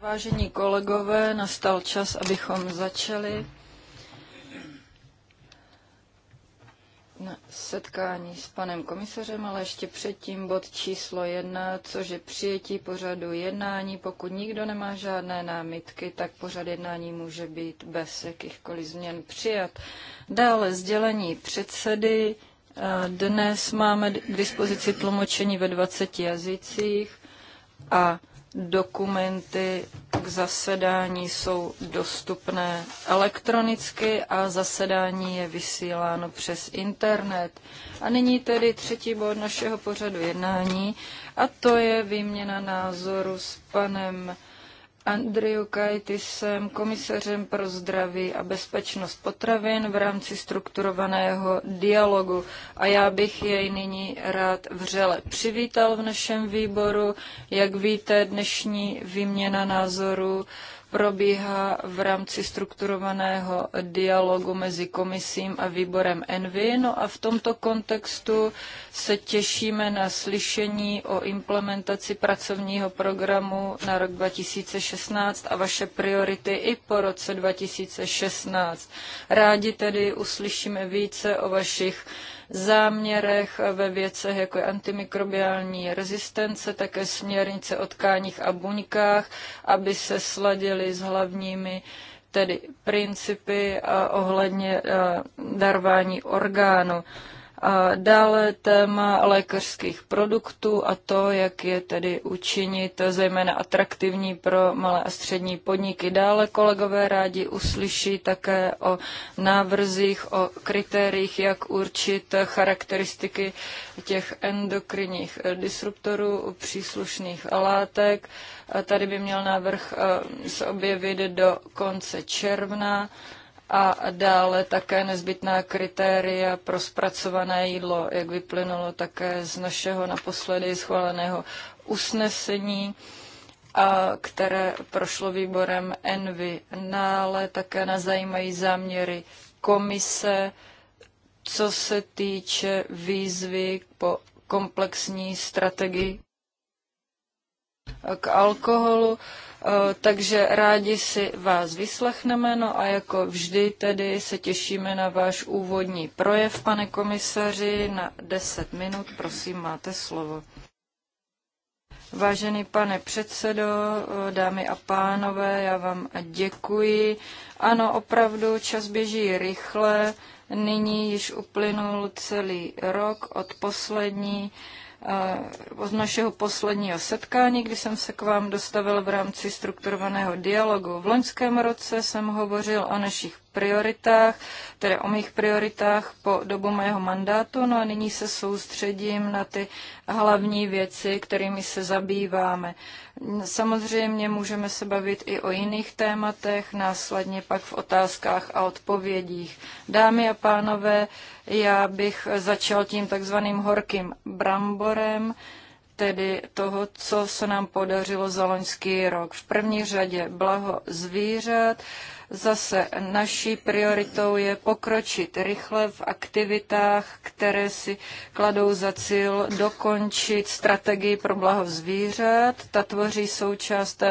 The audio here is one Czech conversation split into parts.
Vážení kolegové, nastal čas, abychom začali na setkání s panem komisařem, ale ještě předtím bod číslo jedna, což je přijetí pořadu jednání. Pokud nikdo nemá žádné námitky, tak pořad jednání může být bez jakýchkoliv změn přijat. Dále sdělení předsedy. Dnes máme k dispozici tlumočení ve 20 jazycích a dokumenty k zasedání jsou dostupné elektronicky a zasedání je vysíláno přes internet. A nyní tedy třetí bod našeho pořadu jednání a to je výměna názoru s panem Andriu Kajtisem, komisařem pro zdraví a bezpečnost potravin v rámci strukturovaného dialogu. A já bych jej nyní rád vřele přivítal v našem výboru. Jak víte, dnešní výměna názoru probíhá v rámci strukturovaného dialogu mezi komisím a výborem Envy. No a v tomto kontextu se těšíme na slyšení o implementaci pracovního programu na rok 2016 a vaše priority i po roce 2016. Rádi tedy uslyšíme více o vašich záměrech ve věcech, jako je antimikrobiální rezistence, také směrnice o tkáních a buňkách, aby se sladily s hlavními tedy principy ohledně eh, darování orgánů. A dále téma lékařských produktů a to, jak je tedy učinit zejména atraktivní pro malé a střední podniky. Dále kolegové rádi uslyší také o návrzích, o kritériích, jak určit charakteristiky těch endokrinních disruptorů příslušných látek. A tady by měl návrh eh, se objevit do konce června a dále také nezbytná kritéria pro zpracované jídlo, jak vyplynulo také z našeho naposledy schváleného usnesení, a které prošlo výborem Envy. Nále také nás zajímají záměry komise, co se týče výzvy po komplexní strategii k alkoholu. Eh, takže rádi si vás vyslechneme, no a jako vždy tedy se těšíme na váš úvodní projev, pane komisaři, na 10 minut, prosím, máte slovo. Vážený pane předsedo, eh, dámy a pánové, já vám děkuji. Ano, opravdu čas běží rychle. Nyní již uplynul celý rok od poslední uh, Eh, od našeho posledního setkání, kdy jsem se k vám dostavil v rámci strukturovaného dialogu. V loňském roce jsem hovořil o našich prioritách, tedy o mých prioritách po dobu mého mandátu, no a nyní se soustředím na ty hlavní věci, kterými se zabýváme. Samozřejmě můžeme se bavit i o jiných tématech, následně pak v otázkách a odpovědích. Dámy a pánové, já bych začal tím takzvaným horkým bramborem, tedy toho, co se nám podařilo za loňský rok. V první řadě blaho zvířat. Zase naší prioritou je pokročit rychle v aktivitách, které si kladou za cíl dokončit strategii pro blaho zvířat. Ta tvoří součást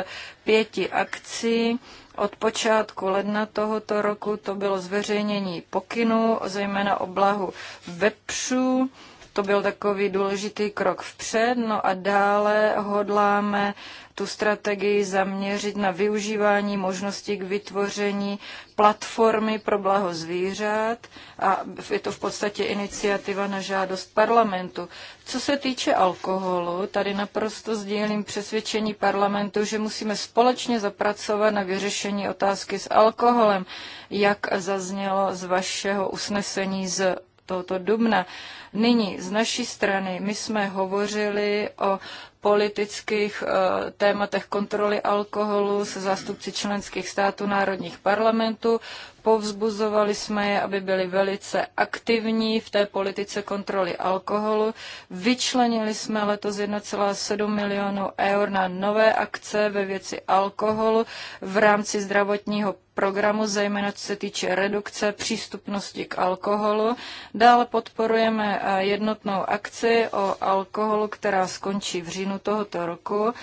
pěti akcí od počátku ledna tohoto roku to bylo zveřejnění pokynů, zejména oblahu vepřů to byl takový důležitý krok vpřed. No a dále hodláme tu strategii zaměřit na využívání možností k vytvoření platformy pro blaho zvířat a je to v podstatě iniciativa na žádost parlamentu. Co se týče alkoholu, tady naprosto sdílím přesvědčení parlamentu, že musíme společně zapracovat na vyřešení otázky s alkoholem, jak zaznělo z vašeho usnesení z tohoto dubna. Nyní z naší strany my jsme hovořili o politických eh, tématech kontroly alkoholu se zástupci členských států národních parlamentů. Povzbuzovali jsme je, aby byli velice aktivní v té politice kontroly alkoholu. Vyčlenili jsme letos 1,7 milionů eur na nové akce ve věci alkoholu v rámci zdravotního programu, zejména co se týče redukce přístupnosti k alkoholu. Dále podporujeme jednotnou akci o alkoholu, která skončí v říjnu tohoto roku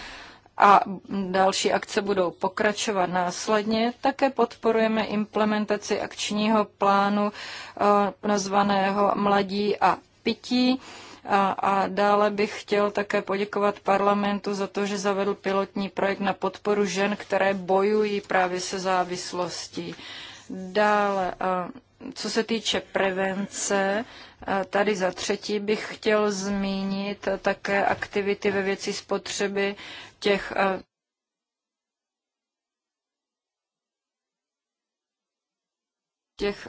a další akce budou pokračovat následně. Také podporujeme implementaci akčního plánu e, nazvaného Mladí a pití. A, a dále bych chtěl také poděkovat parlamentu za to, že zavedl pilotní projekt na podporu žen, které bojují právě se závislostí. Dále, e, co se týče prevence, Tady za třetí bych chtěl zmínit také aktivity ve věci spotřeby těch těch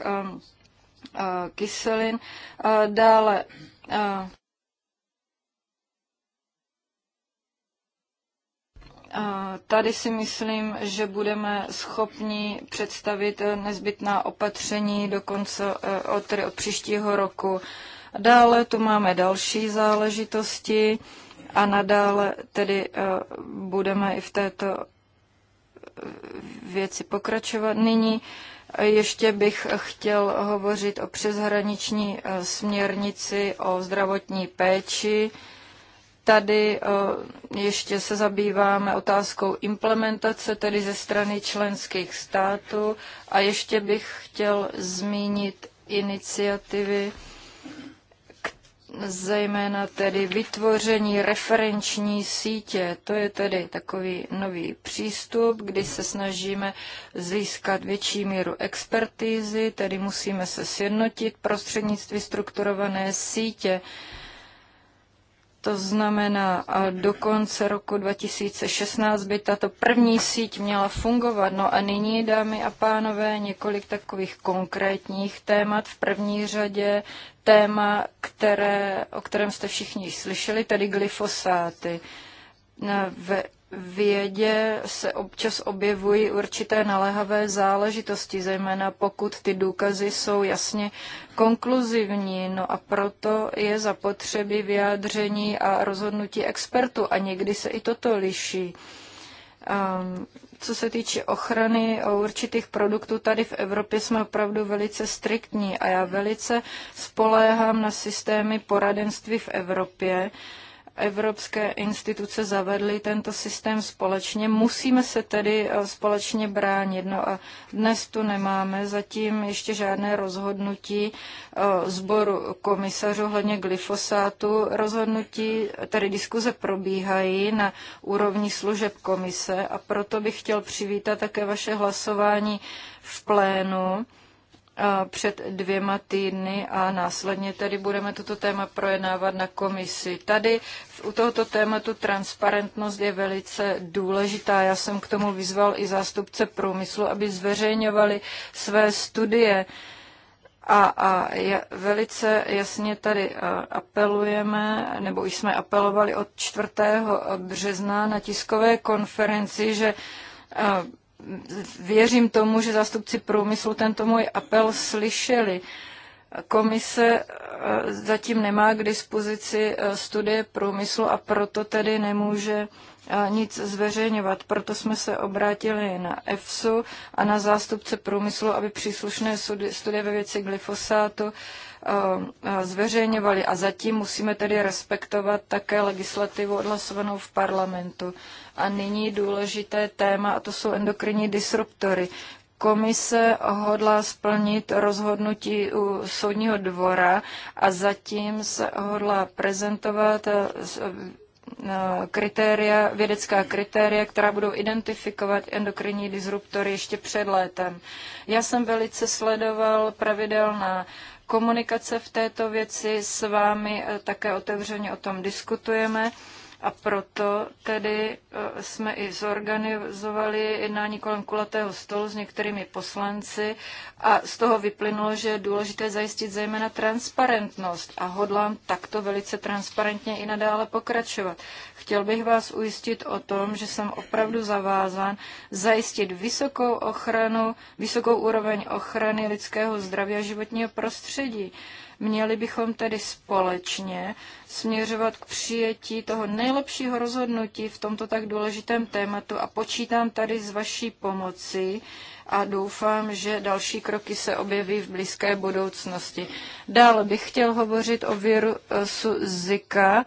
kyselin. Dále Tady si myslím, že budeme schopni představit nezbytná opatření do konce eh, od, od příštího roku. Dále tu máme další záležitosti a nadále tedy eh, budeme i v této eh, věci pokračovat. Nyní ještě bych chtěl hovořit o přeshraniční směrnici o zdravotní péči. Tady ještě se zabýváme otázkou implementace, tedy ze strany členských států. A ještě bych chtěl zmínit iniciativy, zejména tedy vytvoření referenční sítě. To je tedy takový nový přístup, kdy se snažíme získat větší míru expertízy, tedy musíme se sjednotit prostřednictví strukturované sítě. To znamená, a do konce roku 2016 by tato první síť měla fungovat. No a nyní, dámy a pánové, několik takových konkrétních témat. V první řadě téma, které, o kterém jste všichni slyšeli, tedy glyfosáty. Ve vědě se občas objevují určité naléhavé záležitosti, zejména pokud ty důkazy jsou jasně konkluzivní. No a proto je zapotřebí vyjádření a rozhodnutí expertu a někdy se i toto liší. Um, co se týče ochrany o určitých produktů, tady v Evropě jsme opravdu velice striktní a já velice spoléhám na systémy poradenství v Evropě, uh, evropské instituce zavedly tento systém společně. Musíme se tedy eh, společně bránit. No a dnes tu nemáme zatím ještě žádné rozhodnutí eh, sboru komisařů hledně glyfosátu. Rozhodnutí, tedy diskuze probíhají na úrovni služeb komise a proto bych chtěl přivítat také vaše hlasování v plénu před dvěma týdny a následně tedy budeme toto téma projednávat na komisi. Tady u tohoto tématu transparentnost je velice důležitá. Já jsem k tomu vyzval i zástupce průmyslu, aby zveřejňovali své studie. A, a velice jasně tady apelujeme, nebo už jsme apelovali od 4. března na tiskové konferenci, že věřím tomu, že zástupci průmyslu tento můj apel slyšeli. Komise eh, zatím nemá k dispozici eh, studie průmyslu a proto tedy nemůže eh, nic zveřejňovat. Proto jsme se obrátili na EFSU a na zástupce průmyslu, aby příslušné studie ve věci glyfosátu Eh, eh, zveřejňovali. A zatím musíme tedy respektovat také legislativu odhlasovanou v parlamentu. A nyní důležité téma, a to jsou endokrinní disruptory. Komise hodlá splnit rozhodnutí u soudního dvora a zatím se hodlá prezentovat eh, kritéria, vědecká kritéria, která budou identifikovat endokrinní disruptory ještě před létem. Já jsem velice sledoval pravidelná komunikace v této věci s vámi, eh, také otevřeně o tom diskutujeme. A proto tedy eh, jsme i zorganizovali jednání kolem kulatého stolu s některými poslanci a z toho vyplynulo, že je důležité zajistit zejména transparentnost a hodlám takto velice transparentně i nadále pokračovat. Chtěl bych vás ujistit o tom, že jsem opravdu zavázán zajistit vysokou ochranu, vysokou úroveň ochrany lidského zdraví a životního prostředí. Měli bychom tedy společně směřovat k přijetí toho nejlepšího rozhodnutí v tomto tak důležitém tématu a počítám tady s vaší pomocí a doufám, že další kroky se objeví v blízké budoucnosti. Dále bych chtěl hovořit o virusu eh, Zika.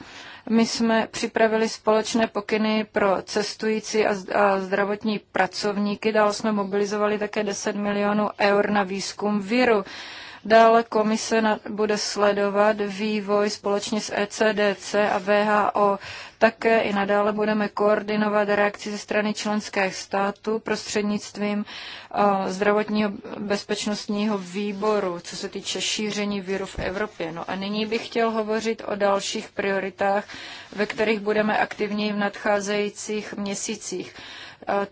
My jsme připravili společné pokyny pro cestující a zdravotní pracovníky. Dále jsme mobilizovali také 10 milionů eur na výzkum viru. Dále komise bude sledovat vývoj společně s ECDC a VHO. Také i nadále budeme koordinovat reakci ze strany členských států prostřednictvím eh, zdravotního bezpečnostního výboru, co se týče šíření viru v Evropě. No a nyní bych chtěl hovořit o dalších prioritách, ve kterých budeme aktivní v nadcházejících měsících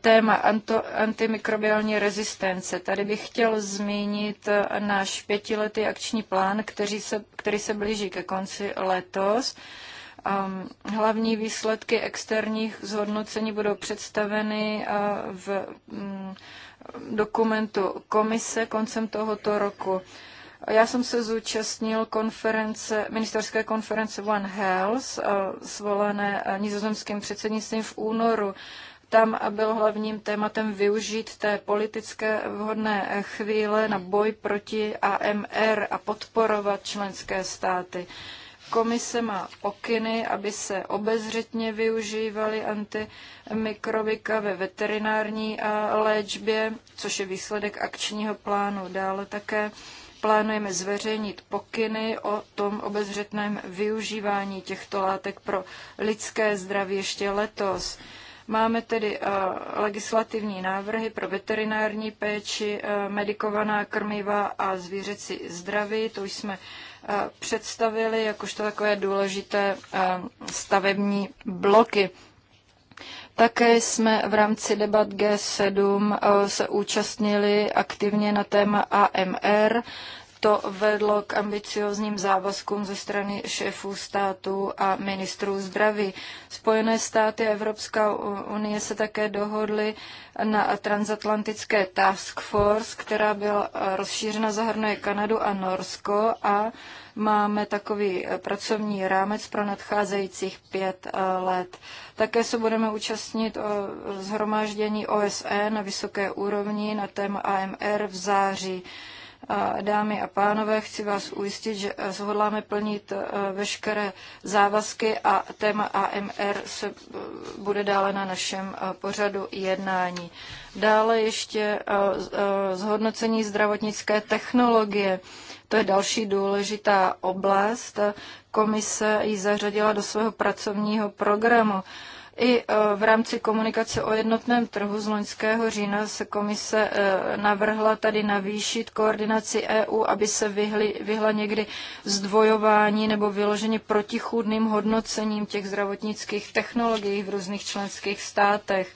téma antimikrobiální rezistence. Tady bych chtěl zmínit náš pětiletý akční plán, který se, který se blíží ke konci letos. Um, hlavní výsledky externích zhodnocení budou představeny uh, v mm, dokumentu komise koncem tohoto roku. Já jsem se zúčastnil konference, ministerské konference One Health, uh, svolené uh, nizozemským předsednictvím v únoru tam byl hlavním tématem využít té politické vhodné chvíle na boj proti AMR a podporovat členské státy. Komise má pokyny, aby se obezřetně využívaly antimikrobika ve veterinární léčbě, což je výsledek akčního plánu. Dále také plánujeme zveřejnit pokyny o tom obezřetném využívání těchto látek pro lidské zdraví ještě letos. Máme tedy eh, legislativní návrhy pro veterinární péči, eh, medikovaná krmiva a zvířecí zdraví. To už jsme eh, představili jakožto takové důležité stavební bloky. Také jsme v rámci debat G7 se účastnili aktivně na téma AMR to vedlo k ambiciozním závazkům ze strany šéfů států a ministrů zdraví. Spojené státy a Evropská unie se také dohodly na transatlantické task force, která byla rozšířena, zahrnuje Kanadu a Norsko a máme takový pracovní rámec pro nadcházejících pět eh, let. Také se budeme účastnit eh, zhromáždění OSN na vysoké úrovni na téma AMR v září. A dámy a pánové, chci vás ujistit, že eh, zhodláme plnit eh, veškeré závazky a téma AMR se eh, bude dále na našem pořadu jednání. Dále ještě zhodnocení zdravotnické technologie. To je další důležitá oblast. Komise ji zařadila do svého pracovního programu. I e, v rámci komunikace o jednotném trhu z loňského října se komise e, navrhla tady navýšit koordinaci EU, aby se vyhly, vyhla někdy zdvojování nebo vyloženě protichůdným hodnocením těch zdravotnických technologií v různých členských státech.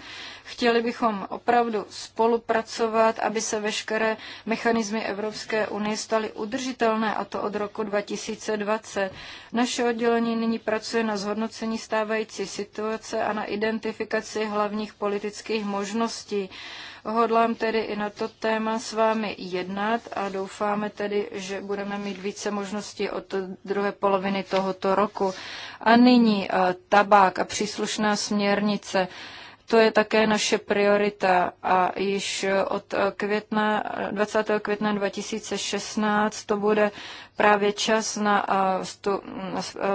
Chtěli bychom opravdu spolupracovat, aby se veškeré mechanismy Evropské unie staly udržitelné, a to od roku 2020. Naše oddělení nyní pracuje na zhodnocení stávající situace a na identifikaci hlavních politických možností. Hodlám tedy i na to téma s vámi jednat a doufáme tedy, že budeme mít více možností od druhé poloviny tohoto roku. A nyní eh, tabák a příslušná směrnice. To je také naše priorita a již od května, 20. května 2016 to bude právě čas na,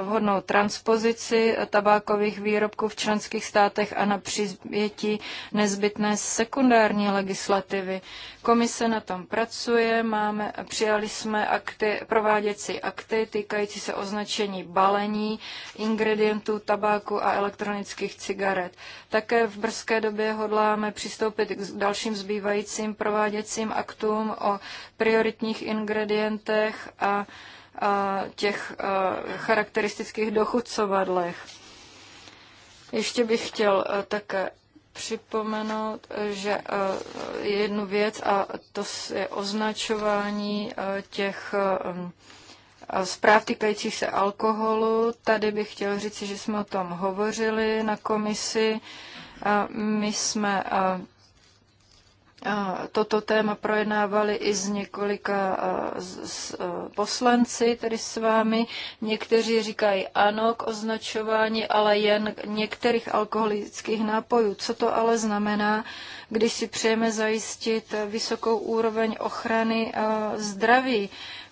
vhodnou transpozici tabákových výrobků v členských státech a na přizvětí nezbytné sekundární legislativy. Komise na tom pracuje, máme, přijali jsme akty, prováděcí akty týkající se označení balení ingredientů tabáku a elektronických cigaret. Také v brzké době hodláme přistoupit k dalším zbývajícím prováděcím aktům o prioritních ingredientech a těch charakteristických dochucovadlech. Ještě bych chtěl také připomenout, že jednu věc, a to je označování těch zpráv týkajících se alkoholu. Tady bych chtěl říct, že jsme o tom hovořili na komisi. My jsme toto téma projednávali i s několika s poslanci, tedy s vámi. Někteří říkají ano k označování, ale jen některých alkoholických nápojů. Co to ale znamená, když si přejeme zajistit vysokou úroveň ochrany zdraví?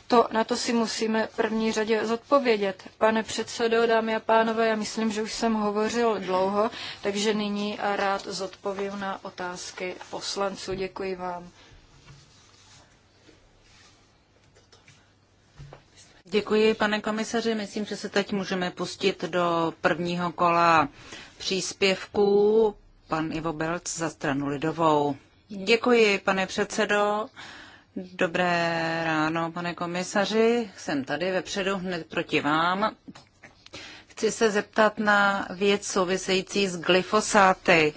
To, na to si musíme v první řadě zodpovědět. Pane předsedo, dámy a pánové, já myslím, že už jsem hovořil dlouho, takže nyní rád zodpovím na otázky poslanců. Děkuji vám. Děkuji, pane komisaři. Myslím, že se teď můžeme pustit do prvního kola příspěvků. Pan Ivo Belc za stranu Lidovou. Děkuji, pane předsedo. Dobré ráno, pane komisaři. Jsem tady vepředu hned proti vám. Chci se zeptat na věc související s glyfosáty.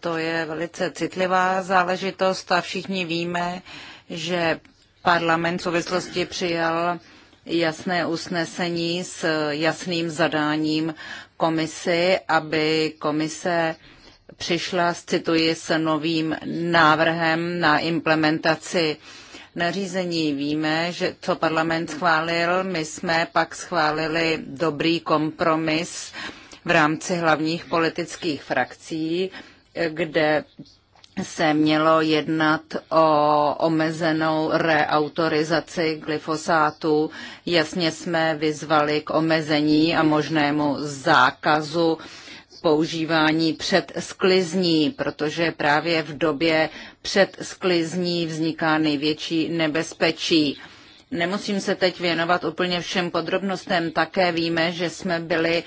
To je velice citlivá záležitost a všichni víme, že parlament v souvislosti přijal jasné usnesení s jasným zadáním komisi, aby komise přišla, cituji, s novým návrhem na implementaci nařízení. Víme, že co parlament schválil, my jsme pak schválili dobrý kompromis v rámci hlavních politických frakcí, kde se mělo jednat o omezenou reautorizaci glyfosátu. Jasně jsme vyzvali k omezení a možnému zákazu používání před sklizní, protože právě v době před sklizní vzniká největší nebezpečí. Nemusím se teď věnovat úplně všem podrobnostem, také víme, že jsme byli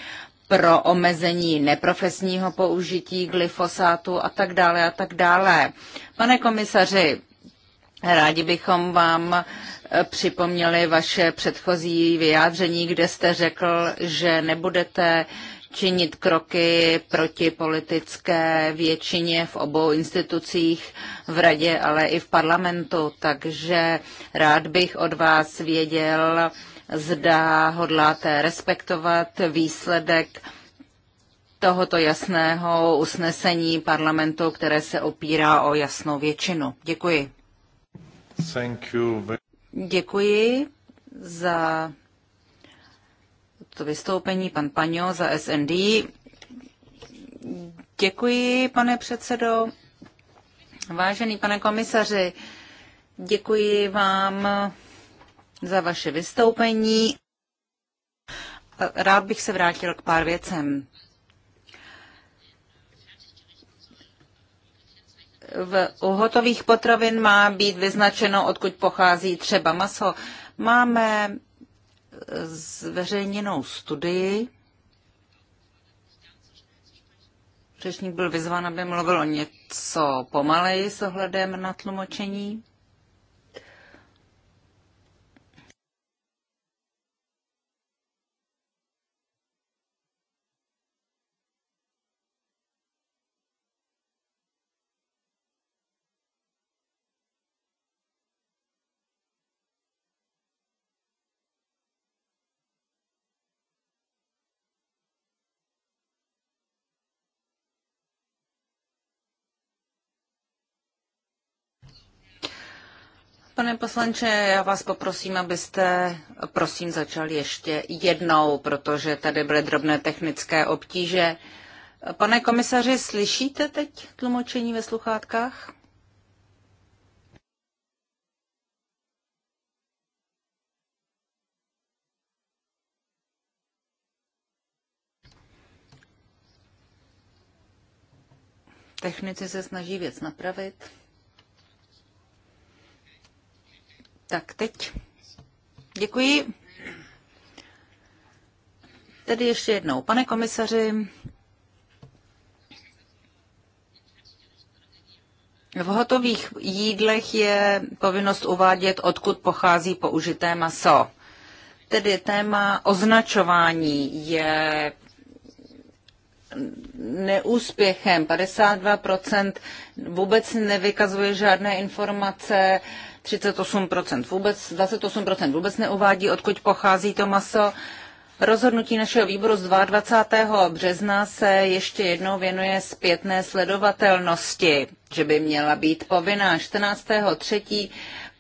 pro omezení neprofesního použití glyfosátu a tak dále a tak dále. Pane komisaři, rádi bychom vám eh, připomněli vaše předchozí vyjádření, kde jste řekl, že nebudete uh, činit kroky proti politické většině v obou institucích, v radě, ale i v parlamentu. Takže rád bych od vás věděl, zda hodláte respektovat výsledek tohoto jasného usnesení parlamentu, které se opírá o jasnou většinu. Děkuji. Děkuji za to vystoupení pan Paňo za SND. Děkuji, pane předsedo. Vážený pane komisaři, děkuji vám za vaše vystoupení. Rád bych se vrátil k pár věcem. V, u hotových potravin má být vyznačeno, odkud pochází třeba maso. Máme zveřejněnou studii. Řečník byl vyzván, aby mluvil o něco pomaleji s ohledem na tlumočení. Pane poslanče, já vás poprosím, abyste prosím začal ještě jednou, protože tady byly drobné technické obtíže. Pane komisaři, slyšíte teď tlumočení ve sluchátkách? Technici se snaží věc napravit. Tak teď. Děkuji. Tedy ještě jednou, pane komisaři, v hotových jídlech je povinnost uvádět, odkud pochází použité maso. Tedy téma označování je neúspěchem. 52% vůbec nevykazuje žádné informace, 38% vůbec, 28% vůbec neuvádí, odkud pochází to maso. Rozhodnutí našeho výboru z 22. března se ještě jednou věnuje zpětné sledovatelnosti, že by měla být povinná. 3.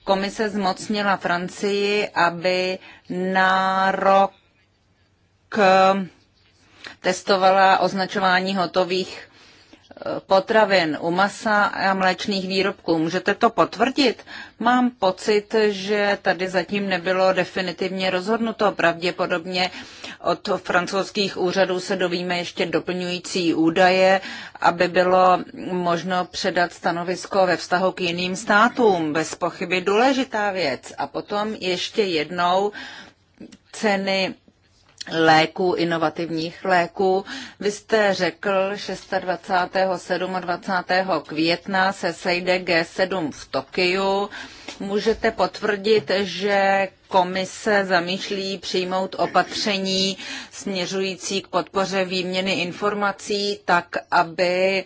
komise zmocnila Francii, aby na rok eh, testovala označování hotových potravin, u masa a mléčných výrobků. Můžete to potvrdit? Mám pocit, že tady zatím nebylo definitivně rozhodnuto. Pravděpodobně od francouzských úřadů se dovíme ještě doplňující údaje, aby bylo možno předat stanovisko ve vztahu k jiným státům. Bez pochyby důležitá věc. A potom ještě jednou ceny léků, inovativních léků. Vy jste řekl 26. 27. května se sejde G7 v Tokiu. Můžete potvrdit, že komise zamýšlí přijmout opatření směřující k podpoře výměny informací tak, aby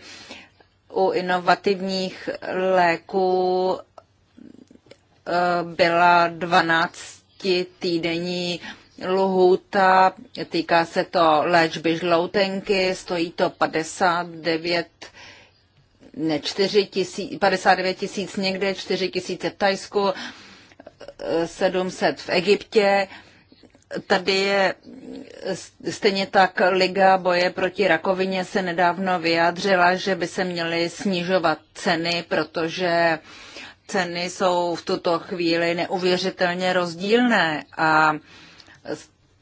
u inovativních léků eh, byla 12 týdenní lhůta, týká se to léčby žloutenky, stojí to 59 ne, 4 000 59 tisíc někde, 4 tisíce v Tajsku, 700 v Egyptě. Tady je stejně tak Liga boje proti rakovině se nedávno vyjádřila, že by se měly snižovat ceny, protože ceny jsou v tuto chvíli neuvěřitelně rozdílné a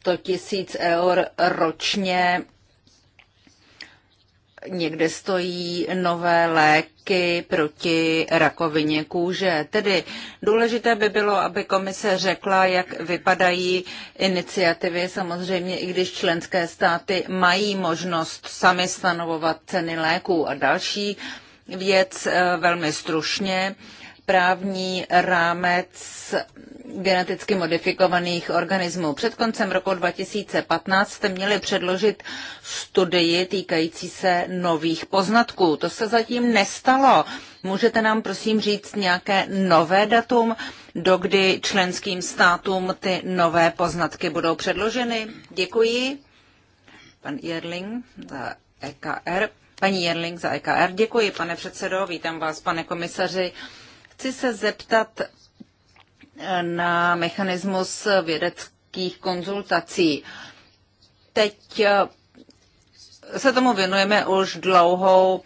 100 tisíc eur ročně někde stojí nové léky proti rakovině kůže. Tedy důležité by bylo, aby komise řekla, jak vypadají iniciativy. Samozřejmě, i když členské státy mají možnost sami stanovovat ceny léků a další věc eh, velmi stručně právní rámec geneticky modifikovaných organismů. Před koncem roku 2015 jste měli předložit studii týkající se nových poznatků. To se zatím nestalo. Můžete nám prosím říct nějaké nové datum, dokdy členským státům ty nové poznatky budou předloženy? Děkuji. Pan Jerling za EKR. Paní Jerling za EKR, děkuji, pane předsedo, vítám vás, pane komisaři. Chci se zeptat eh, na mechanismus vědeckých konzultací. Teď eh, se tomu věnujeme už dlouhou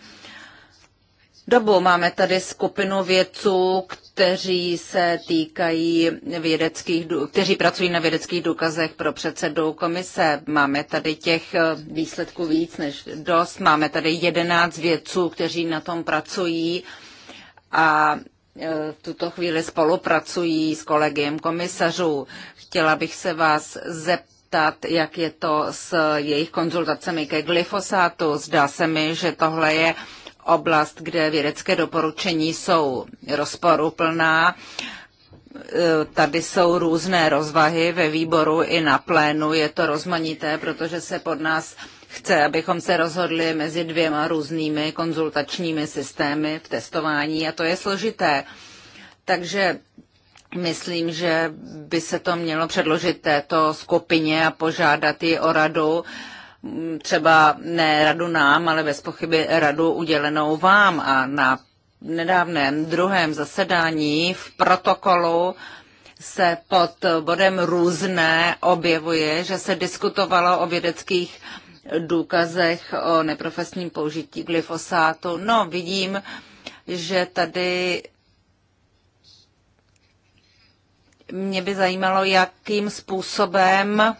dobu. Máme tady skupinu vědců, kteří se týkají vědeckých, kteří pracují na vědeckých důkazech pro předsedu komise. Máme tady těch eh, výsledků víc než dost. Máme tady jedenáct vědců, kteří na tom pracují a E, v tuto chvíli spolupracují s kolegiem komisařů. Chtěla bych se vás zeptat, jak je to s jejich konzultacemi ke glyfosátu. Zdá se mi, že tohle je oblast, kde vědecké doporučení jsou rozporuplná. E, tady jsou různé rozvahy ve výboru i na plénu. Je to rozmanité, protože se pod nás chce, abychom se rozhodli mezi dvěma různými konzultačními systémy v testování a to je složité. Takže myslím, že by se to mělo předložit této skupině a požádat ji o radu, třeba ne radu nám, ale bez pochyby radu udělenou vám a na nedávném druhém zasedání v protokolu se pod bodem různé objevuje, že se diskutovalo o vědeckých důkazech o neprofesním použití glyfosátu. No, vidím, že tady mě by zajímalo, jakým způsobem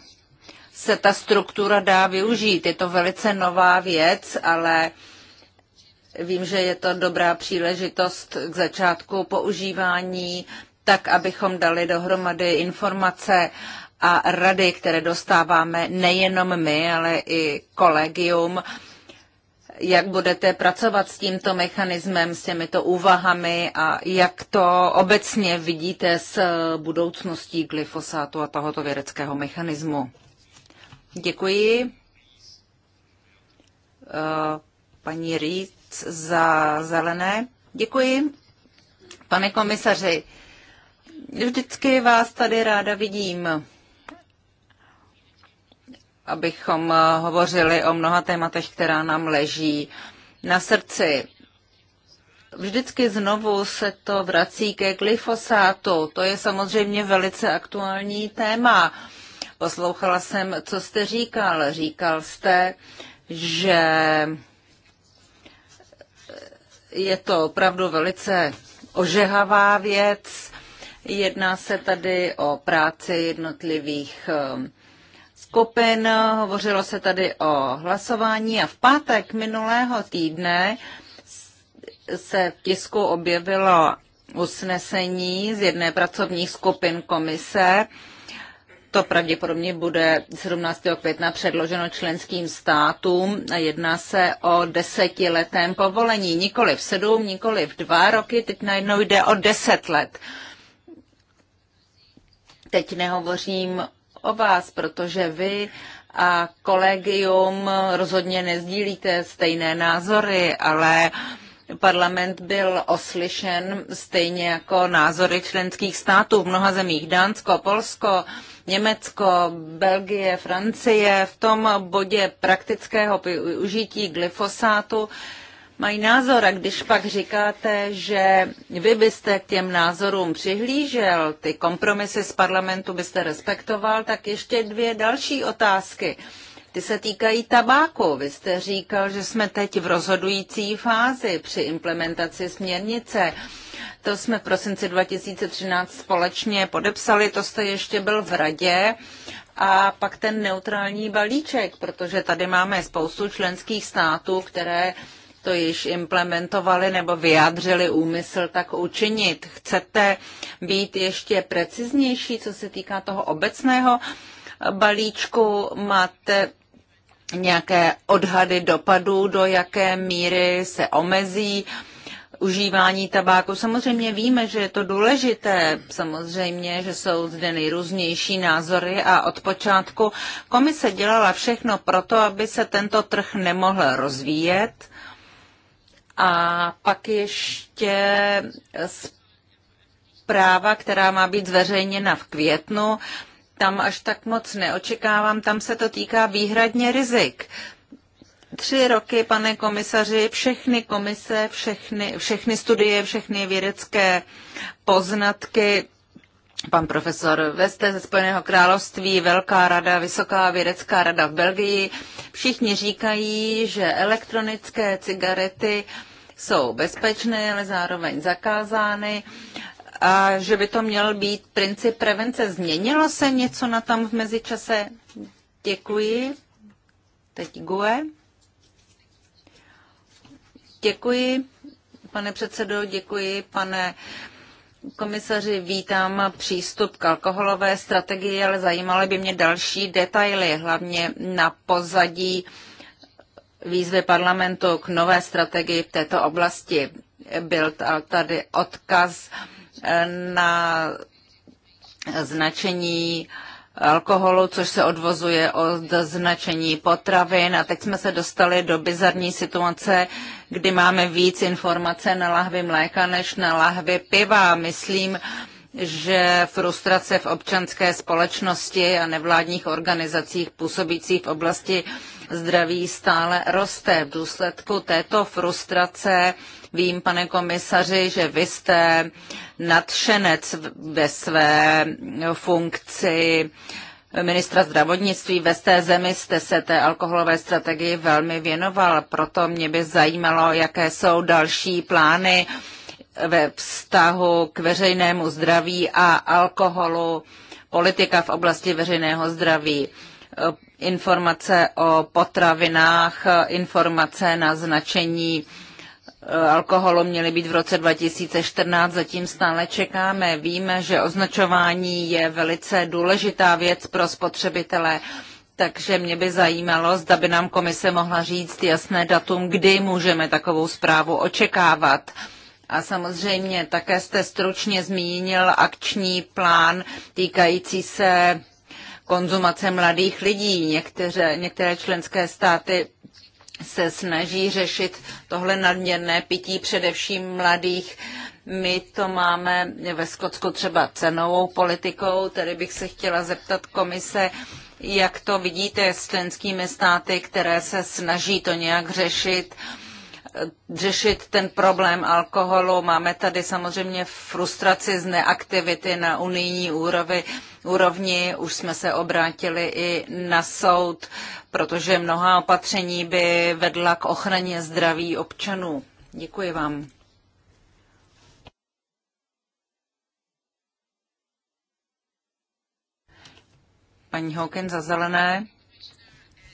se ta struktura dá využít. Je to velice nová věc, ale vím, že je to dobrá příležitost k začátku používání, tak abychom dali dohromady informace a rady, které dostáváme nejenom my, ale i kolegium, jak budete pracovat s tímto mechanismem, s těmito úvahami a jak to obecně vidíte s budoucností glyfosátu a tohoto vědeckého mechanismu. Děkuji. Eh, paní Rýc za zelené. Děkuji. Pane komisaři, vždycky vás tady ráda vidím abychom eh, hovořili o mnoha tématech, která nám leží na srdci. Vždycky znovu se to vrací ke glyfosátu. To je samozřejmě velice aktuální téma. Poslouchala jsem, co jste říkal. Říkal jste, že je to opravdu velice ožehavá věc. Jedná se tady o práci jednotlivých um, skupin, hovořilo se tady o hlasování a v pátek minulého týdne se v tisku objevilo usnesení z jedné pracovní skupin komise. To pravděpodobně bude 17. května předloženo členským státům a jedná se o desetiletém povolení. Nikoliv sedm, nikoliv dva roky, teď najednou jde o deset let. Teď nehovořím o vás, protože vy a kolegium rozhodně nezdílíte stejné názory, ale parlament byl oslyšen stejně jako názory členských států v mnoha zemích. Dánsko, Polsko, Německo, Belgie, Francie v tom bodě praktického využití glyfosátu mají názor. A když pak říkáte, že vy byste k těm názorům přihlížel, ty kompromisy z parlamentu byste respektoval, tak ještě dvě další otázky. Ty se týkají tabáku. Vy jste říkal, že jsme teď v rozhodující fázi při implementaci směrnice. To jsme v prosinci 2013 společně podepsali, to jste ještě byl v radě. A pak ten neutrální balíček, protože tady máme spoustu členských států, které to již implementovali nebo vyjádřili úmysl tak učinit. Chcete být ještě preciznější, co se týká toho obecného balíčku? Máte nějaké odhady dopadů, do jaké míry se omezí užívání tabáku. Samozřejmě víme, že je to důležité, samozřejmě, že jsou zde nejrůznější názory a od počátku komise dělala všechno proto, aby se tento trh nemohl rozvíjet a pak ještě zpráva, která má být zveřejněna v květnu, tam až tak moc neočekávám, tam se to týká výhradně rizik. Tři roky, pane komisaři, všechny komise, všechny, všechny studie, všechny vědecké poznatky pan profesor Veste ze Spojeného království, Velká rada, Vysoká vědecká rada v Belgii. Všichni říkají, že elektronické cigarety jsou bezpečné, ale zároveň zakázány a že by to měl být princip prevence. Změnilo se něco na tom v mezičase? Děkuji. Teď Gue. Děkuji, pane předsedo, děkuji, pane komisaři, vítám přístup k alkoholové strategii, ale zajímaly by mě další detaily, hlavně na pozadí výzvy parlamentu k nové strategii v této oblasti. Byl tady odkaz eh, na značení uh, alkoholu, což se odvozuje od značení potravin. A teď jsme se dostali do bizarní situace, kdy máme víc informace na lahvi mléka než na lahvi piva. Myslím, že frustrace v občanské společnosti a nevládních organizacích působících v oblasti zdraví stále roste. V důsledku této frustrace Vím, pane komisaři, že vy jste nadšenec ve své funkci ministra zdravotnictví ve té zemi jste se té alkoholové strategii velmi věnoval, proto mě by zajímalo, jaké jsou další plány ve vztahu k veřejnému zdraví a alkoholu, politika v oblasti veřejného zdraví, informace o potravinách, informace na značení Eh, alkoholu měly být v roce 2014, zatím stále čekáme. Víme, že označování je velice důležitá věc pro spotřebitele, takže mě by zajímalo, zda by nám komise mohla říct jasné datum, kdy můžeme takovou zprávu očekávat. A samozřejmě také jste stručně zmínil akční plán týkající se konzumace mladých lidí. Někteře, některé členské státy se snaží řešit tohle nadměrné pití především mladých. My to máme ve Skotsku třeba cenovou politikou, tedy bych se chtěla zeptat komise, jak to vidíte s členskými státy, které se snaží to nějak řešit řešit ten problém alkoholu. Máme tady samozřejmě frustraci z neaktivity na unijní úrovni. úrovni. Už jsme se obrátili i na soud, protože mnoha opatření by vedla k ochraně zdraví občanů. Děkuji vám. Paní Hawkins za zelené.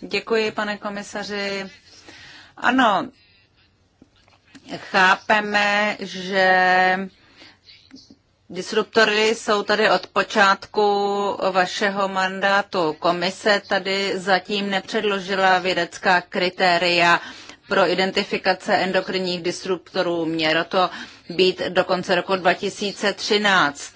Děkuji, pane komisaři. Ano, Chápeme, že disruptory jsou tady od počátku vašeho mandátu. Komise tady zatím nepředložila vědecká kritéria pro identifikace endokrinních disruptorů. Mělo to být do konce roku 2013.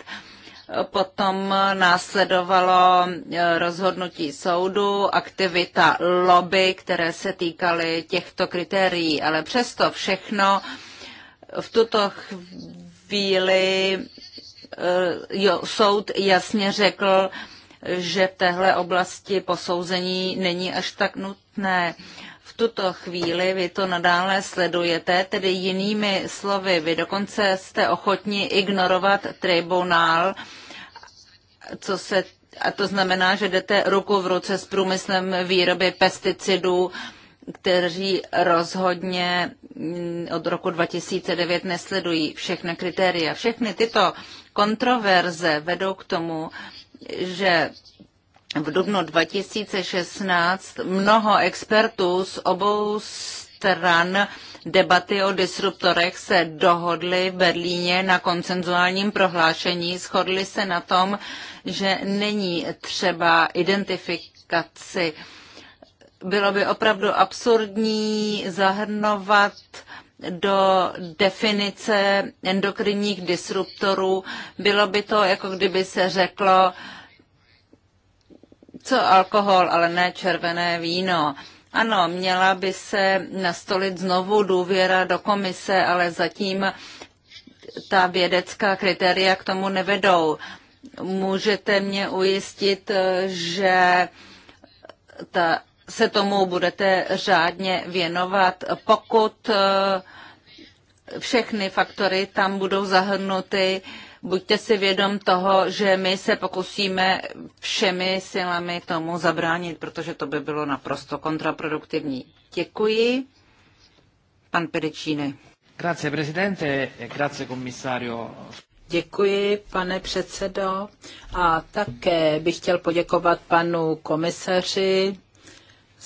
Potom následovalo e, rozhodnutí soudu, aktivita lobby, které se týkaly těchto kritérií, ale přesto všechno v tuto chvíli e, jo, soud jasně řekl, že v téhle oblasti posouzení není až tak nutné. V tuto chvíli vy to nadále sledujete, tedy jinými slovy, vy dokonce jste ochotni ignorovat tribunál, co se, a to znamená, že jdete ruku v ruce s průmyslem výroby pesticidů, kteří rozhodně mm, od roku 2009 nesledují všechny kritéria. Všechny tyto kontroverze vedou k tomu, že v dubnu 2016 mnoho expertů z obou stran debaty o disruptorech se dohodly v Berlíně na koncenzuálním prohlášení. Shodly se na tom, že není třeba identifikaci. Bylo by opravdu absurdní zahrnovat do definice endokrinních disruptorů. Bylo by to, jako kdyby se řeklo, co alkohol, ale ne červené víno. Ano, měla by se nastolit znovu důvěra do komise, ale zatím ta vědecká kritéria k tomu nevedou. Můžete mě ujistit, že ta, se tomu budete řádně věnovat, pokud všechny faktory tam budou zahrnuty, Buďte si vědom toho, že my se pokusíme všemi silami tomu zabránit, protože to by bylo naprosto kontraproduktivní. Děkuji. Pan Pedečíny. Grazie, e Grazie, komisario. Děkuji, pane předsedo. A také bych chtěl poděkovat panu komisaři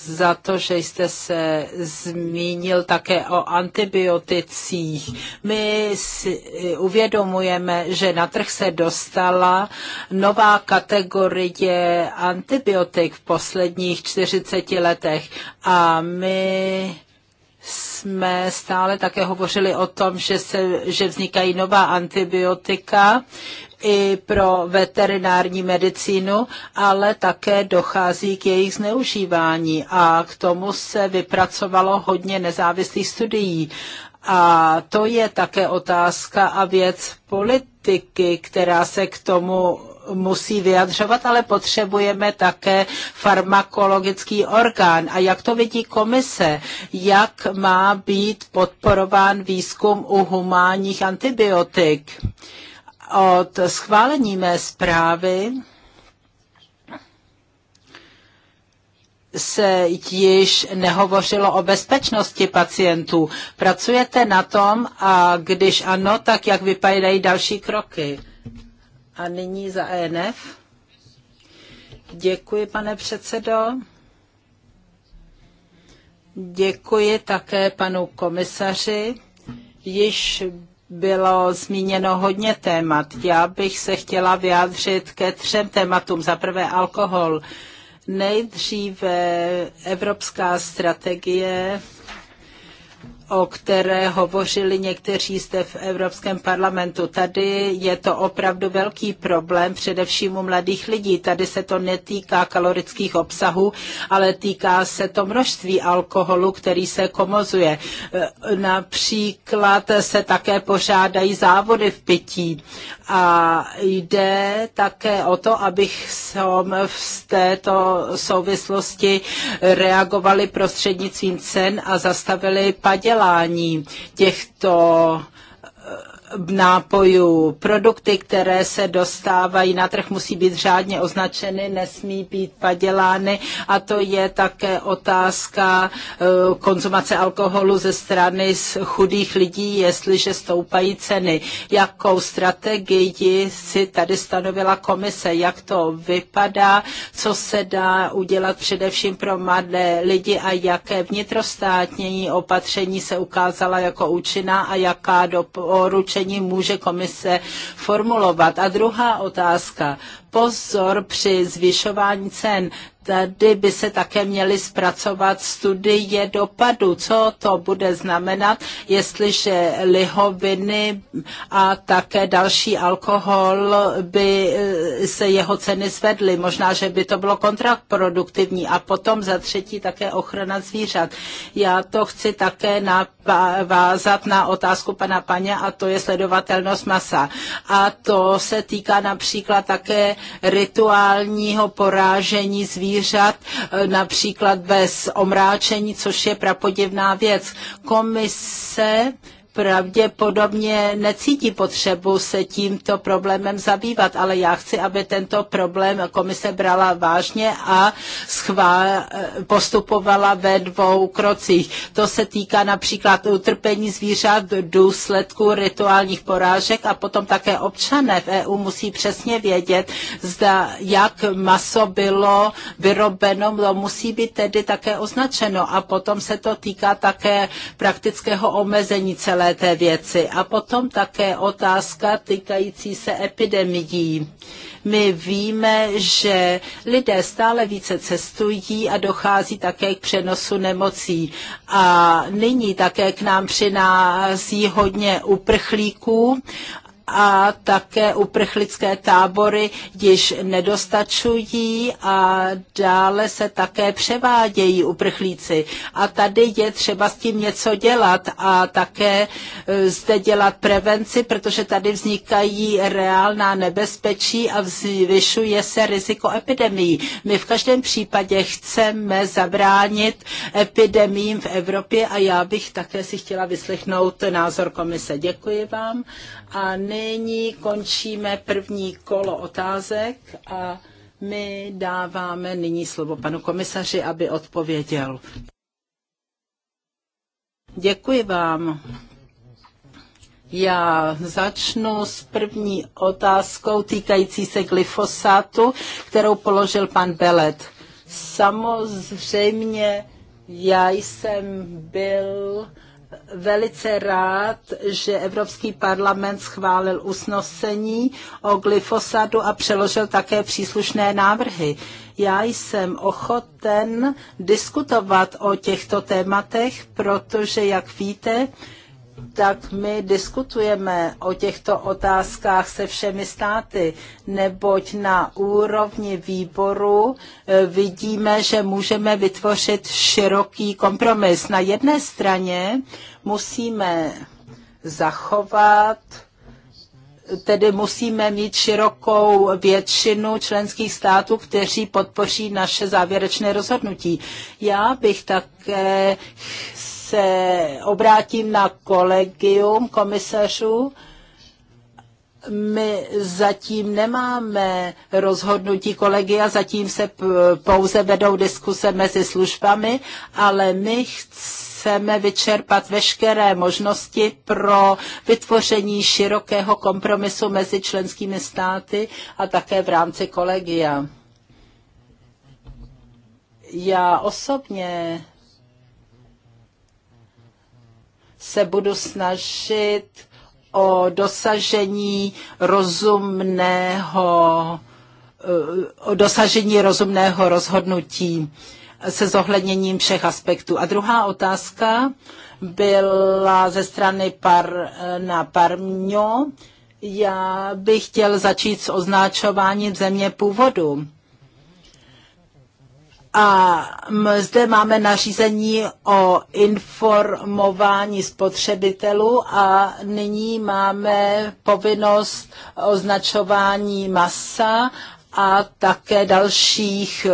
za to, že jste se zmínil také o antibioticích. My si uvědomujeme, že na trh se dostala nová kategorie antibiotik v posledních 40 letech a my jsme stále také hovořili o tom, že, se, že vznikají nová antibiotika i pro veterinární medicínu, ale také dochází k jejich zneužívání a k tomu se vypracovalo hodně nezávislých studií. A to je také otázka a věc politiky, která se k tomu musí vyjadřovat, ale potřebujeme také farmakologický orgán. A jak to vidí komise? Jak má být podporován výzkum u humánních antibiotik? Od schválení mé zprávy se již nehovořilo o bezpečnosti pacientů. Pracujete na tom a když ano, tak jak vypadají další kroky? A nyní za ENF. Děkuji, pane předsedo. Děkuji také panu komisaři. Již bylo zmíněno hodně témat. Já bych se chtěla vyjádřit ke třem tématům. Za prvé alkohol. Nejdříve evropská strategie o které hovořili někteří zde v Evropském parlamentu. Tady je to opravdu velký problém, především u mladých lidí. Tady se to netýká kalorických obsahů, ale týká se to množství alkoholu, který se komozuje. Například se také pořádají závody v pití a jde také o to, abychom v této souvislosti reagovali prostřednictvím cen a zastavili paděl udělání těchto nápojů. Produkty, které se dostávají na trh, musí být řádně označeny, nesmí být padělány a to je také otázka eh, konzumace alkoholu ze strany chudých lidí, jestliže stoupají ceny. Jakou strategii si tady stanovila komise, jak to vypadá, co se dá udělat především pro mladé lidi a jaké vnitrostátní opatření se ukázala jako účinná a jaká doporučení doporučení může komise formulovat. A druhá otázka. Pozor při zvyšování cen tady by se také měly zpracovat studie dopadu, co to bude znamenat, jestliže lihoviny a také další alkohol by eh, se jeho ceny zvedly, Možná, že by to bylo kontraproduktivní. A potom za třetí také ochrana zvířat. Já to chci také navázat na otázku pana paně a to je sledovatelnost masa. A to se týká například také rituálního porážení zvířat zvířat, eh, například bez omráčení, což je prapodivná věc. Komise pravděpodobně necítí potřebu se tímto problémem zabývat, ale já chci, aby tento problém komise brala vážně a schvá- postupovala ve dvou krocích. To se týká například utrpení zvířat v důsledku rituálních porážek a potom také občané v EU musí přesně vědět, zda, jak maso bylo vyrobeno, to musí být tedy také označeno a potom se to týká také praktického omezení celé té věci. A potom také otázka týkající se epidemií. My víme, že lidé stále více cestují a dochází také k přenosu nemocí. A nyní také k nám přináší hodně uprchlíků a také uprchlické tábory již nedostačují a dále se také převádějí uprchlíci. A tady je třeba s tím něco dělat a také e, zde dělat prevenci, protože tady vznikají reálná nebezpečí a zvyšuje se riziko epidemii. My v každém případě chceme zabránit epidemím v Evropě a já bych také si chtěla vyslechnout názor komise. Děkuji vám. A nyní Nyní končíme první kolo otázek a my dáváme nyní slovo panu komisaři, aby odpověděl. Děkuji vám. Já začnu s první otázkou týkající se glyfosátu, kterou položil pan Belet. Samozřejmě já jsem byl velice rád, že Evropský parlament schválil usnesení o glyfosadu a přeložil také příslušné návrhy. Já jsem ochoten diskutovat o těchto tématech, protože, jak víte, tak my diskutujeme o těchto otázkách se všemi státy, neboť na úrovni výboru e, vidíme, že můžeme vytvořit široký kompromis. Na jedné straně musíme zachovat tedy musíme mít širokou většinu členských států, kteří podpoří naše závěrečné rozhodnutí. Já bych také se obrátím na kolegium komisařů. My zatím nemáme rozhodnutí kolegia, zatím se pouze vedou diskuse mezi službami, ale my chceme vyčerpat veškeré možnosti pro vytvoření širokého kompromisu mezi členskými státy a také v rámci kolegia. Já osobně se budu snažit o dosažení rozumného eh, o dosažení rozumného rozhodnutí se zohledněním všech aspektů. A druhá otázka byla ze strany par, na Parmňo. Já bych chtěl začít s označováním země původu a zde máme nařízení o informování spotřebitelů a nyní máme povinnost označování masa a také dalších e,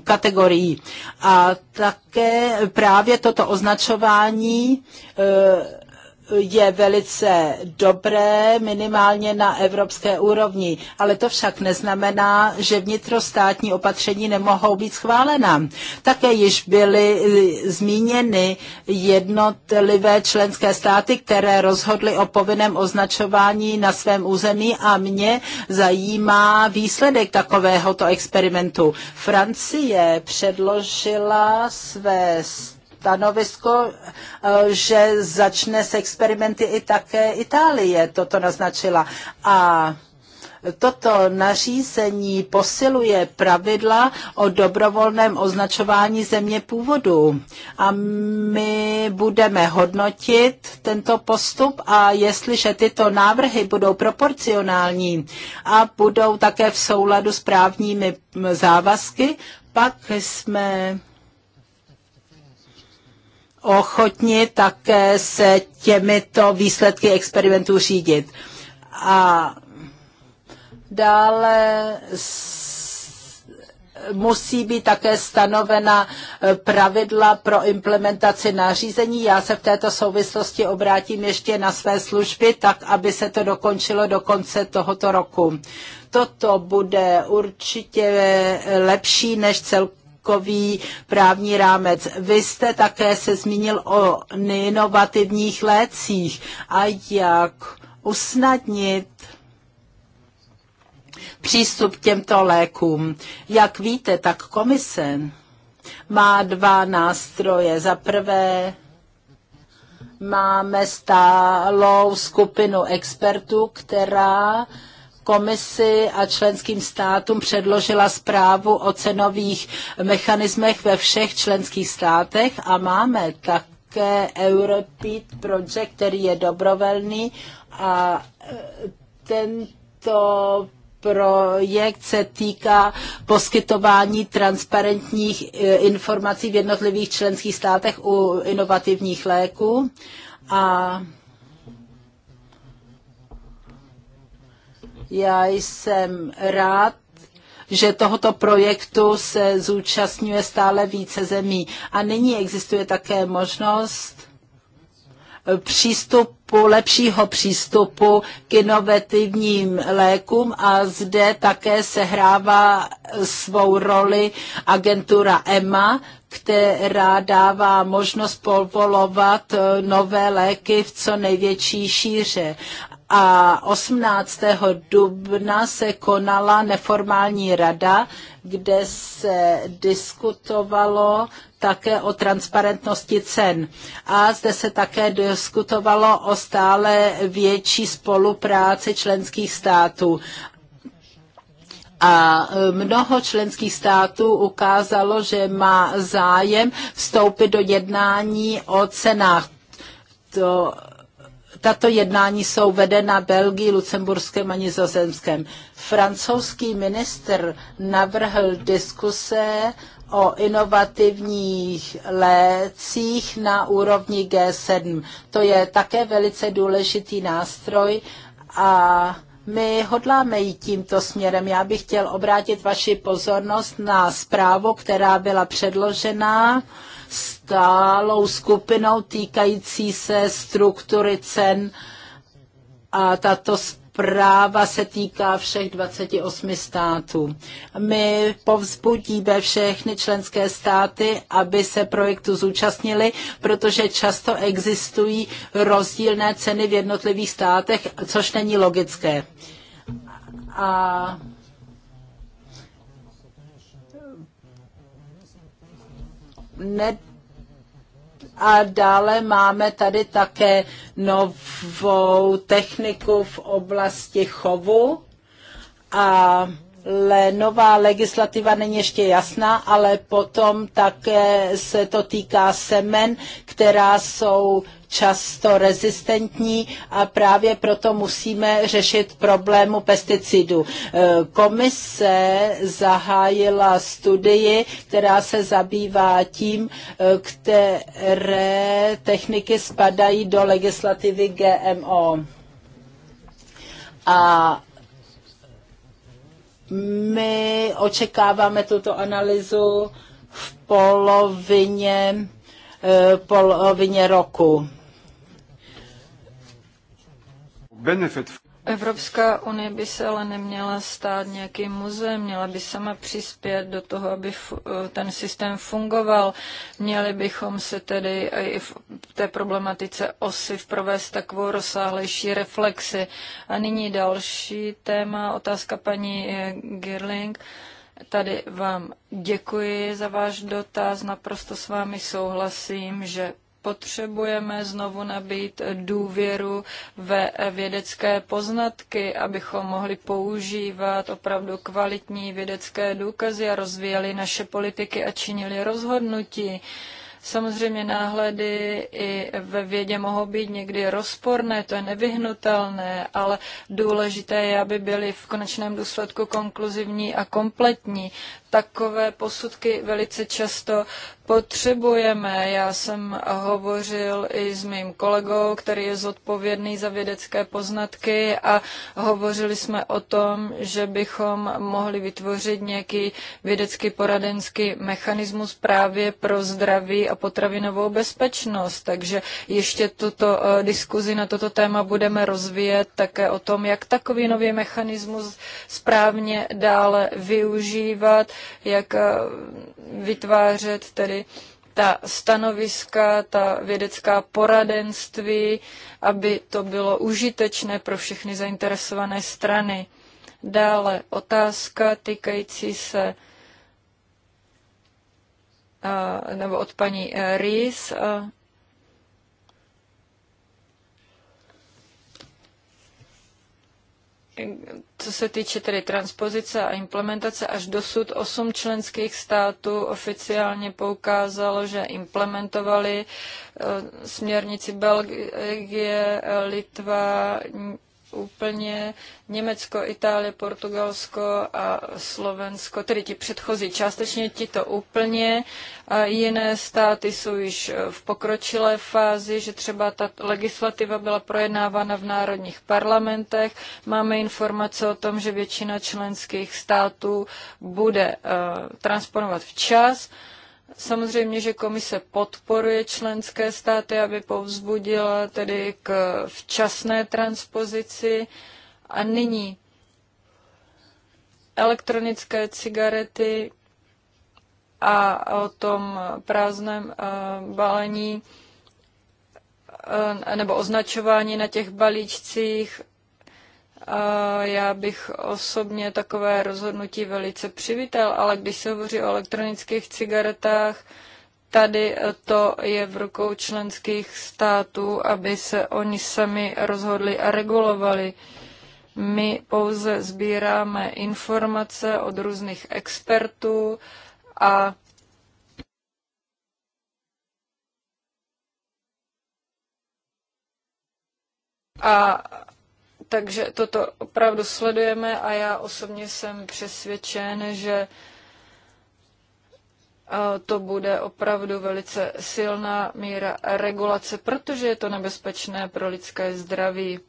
kategorií. A také právě toto označování e, je velice dobré, minimálně na evropské úrovni. Ale to však neznamená, že vnitrostátní opatření nemohou být schválena. Také již byly eh, zmíněny jednotlivé členské státy, které rozhodly o povinném označování na svém území a mě zajímá výsledek takovéhoto experimentu. Francie předložila své stanovisko, eh, že začne s experimenty i také Itálie, toto naznačila. A Toto nařízení posiluje pravidla o dobrovolném označování země původu a my budeme hodnotit tento postup a jestliže tyto návrhy budou proporcionální a budou také v souladu s právními závazky, pak jsme ochotni také se těmito výsledky experimentů řídit. A dále musí být také stanovena eh, pravidla pro implementaci nařízení. Já se v této souvislosti obrátím ještě na své služby, tak aby se to dokončilo do konce tohoto roku. Toto bude určitě eh, lepší než celkově celkový právní rámec. Vy jste také se zmínil o neinovativních lécích a jak usnadnit přístup k těmto lékům. Jak víte, tak komise má dva nástroje. Za prvé máme stálou skupinu expertů, která komisi a členským státům předložila zprávu o cenových mechanismech ve všech členských státech a máme také Europeat Project, který je dobrovolný a e, tento projekt se týká poskytování transparentních e, informací v jednotlivých členských státech u inovativních léků. A Já jsem rád, že tohoto projektu se zúčastňuje stále více zemí. A nyní existuje také možnost přístupu, lepšího přístupu k inovativním lékům a zde také sehrává svou roli agentura EMA, která dává možnost povolovat nové léky v co největší šíře a 18. dubna se konala neformální rada, kde se diskutovalo také o transparentnosti cen. A zde se také diskutovalo o stále větší spolupráci členských států. A mnoho členských států ukázalo, že má zájem vstoupit do jednání o cenách. To tato jednání jsou vedena Belgii, Lucemburském a Nizozemském. Francouzský minister navrhl diskuse o inovativních lécích na úrovni G7. To je také velice důležitý nástroj a my hodláme jít tímto směrem. Já bych chtěl obrátit vaši pozornost na zprávu, která byla předložena stálou skupinou týkající se struktury cen a tato zpráva práva se týká všech 28 států. My povzbudíme všechny členské státy, aby se projektu zúčastnili, protože často existují rozdílné ceny v jednotlivých státech, což není logické. A ne, a dále máme tady také novou techniku v oblasti chovu a nová legislativa není ještě jasná, ale potom také se to týká semen, která jsou často rezistentní a právě proto musíme řešit problému pesticidů. E, komise zahájila studii, která se zabývá tím, e, které techniky spadají do legislativy GMO. A my očekáváme tuto analýzu v polovině Eh, polovině roku. Benefit. Evropská unie by se ale neměla stát nějakým muzeem, měla by sama přispět do toho, aby eh, ten systém fungoval. Měli bychom se tedy i v té problematice osy provést takovou rozsáhlejší reflexi. A nyní další téma, otázka paní eh, Girling. Uh, Tady vám děkuji za váš dotaz, naprosto s vámi souhlasím, že potřebujeme znovu nabít důvěru ve vědecké poznatky, abychom mohli používat opravdu kvalitní vědecké důkazy a rozvíjeli naše politiky a činili rozhodnutí. Samozřejmě náhledy i ve vědě mohou být někdy rozporné, to je nevyhnutelné, ale důležité je, aby byly v konečném důsledku konkluzivní a kompletní takové posudky velice často potřebujeme. Já jsem hovořil i s mým kolegou, který je zodpovědný za vědecké poznatky a hovořili jsme o tom, že bychom mohli vytvořit nějaký vědecký poradenský mechanismus právě pro zdraví a potravinovou bezpečnost. Takže ještě tuto eh, diskuzi na toto téma budeme rozvíjet také o tom, jak takový nový mechanismus správně dále využívat, jak eh, vytvářet tedy ta stanoviska, ta vědecká poradenství, aby to bylo užitečné pro všechny zainteresované strany. Dále otázka týkající se eh, nebo od paní eh, Rýs co se týče tedy transpozice a implementace, až dosud osm členských států oficiálně poukázalo, že implementovali eh, směrnici Belgie, Litva, úplně Německo, Itálie, Portugalsko a Slovensko, tedy ti předchozí částečně, ti to úplně. A jiné státy jsou již eh, v pokročilé fázi, že třeba ta legislativa byla projednávána v národních parlamentech. Máme informace o tom, že většina členských států bude eh, transponovat včas. Uh, Samozřejmě, že komise podporuje členské státy, aby povzbudila tedy k včasné transpozici. A nyní elektronické cigarety a o tom prázdném eh, balení eh, nebo označování na těch balíčcích já bych osobně takové rozhodnutí velice přivítal, ale když se hovoří o elektronických cigaretách, tady to je v rukou členských států, aby se oni sami rozhodli a regulovali. My pouze sbíráme informace od různých expertů a a takže toto opravdu sledujeme a já osobně jsem přesvědčen, že eh, to bude opravdu velice silná míra regulace, protože je to nebezpečné pro lidské zdraví.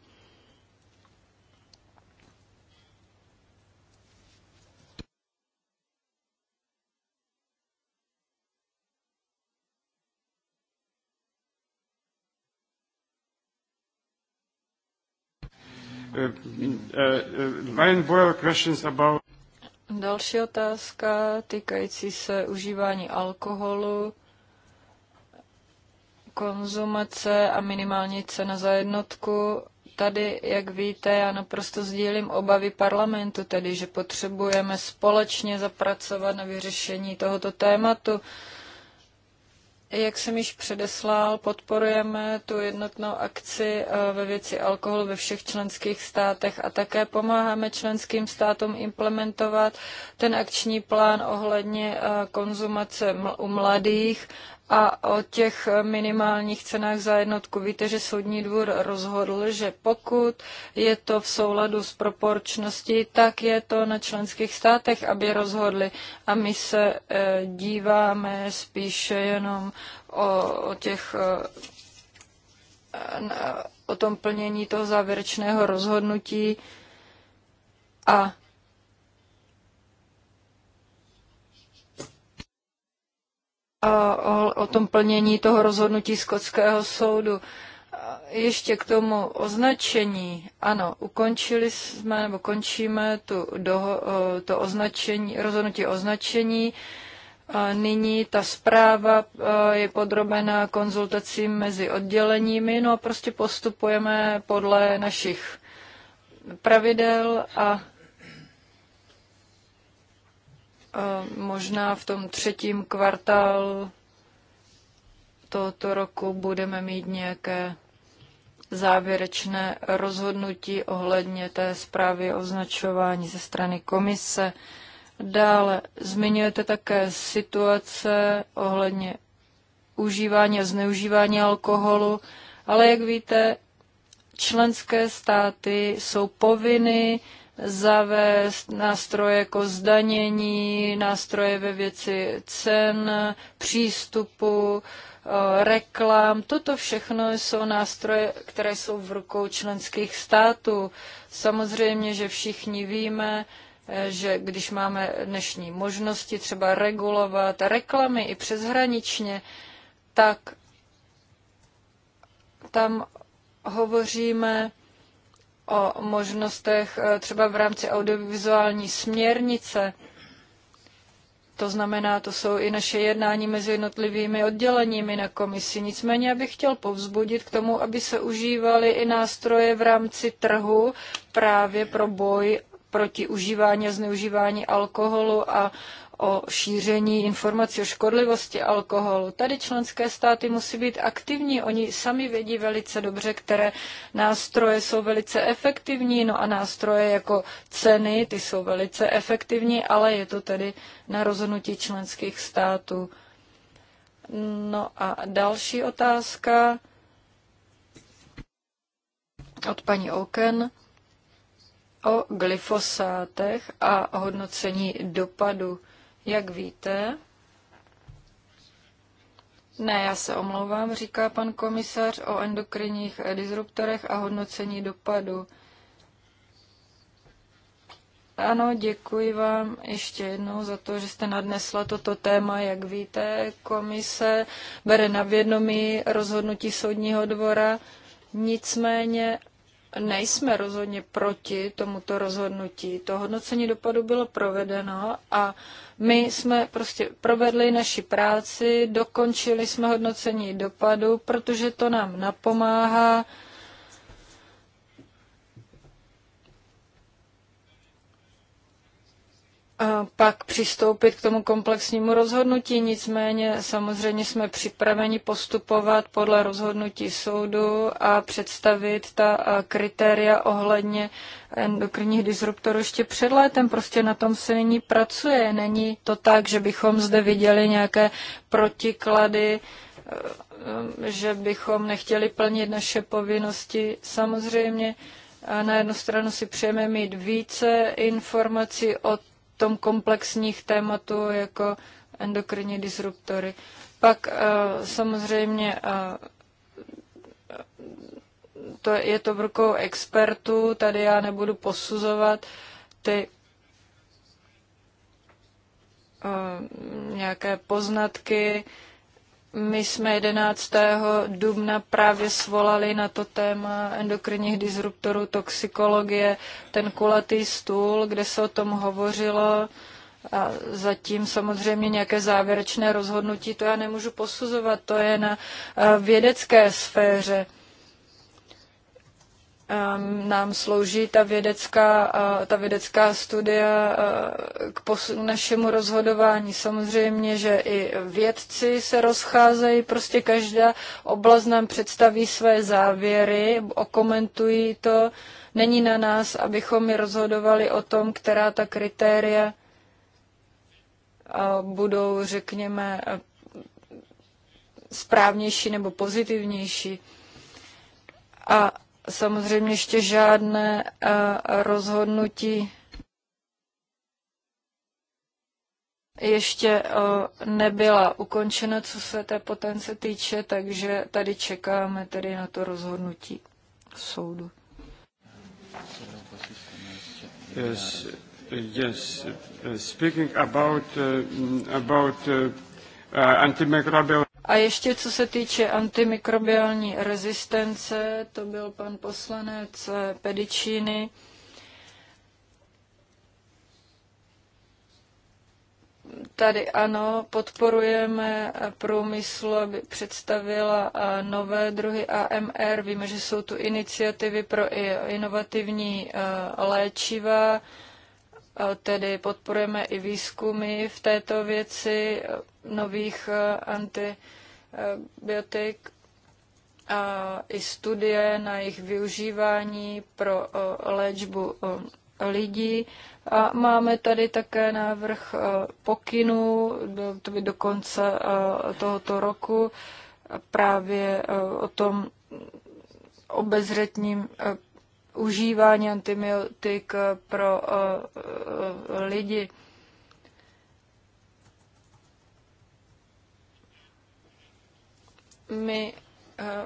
Další otázka týkající se užívání alkoholu, konzumace a minimální cena za jednotku. Tady, jak víte, já naprosto sdílím obavy parlamentu, tedy že potřebujeme společně zapracovat na vyřešení tohoto tématu. Jak jsem již předeslal, podporujeme tu jednotnou akci eh, ve věci alkoholu ve všech členských státech a také pomáháme členským státům implementovat ten akční plán ohledně eh, konzumace u mladých a o těch minimálních cenách za jednotku víte, že soudní dvůr rozhodl, že pokud je to v souladu s proporčností, tak je to na členských státech, aby rozhodli. A my se eh, díváme spíše jenom o, o těch eh, o tom plnění toho závěrečného rozhodnutí a o tom plnění toho rozhodnutí skotského soudu. Ještě k tomu označení. Ano, ukončili jsme nebo končíme tu doho, to označení, rozhodnutí označení. Nyní ta zpráva e, je podrobena konzultacím mezi odděleními, no a prostě postupujeme podle našich pravidel a možná v tom třetím kvartálu tohoto roku budeme mít nějaké závěrečné rozhodnutí ohledně té zprávy o označování ze strany komise. Dále zmiňujete také situace ohledně užívání a zneužívání alkoholu, ale jak víte, členské státy jsou povinny zavést nástroje jako zdanění, nástroje ve věci cen, přístupu, eh, reklam. Toto všechno jsou nástroje, které jsou v rukou členských států. Samozřejmě, že všichni víme, eh, že když máme dnešní možnosti třeba regulovat reklamy i přeshraničně, tak tam hovoříme o možnostech eh, třeba v rámci audiovizuální směrnice. To znamená, to jsou i naše jednání mezi jednotlivými odděleními na komisi. Nicméně bych chtěl povzbudit k tomu, aby se užívaly i nástroje v rámci trhu právě pro boj proti užívání a zneužívání alkoholu a o šíření informací o škodlivosti alkoholu. Tady členské státy musí být aktivní, oni sami vědí velice dobře, které nástroje jsou velice efektivní, no a nástroje jako ceny, ty jsou velice efektivní, ale je to tedy na rozhodnutí členských států. No a další otázka od paní Oken o glyfosátech a hodnocení dopadu. Jak víte, ne, já se omlouvám, říká pan komisař o endokrinních disruptorech a hodnocení dopadu. Ano, děkuji vám ještě jednou za to, že jste nadnesla toto téma. Jak víte, komise bere na vědomí rozhodnutí soudního dvora. Nicméně nejsme rozhodně proti tomuto rozhodnutí. To hodnocení dopadu bylo provedeno a my jsme prostě provedli naši práci, dokončili jsme hodnocení dopadu, protože to nám napomáhá pak přistoupit k tomu komplexnímu rozhodnutí. Nicméně samozřejmě jsme připraveni postupovat podle rozhodnutí soudu a představit ta kritéria ohledně endokrinních disruptorů ještě před létem. Prostě na tom se nyní pracuje. Není to tak, že bychom zde viděli nějaké protiklady e, e, že bychom nechtěli plnit naše povinnosti. Samozřejmě na jednu stranu si přejeme mít více informací o tom komplexních tématu jako endokrinní disruptory. Pak eh, samozřejmě eh, to je to v rukou expertů, tady já nebudu posuzovat ty eh, nějaké poznatky, my jsme 11. dubna právě svolali na to téma endokrinních disruptorů toxikologie ten kulatý stůl, kde se o tom hovořilo. A zatím samozřejmě nějaké závěrečné rozhodnutí, to já nemůžu posuzovat, to je na eh, vědecké sféře. Ehm, nám slouží ta vědecká, ta vědecká studia k našemu rozhodování. Samozřejmě, že i vědci se rozcházejí, prostě každá oblast nám představí své závěry, okomentují to. Není na nás, abychom mi rozhodovali o tom, která ta kritéria budou, řekněme, správnější nebo pozitivnější. A Samozřejmě ještě žádné eh, rozhodnutí ještě eh, nebyla ukončena, co se té potence týče, takže tady čekáme tedy na to rozhodnutí soudu. Yes, yes. Speaking about, uh, about uh, antimicrobial a ještě co se týče antimikrobiální rezistence, to byl pan poslanec eh, Pedicini. Tady ano, podporujeme eh, průmysl, aby představila eh, nové druhy AMR. Víme, že jsou tu iniciativy pro inovativní léčiva, tedy podporujeme i výzkumy v této věci nových antimikrobiálních biotik a i studie na jejich využívání pro léčbu lidí. A máme tady také návrh pokynů, to by do konce tohoto roku, právě o tom obezřetním užívání antibiotik pro lidi. my eh,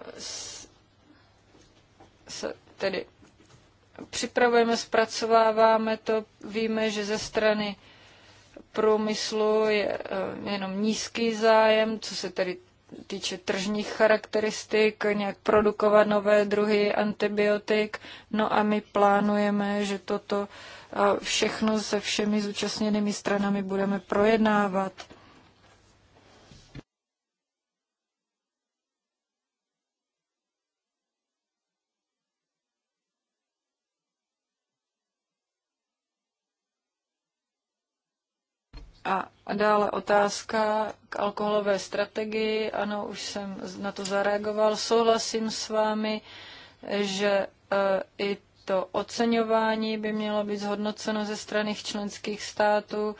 se tedy připravujeme, zpracováváme to, víme, že ze strany průmyslu je eh, jenom nízký zájem, co se tedy týče tržních charakteristik, nějak produkovat nové druhy antibiotik. No a my plánujeme, že toto eh, všechno se všemi zúčastněnými stranami budeme projednávat. A dále otázka k alkoholové strategii. Ano, už jsem na to zareagoval. Souhlasím s vámi, že e, i to oceňování by mělo být zhodnoceno ze strany členských států.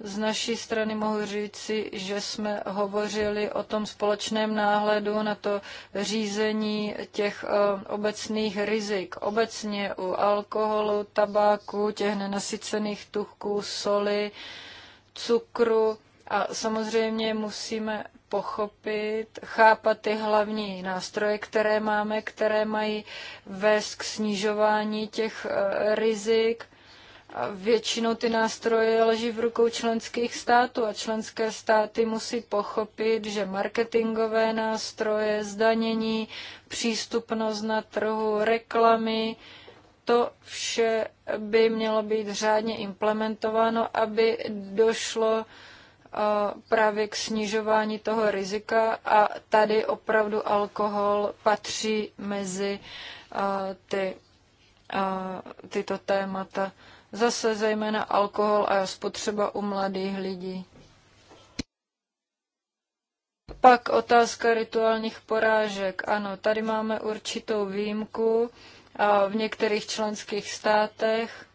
Z naší strany mohu říci, že jsme hovořili o tom společném náhledu na to řízení těch e, obecných rizik. Obecně u alkoholu, tabáku, těch nenasycených tuchků, soli, cukru a samozřejmě musíme pochopit, chápat ty hlavní nástroje, které máme, které mají vést k snižování těch eh, rizik. A většinou ty nástroje leží v rukou členských států a členské státy musí pochopit, že marketingové nástroje, zdanění, přístupnost na trhu, reklamy, to vše by mělo být řádně implementováno, aby došlo uh, právě k snižování toho rizika a tady opravdu alkohol patří mezi uh, ty, uh, tyto témata. Zase zejména alkohol a spotřeba u mladých lidí. Pak otázka rituálních porážek. Ano, tady máme určitou výjimku v některých členských státech,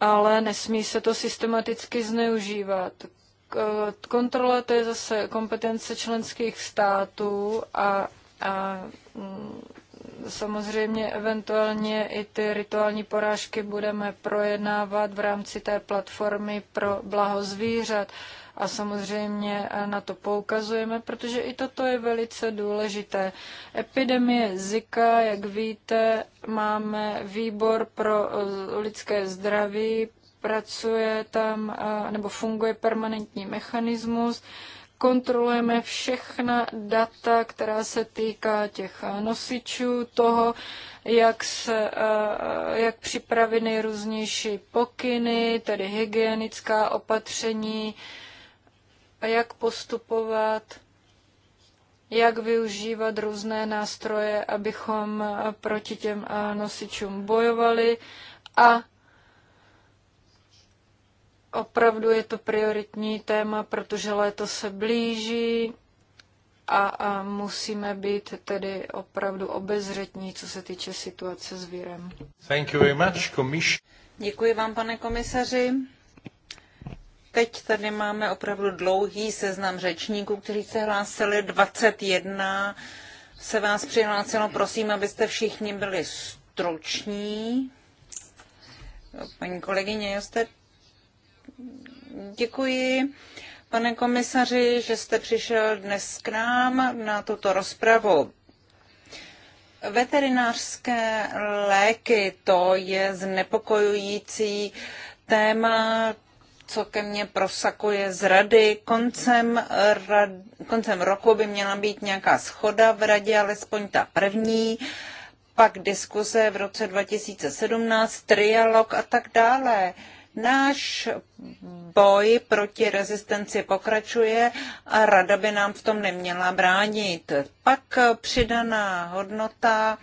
ale nesmí se to systematicky zneužívat. Kontrola to je zase kompetence členských států a, a mm, samozřejmě eventuálně i ty rituální porážky budeme projednávat v rámci té platformy pro blaho zvířat a samozřejmě na to poukazujeme, protože i toto je velice důležité. Epidemie Zika, jak víte, máme výbor pro eh, lidské zdraví, pracuje tam eh, nebo funguje permanentní mechanismus, kontrolujeme všechna data, která se týká těch eh, nosičů, toho, jak, se, jak připravit nejrůznější pokyny, tedy hygienická opatření, a jak postupovat, jak využívat různé nástroje, abychom proti těm eh, nosičům bojovali a opravdu je to prioritní téma, protože léto se blíží a, a musíme být tedy opravdu obezřetní, co se týče situace s virem. Thank you very much, komis- Děkuji vám, pane komisaři. Teď tady máme opravdu dlouhý seznam řečníků, kteří se hlásili 21. Se vás přihlásilo, prosím, abyste všichni byli struční. Paní kolegyně, jste... děkuji. Pane komisaři, že jste přišel dnes k nám na tuto rozpravu. Veterinářské léky, to je znepokojující téma, co ke mně prosakuje z rady. Koncem, rad, koncem roku by měla být nějaká schoda v radě, alespoň ta první, pak diskuze v roce 2017, trialog a tak dále. Náš boj proti rezistenci pokračuje a rada by nám v tom neměla bránit. Pak přidaná hodnota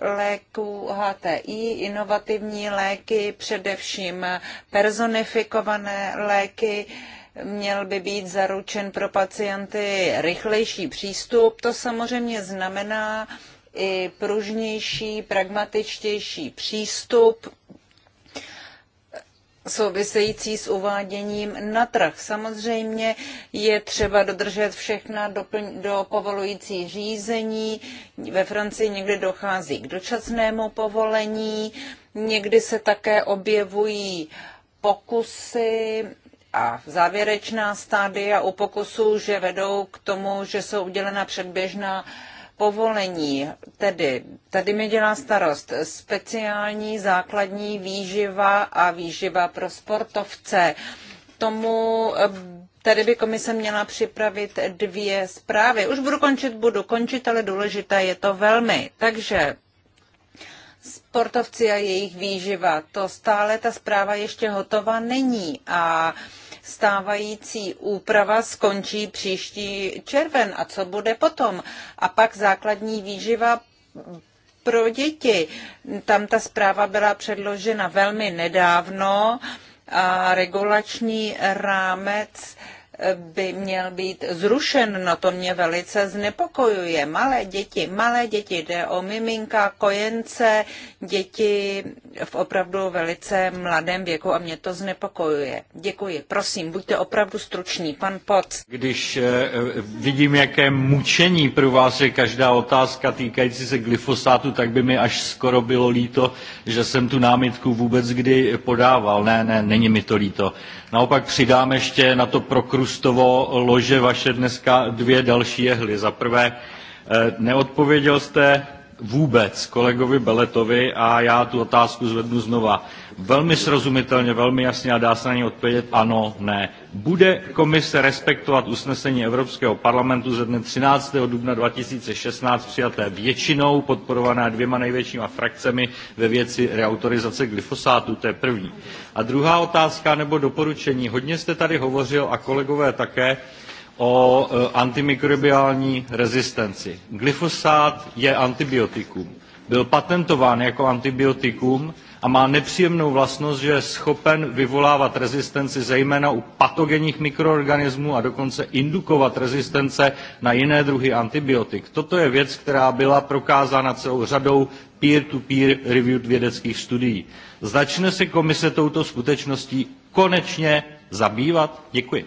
léků HTI, inovativní léky, především personifikované léky. Měl by být zaručen pro pacienty rychlejší přístup. To samozřejmě znamená i pružnější, pragmatičtější přístup související s uváděním na trh. Samozřejmě je třeba dodržet všechna doplň, do povolující řízení. Ve Francii někdy dochází k dočasnému povolení, někdy se také objevují pokusy a závěrečná stádia u pokusů, že vedou k tomu, že jsou udělena předběžná povolení, tedy tady mi dělá starost speciální základní výživa a výživa pro sportovce. Tomu eh, tady by komise měla připravit dvě zprávy. Už budu končit, budu končit, ale důležité je to velmi. Takže sportovci a jejich výživa, to stále ta zpráva ještě hotová není a stávající úprava skončí příští červen a co bude potom. A pak základní výživa pro děti. Tam ta zpráva byla předložena velmi nedávno a regulační rámec by měl být zrušen. No to mě velice znepokojuje. Malé děti, malé děti, jde o miminka, kojence, děti v opravdu velice mladém věku a mě to znepokojuje. Děkuji. Prosím, buďte opravdu struční. Pan Poc. Když eh, vidím, jaké mučení pro vás je každá otázka týkající se glyfosátu, tak by mi až skoro bylo líto, že jsem tu námitku vůbec kdy podával. Ne, ne, není mi to líto. Naopak přidám ještě na to prokrustovo lože vaše dneska dvě další jehly. Za prvé, eh, neodpověděl jste vůbec kolegovi Beletovi a já tu otázku zvednu znova. Velmi srozumitelně, velmi jasně a dá se na ně odpovědět ano, ne. Bude komise respektovat usnesení Evropského parlamentu ze dne 13. dubna 2016 přijaté většinou, podporované dvěma největšíma frakcemi ve věci reautorizace glyfosátu? To je první. A druhá otázka nebo doporučení. Hodně jste tady hovořil a kolegové také o eh, antimikrobiální rezistenci. Glyfosát je antibiotikum. Byl patentován jako antibiotikum a má nepříjemnou vlastnost, že je schopen vyvolávat rezistenci zejména u patogenních mikroorganismů a dokonce indukovat rezistence na jiné druhy antibiotik. Toto je věc, která byla prokázána celou řadou peer-to-peer reviewed vědeckých studií. Začne se komise touto skutečností konečně zabývat? Děkuji.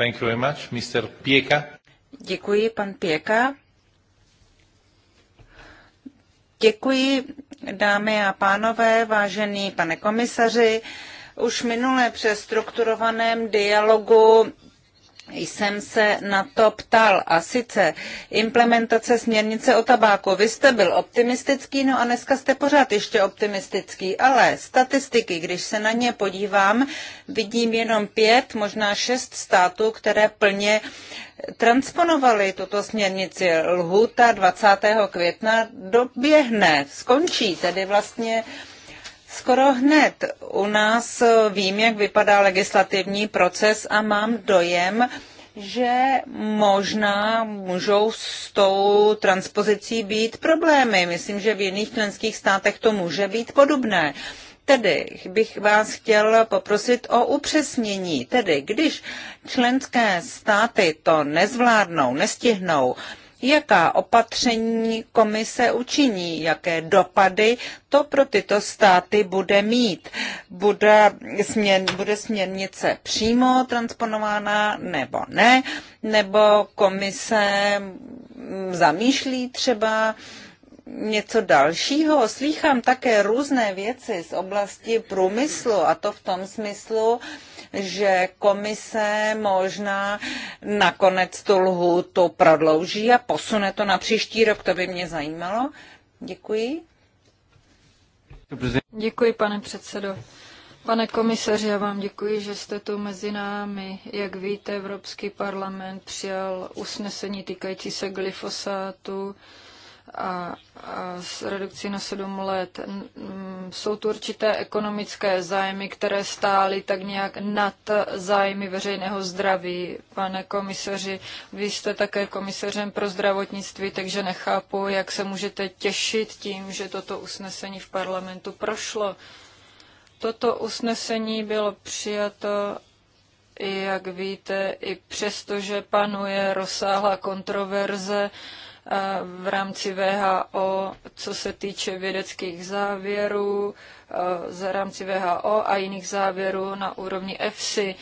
Thank you very much. Mr. Pieka. Děkuji, pan Pěka. Děkuji, dámy a pánové, vážený pane komisaři. Už minule při strukturovaném dialogu jsem se na to ptal a sice implementace směrnice o tabáku. Vy jste byl optimistický, no a dneska jste pořád ještě optimistický, ale statistiky, když se na ně podívám, vidím jenom pět, možná šest států, které plně transponovali tuto směrnici. Lhuta 20. května doběhne, skončí, tedy vlastně skoro hned. U nás vím, jak vypadá legislativní proces a mám dojem, že možná můžou s tou transpozicí být problémy. Myslím, že v jiných členských státech to může být podobné. Tedy bych vás chtěl poprosit o upřesnění. Tedy, když členské státy to nezvládnou, nestihnou, Jaká opatření komise učiní, jaké dopady to pro tyto státy bude mít? Bude, směr, bude směrnice přímo transponována nebo ne? Nebo komise zamýšlí třeba něco dalšího. Slýchám také různé věci z oblasti průmyslu a to v tom smyslu, že komise možná nakonec tu lhůtu prodlouží a posune to na příští rok. To by mě zajímalo. Děkuji. Děkuji, pane předsedo. Pane komisaři, já vám děkuji, že jste tu mezi námi. Jak víte, Evropský parlament přijal usnesení týkající se glyfosátu a, a s redukcí na sedm let. Mm, jsou tu určité ekonomické zájmy, které stály tak nějak nad zájmy veřejného zdraví. Pane komisaři, vy jste také komisařem pro zdravotnictví, takže nechápu, jak se můžete těšit tím, že toto usnesení v parlamentu prošlo. Toto usnesení bylo přijato jak víte, i přesto, že panuje rozsáhlá kontroverze v rámci VHO, co se týče vědeckých závěrů, za rámci VHO a jiných závěrů na úrovni EFSI.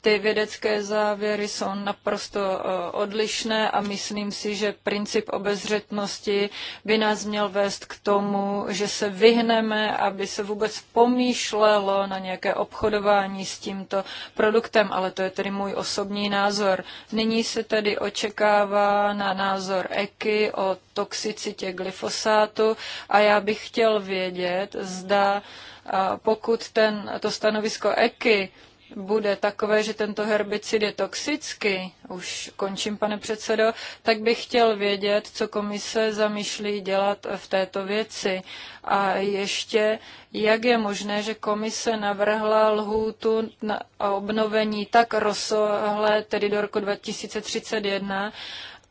Ty vědecké závěry jsou naprosto eh, odlišné a myslím si, že princip obezřetnosti by nás měl vést k tomu, že se vyhneme, aby se vůbec pomýšlelo na nějaké obchodování s tímto produktem, ale to je tedy můj osobní názor. Nyní se tedy očekává na názor EKY o toxicitě glyfosátu a já bych chtěl vědět, zda eh, pokud ten, to stanovisko EKY bude takové, že tento herbicid je toxický, už končím, pane předsedo, tak bych chtěl vědět, co komise zamýšlí dělat v této věci. A ještě, jak je možné, že komise navrhla lhůtu na obnovení tak rozsáhlé, tedy do roku 2031,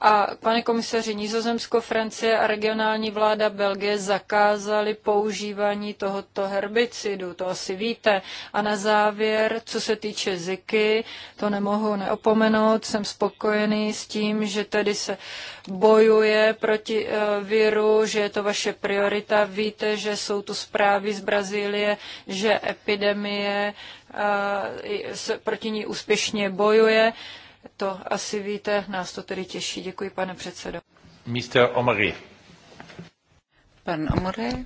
a pane komisaři, Nizozemsko, Francie a regionální vláda Belgie zakázali používání tohoto herbicidu, to asi víte. A na závěr, co se týče ziky, to nemohu neopomenout, jsem spokojený s tím, že tedy se bojuje proti eh, viru, že je to vaše priorita. Víte, že jsou tu zprávy z Brazílie, že epidemie eh, se proti ní úspěšně bojuje. Uh, to asi víte, nás to tedy těší. Děkuji, pane předsedo. Mr. Omary. Pan Omary.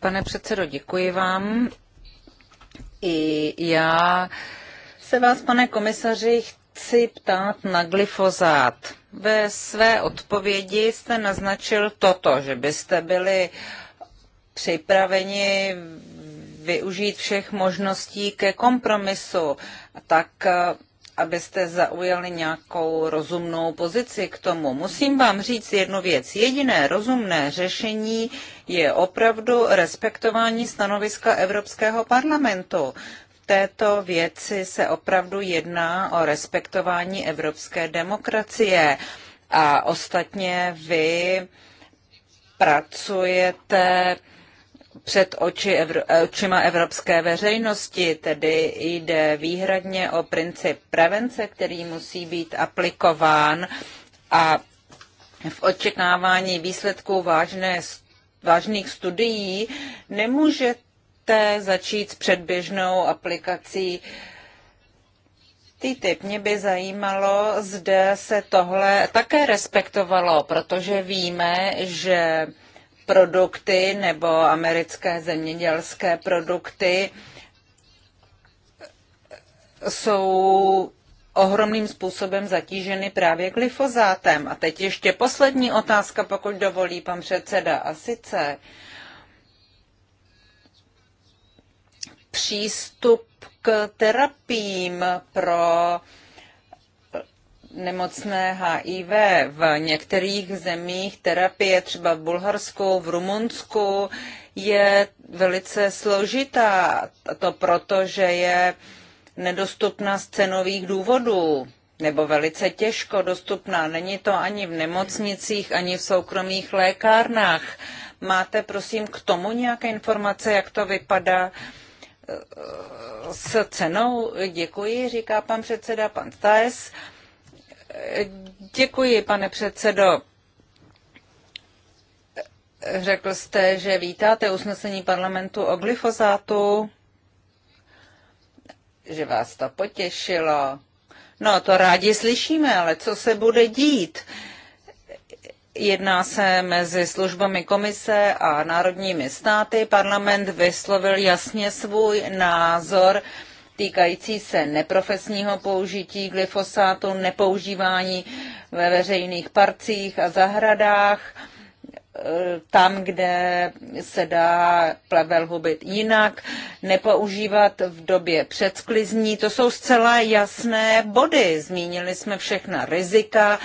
Pane předsedo, děkuji vám. I já se vás, pane komisaři, chci ptát na glyfozát. Ve své odpovědi jste naznačil toto, že byste byli připraveni využít všech možností ke kompromisu, tak eh, abyste zaujali nějakou rozumnou pozici k tomu. Musím vám říct jednu věc. Jediné rozumné řešení je opravdu respektování stanoviska Evropského parlamentu. V této věci se opravdu jedná o respektování evropské demokracie. A ostatně vy pracujete před oči Evro- očima evropské veřejnosti, tedy jde výhradně o princip prevence, který musí být aplikován a v očekávání výsledků vážné, vážných studií nemůžete začít s předběžnou aplikací TTIP. Mě by zajímalo, zde se tohle také respektovalo, protože víme, že produkty nebo americké zemědělské produkty jsou ohromným způsobem zatíženy právě glyfozátem. A teď ještě poslední otázka, pokud dovolí pan předseda. A sice přístup k terapiím pro uh, nemocné HIV. V některých zemích terapie, třeba v Bulharsku, v Rumunsku, je velice složitá. To proto, že je nedostupná z cenových důvodů nebo velice těžko dostupná. Není to ani v nemocnicích, ani v soukromých lékárnách. Máte prosím k tomu nějaké informace, jak to vypadá eh, s cenou? Děkuji, říká pan předseda, pan Staes. Děkuji, pane předsedo. Řekl jste, že vítáte usnesení parlamentu o glyfozátu, že vás to potěšilo. No, to rádi slyšíme, ale co se bude dít? Jedná se mezi službami komise a národními státy. Parlament vyslovil jasně svůj názor týkající se neprofesního použití glyfosátu, nepoužívání ve veřejných parcích a zahradách, eh, tam, kde se dá plevel hubit jinak, nepoužívat v době předsklizní. To jsou zcela jasné body. Zmínili jsme všechna rizika,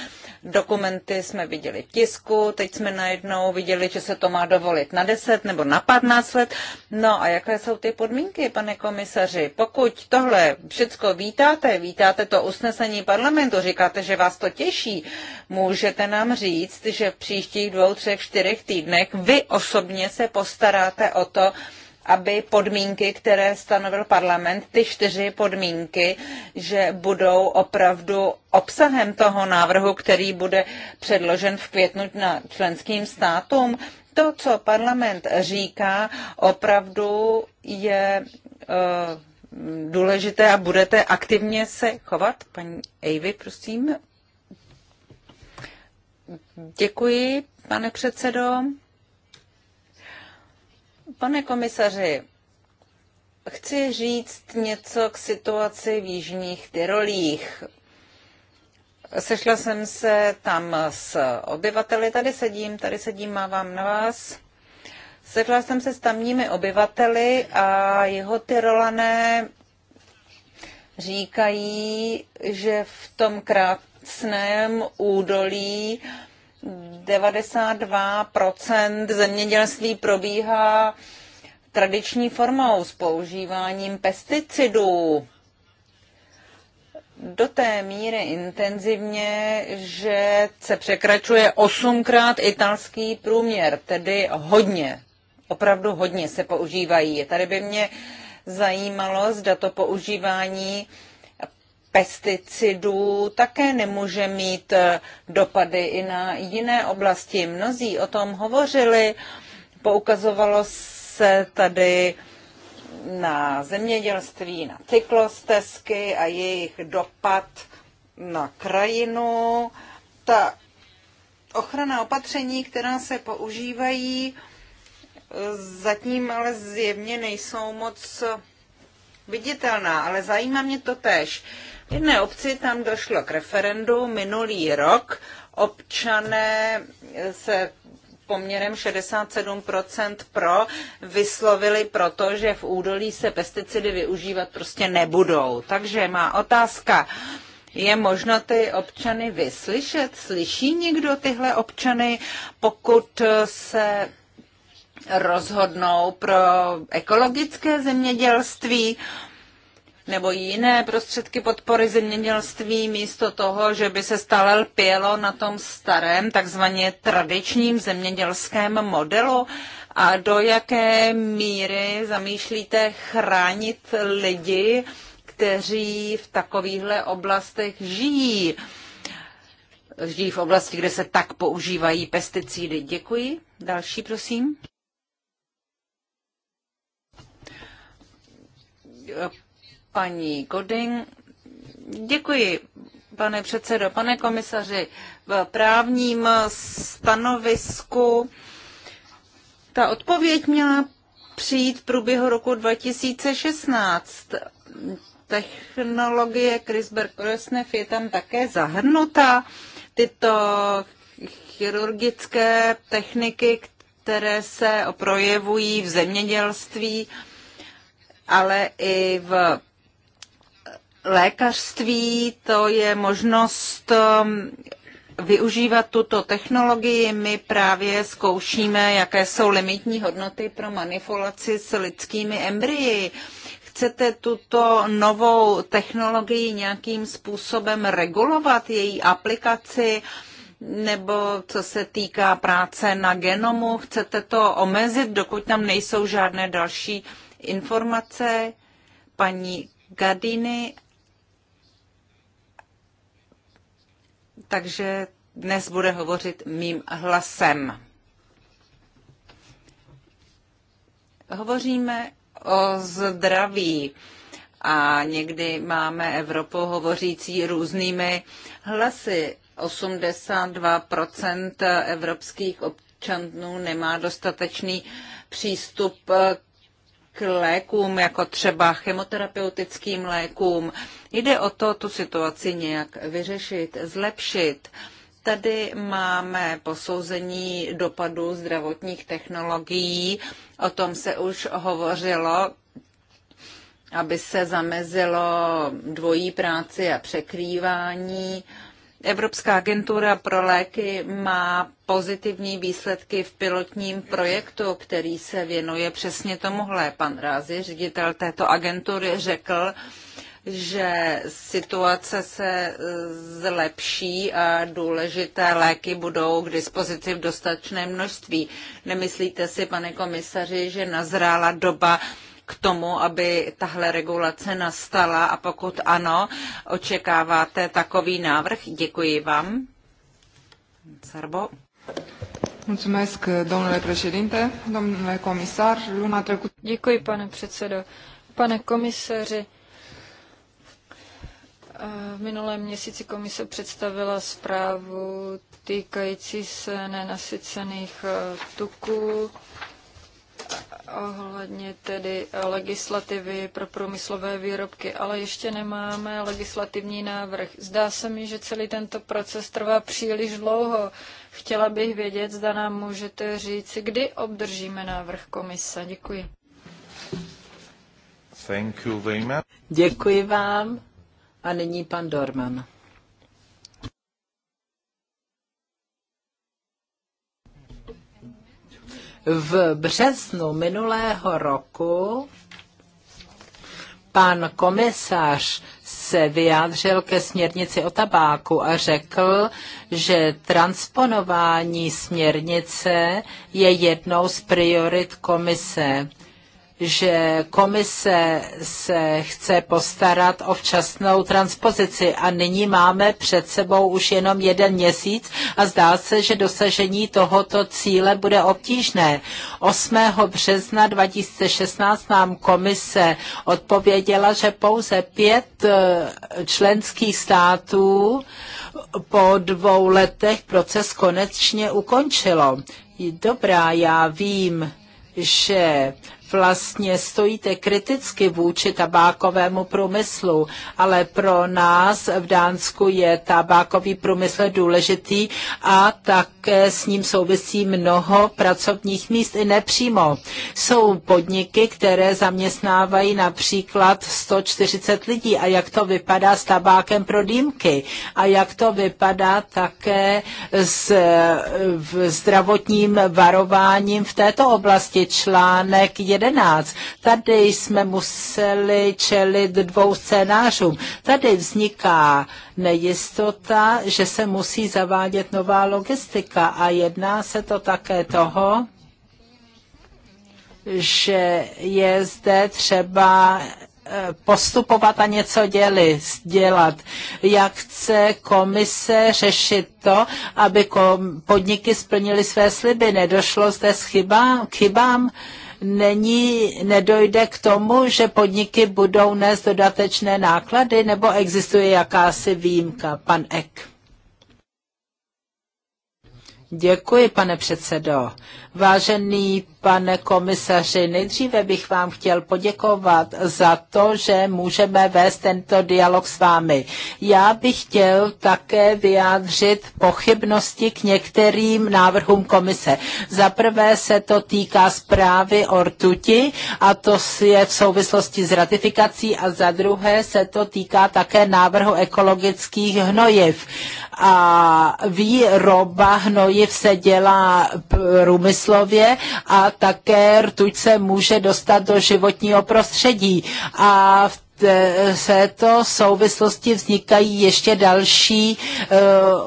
Dokumenty jsme viděli v tisku, teď jsme najednou viděli, že se to má dovolit na 10 nebo na 15 let. No a jaké jsou ty podmínky, pane komisaři? Pokud tohle všecko vítáte, vítáte to usnesení parlamentu, říkáte, že vás to těší, můžete nám říct, že v příštích dvou, třech, čtyřech týdnech vy osobně se postaráte o to, aby podmínky, které stanovil parlament, ty čtyři podmínky, že budou opravdu obsahem toho návrhu, který bude předložen v květnu na členským státům. To, co parlament říká, opravdu je uh, důležité a budete aktivně se chovat. Paní Ejvy, prosím. Děkuji, pane předsedo. Pane komisaři, chci říct něco k situaci v Jižních Tyrolích. Sešla jsem se tam s obyvateli, tady sedím, tady sedím, mávám na vás. Sešla jsem se s tamními obyvateli a jeho Tyrolané říkají, že v tom krásném údolí 92% zemědělství probíhá tradiční formou s používáním pesticidů do té míry intenzivně, že se překračuje osmkrát italský průměr, tedy hodně, opravdu hodně se používají. Tady by mě zajímalo, zda to používání uh, pesticidů také nemůže mít eh, dopady i na jiné oblasti. Mnozí o tom hovořili, poukazovalo se tady na zemědělství, na cyklostezky a jejich dopad na krajinu. Ta ochrana opatření, která se používají, zatím ale zjevně nejsou moc viditelná, ale zajímá mě to tež jedné obci tam došlo k referendu minulý rok. Občané se poměrem 67% pro vyslovili proto, že v údolí se pesticidy využívat prostě nebudou. Takže má otázka, je možno ty občany vyslyšet? Slyší někdo tyhle občany, pokud se rozhodnou pro ekologické zemědělství? Uh, nebo jiné prostředky podpory zemědělství místo toho, že by se stále lpělo na tom starém, takzvaně tradičním zemědělském modelu? A do jaké míry zamýšlíte chránit lidi, kteří v takovýchhle oblastech žijí? Žijí v oblasti, kde se tak používají pesticidy. Děkuji. Další, prosím. Paní Goding, děkuji, pane předsedo, pane komisaři. V právním stanovisku ta odpověď měla přijít v průběhu roku 2016. Technologie crispr cas je tam také zahrnuta. Tyto chirurgické techniky, které se projevují v zemědělství, ale i v lékařství, to je možnost um, využívat tuto technologii. My právě zkoušíme, jaké jsou limitní hodnoty pro manipulaci s lidskými embryi. Chcete tuto novou technologii nějakým způsobem regulovat, její aplikaci, nebo co se týká práce na genomu, chcete to omezit, dokud tam nejsou žádné další informace? Paní Gardiny takže dnes bude hovořit mým hlasem. Hovoříme o zdraví a někdy máme Evropu hovořící různými hlasy. 82% evropských občanů nemá dostatečný přístup k lékům, jako třeba chemoterapeutickým lékům. Jde o to tu situaci nějak vyřešit, zlepšit. Tady máme posouzení dopadu zdravotních technologií, o tom se už hovořilo, aby se zamezilo dvojí práci a překrývání. Uh, Evropská agentura pro léky má pozitivní výsledky v pilotním projektu, který se věnuje přesně tomuhle. Pan Rázi, ředitel této agentury, řekl, že situace se eh, zlepší a důležité léky budou k dispozici v dostatečné množství. Nemyslíte si, pane komisaři, že nazrála doba k tomu, aby tahle regulace nastala a pokud ano, očekáváte takový návrh? Děkuji vám. Sarbo. Mulțumesc, domnule președinte, domnule comisar, luna trecută... Děkuji, pane předsedo. Pane komisaři, eh, v minulém měsíci komise představila zprávu týkající se nenasycených eh, tuků ohledně tedy legislativy pro průmyslové výrobky, ale ještě nemáme legislativní návrh. Zdá se mi, že celý tento proces trvá příliš dlouho. Chtěla bych vědět, zda nám můžete říct, kdy obdržíme návrh komise. Děkuji. Thank you very much. Děkuji vám. A nyní pan Dorman. V březnu minulého roku pan komisař se vyjádřil ke směrnici o tabáku a řekl, že transponování směrnice je jednou z priorit komise že komise se chce postarat o včasnou transpozici a nyní máme před sebou už jenom jeden měsíc a zdá se, že dosažení tohoto cíle bude obtížné. 8. března 2016 nám komise odpověděla, že pouze pět eh, členských států po dvou letech proces konečně ukončilo. Dobrá, já vím, že vlastně stojíte kriticky vůči tabákovému průmyslu, ale pro nás v Dánsku je tabákový průmysl důležitý a také s ním souvisí mnoho pracovních míst i nepřímo. Jsou podniky, které zaměstnávají například 140 lidí a jak to vypadá s tabákem pro dýmky a jak to vypadá také s v zdravotním varováním v této oblasti článek 1 2011. Tady jsme museli čelit dvou scénářům. Tady vzniká nejistota, že se musí zavádět nová logistika a jedná se to také toho, že je zde třeba eh, postupovat a něco děli, dělat. Jak chce komise řešit to, aby podniky splnili své sliby? Nedošlo zde s chyba, k chybám? není, nedojde k tomu, že podniky budou nést dodatečné náklady, nebo existuje jakási výjimka, pan Ek? Děkuji, pane předsedo. Vážený Pane komisaři, nejdříve bych vám chtěl poděkovat za to, že můžeme vést tento dialog s vámi. Já bych chtěl také vyjádřit pochybnosti k některým návrhům komise. Za prvé se to týká zprávy o rtuti a to je v souvislosti s ratifikací a za druhé se to týká také návrhu ekologických hnojiv. A výroba hnojiv se dělá průmyslově a také rtuť se může dostat do životního prostředí. A v E, této souvislosti vznikají ještě další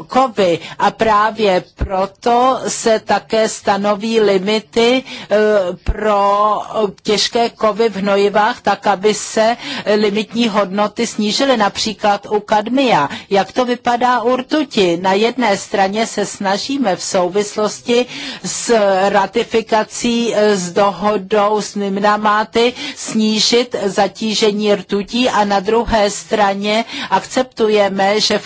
uh, kovy a právě proto se také stanoví limity uh, pro těžké kovy v hnojivách, tak aby se limitní hodnoty snížily, například u kadmia. Jak to vypadá u rtuti? Na jedné straně se snažíme v souvislosti s ratifikací s dohodou s Nimnamáty snížit zatížení rtuti hnutí a na druhé straně akceptujeme, že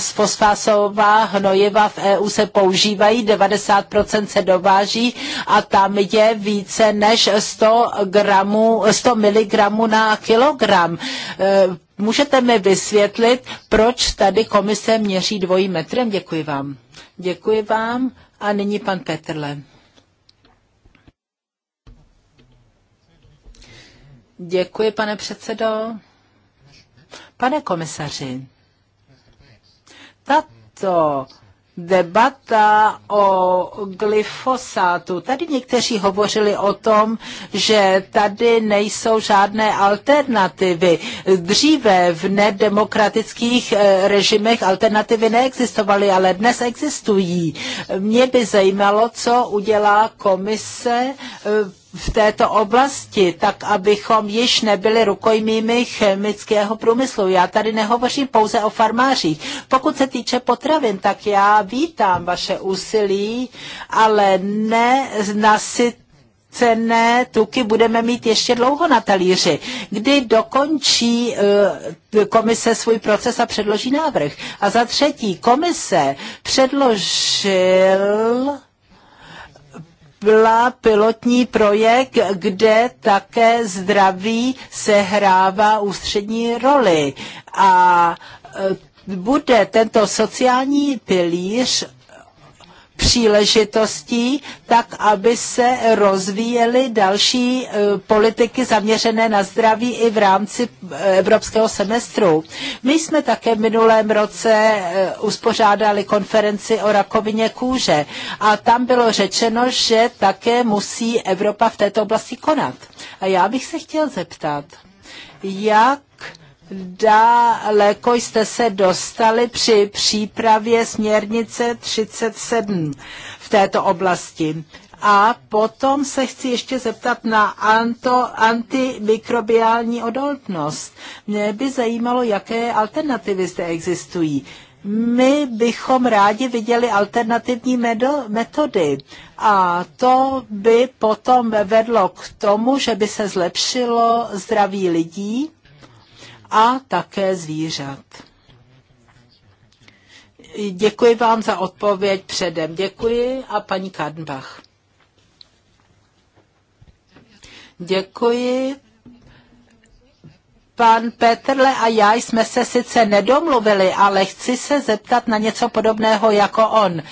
fosfásová hnojiva v EU se používají, 90% se dováží a tam je více než 100, gramů, 100 mg na kilogram. E, můžete mi vysvětlit, proč tady komise měří dvojím metrem? Děkuji vám. Děkuji vám. A nyní pan Petrle. Děkuji, pane předsedo. Pane komisaři, tato debata o glyfosátu. Tady někteří hovořili o tom, že tady nejsou žádné alternativy. Dříve v nedemokratických eh, režimech alternativy neexistovaly, ale dnes existují. Mě by zajímalo, co udělá komise eh, v této oblasti, tak abychom již nebyli rukojmími chemického průmyslu. Já tady nehovořím pouze o farmářích. Pokud se týče potravin, tak já vítám vaše úsilí, ale ne nasit cené tuky budeme mít ještě dlouho na talíři. Kdy dokončí eh, komise svůj proces a předloží návrh? A za třetí, komise předložil byla pilotní projekt, kde také zdraví sehrává ústřední roli. A e, bude tento sociální pilíř příležitostí, tak aby se rozvíjely další e, politiky zaměřené na zdraví i v rámci e, evropského semestru. My jsme také v minulém roce e, uspořádali konferenci o rakovině kůže a tam bylo řečeno, že také musí Evropa v této oblasti konat. A já bych se chtěl zeptat, jak daleko jste se dostali při přípravě směrnice 37 v této oblasti. A potom se chci ještě zeptat na anto, antimikrobiální odolnost. Mě by zajímalo, jaké alternativy zde existují. My bychom rádi viděli alternativní metody a to by potom vedlo k tomu, že by se zlepšilo zdraví lidí a také zvířat. Děkuji vám za odpověď předem. Děkuji a paní Kardenbach. Děkuji. Pan Petrle a já jsme se sice nedomluvili, ale chci se zeptat na něco podobného jako on.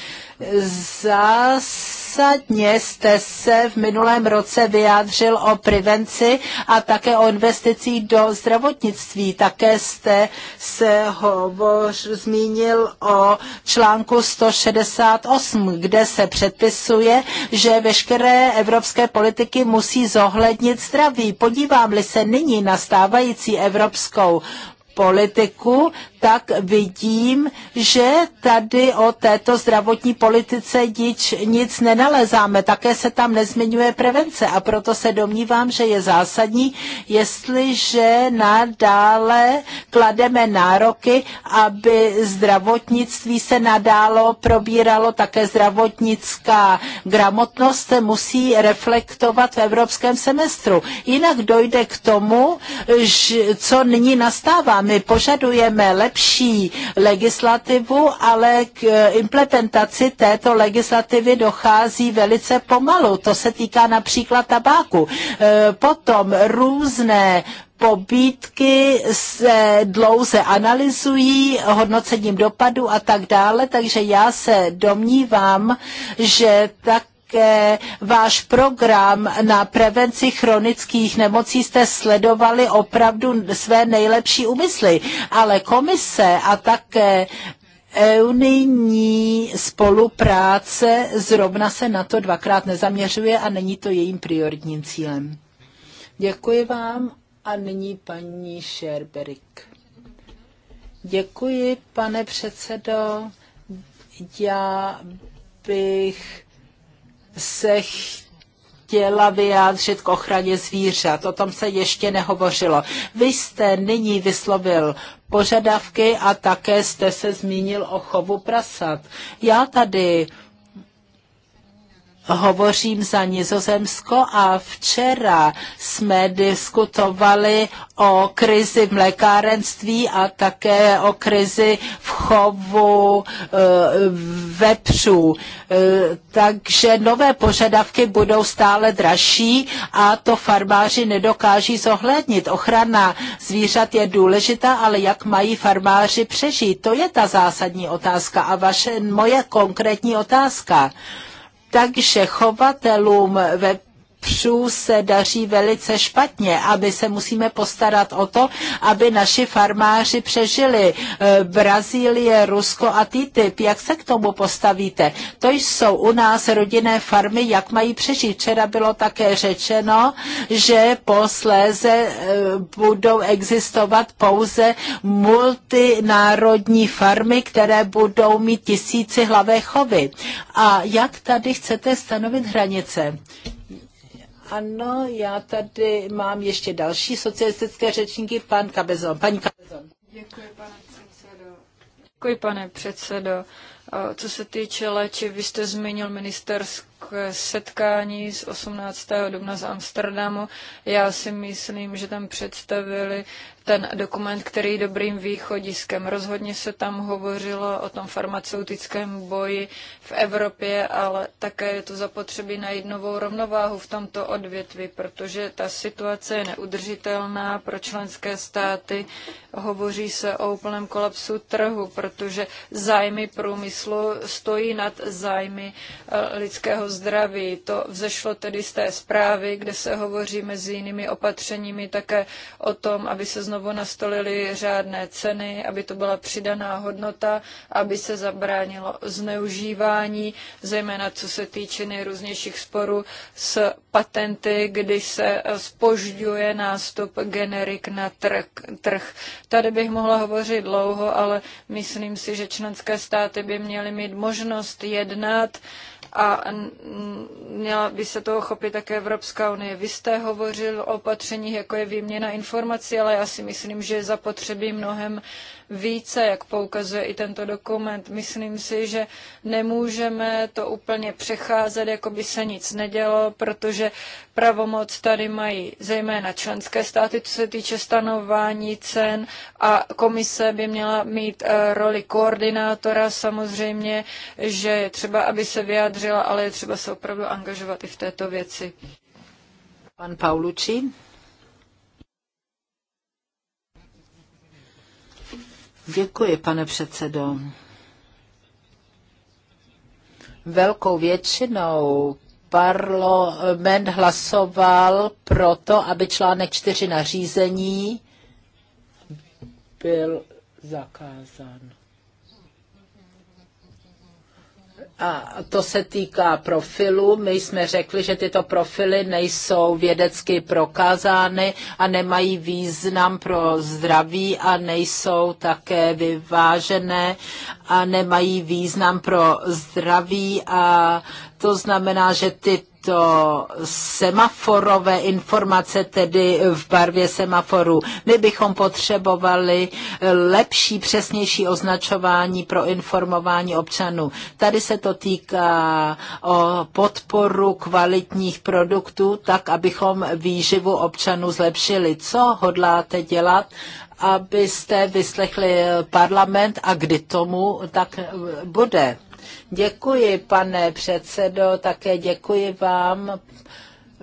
Zas zásadně jste se v minulém roce vyjádřil o prevenci a také o investicích do zdravotnictví. Také jste se hovoř, zmínil o článku 168, kde se předpisuje, že veškeré evropské politiky musí zohlednit zdraví. Podívám-li se nyní na stávající evropskou politiku, tak vidím, že tady o této zdravotní politice nic, nic nenalezáme. Také se tam nezmiňuje prevence a proto se domnívám, že je zásadní, jestliže nadále klademe nároky, aby zdravotnictví se nadálo probíralo, také zdravotnická gramotnost se musí reflektovat v evropském semestru. Jinak dojde k tomu, co nyní nastává. My požadujeme lepší lepší legislativu, ale k e, implementaci této legislativy dochází velice pomalu. To se týká například tabáku. E, potom různé pobítky se dlouze analyzují hodnocením dopadu a tak dále, takže já se domnívám, že tak také váš program na prevenci chronických nemocí jste sledovali opravdu své nejlepší úmysly, ale komise a také unijní spolupráce zrovna se na to dvakrát nezaměřuje a není to jejím prioritním cílem. Děkuji vám a nyní paní Šerberik. Děkuji, pane předsedo. Já bych se chtěla vyjádřit k ochraně zvířat. O tom se ještě nehovořilo. Vy jste nyní vyslovil požadavky a také jste se zmínil o chovu prasat. Já tady hovořím za Nizozemsko a včera jsme diskutovali o krizi v mlékárenství a také o krizi v chovu e, vepřů. E, takže nové požadavky budou stále dražší a to farmáři nedokáží zohlednit. Ochrana zvířat je důležitá, ale jak mají farmáři přežít? To je ta zásadní otázka a vaše moje konkrétní otázka takže chovatelům ve vepřů se daří velice špatně a my se musíme postarat o to, aby naši farmáři přežili. Eh, Brazílie, Rusko a TTIP, jak se k tomu postavíte? To jsou u nás rodinné farmy, jak mají přežít. Včera bylo také řečeno, že posléze eh, budou existovat pouze multinárodní farmy, které budou mít tisíci hlavé chovy. A jak tady chcete stanovit hranice? Ano, já tady mám ještě další socialistické řečníky, pan Kabezon. Paní Kabezon. Děkuji, pane předsedo. Děkuji, pane předsedo. Co se týče léčiv, vy jste zmínil ministerský setkání z 18. dubna z Amsterdamu. Já si myslím, že tam představili ten dokument, který je dobrým východiskem. Rozhodně se tam hovořilo o tom farmaceutickém boji v Evropě, ale také je to zapotřebí na jednovou rovnováhu v tomto odvětví, protože ta situace je neudržitelná pro členské státy. Hovoří se o úplném kolapsu trhu, protože zájmy průmyslu stojí nad zájmy eh, lidského zdraví. To vzešlo tedy z té zprávy, kde se hovoří mezi jinými opatřeními také o tom, aby se znovu nastolily řádné ceny, aby to byla přidaná hodnota, aby se zabránilo zneužívání, zejména co se týče nejrůznějších sporů s patenty, kdy se spožďuje nástup generik na trh. Tady bych mohla hovořit dlouho, ale myslím si, že členské státy by měly mít možnost jednat, a měla by se toho chopit také Evropská unie. Vy jste hovořil o opatřeních, jako je výměna informací, ale já si myslím, že je zapotřebí mnohem více, jak poukazuje i tento dokument. Myslím si, že nemůžeme to úplně přecházet, jako by se nic nedělo, protože pravomoc tady mají zejména členské státy, co se týče stanování cen a komise by měla mít eh, roli koordinátora samozřejmě, že je třeba, aby se vyjádřila, ale je třeba se opravdu angažovat i v této věci. Pan Paulucci. Děkuji, pane předsedo. Velkou většinou parlament hlasoval pro to, aby článek 4 nařízení byl zakázán. A to se týká profilu. My jsme řekli, že tyto profily nejsou vědecky prokázány a nemají význam pro zdraví a nejsou také vyvážené a nemají význam pro zdraví a to znamená, že tyto semaforové informace, tedy v barvě semaforu, my bychom potřebovali lepší, přesnější označování pro informování občanů. Tady se to týká o podporu kvalitních produktů, tak abychom výživu občanů zlepšili. Co hodláte dělat, abyste vyslechli parlament a kdy tomu tak bude? Děkuji, pane předsedo, také děkuji vám,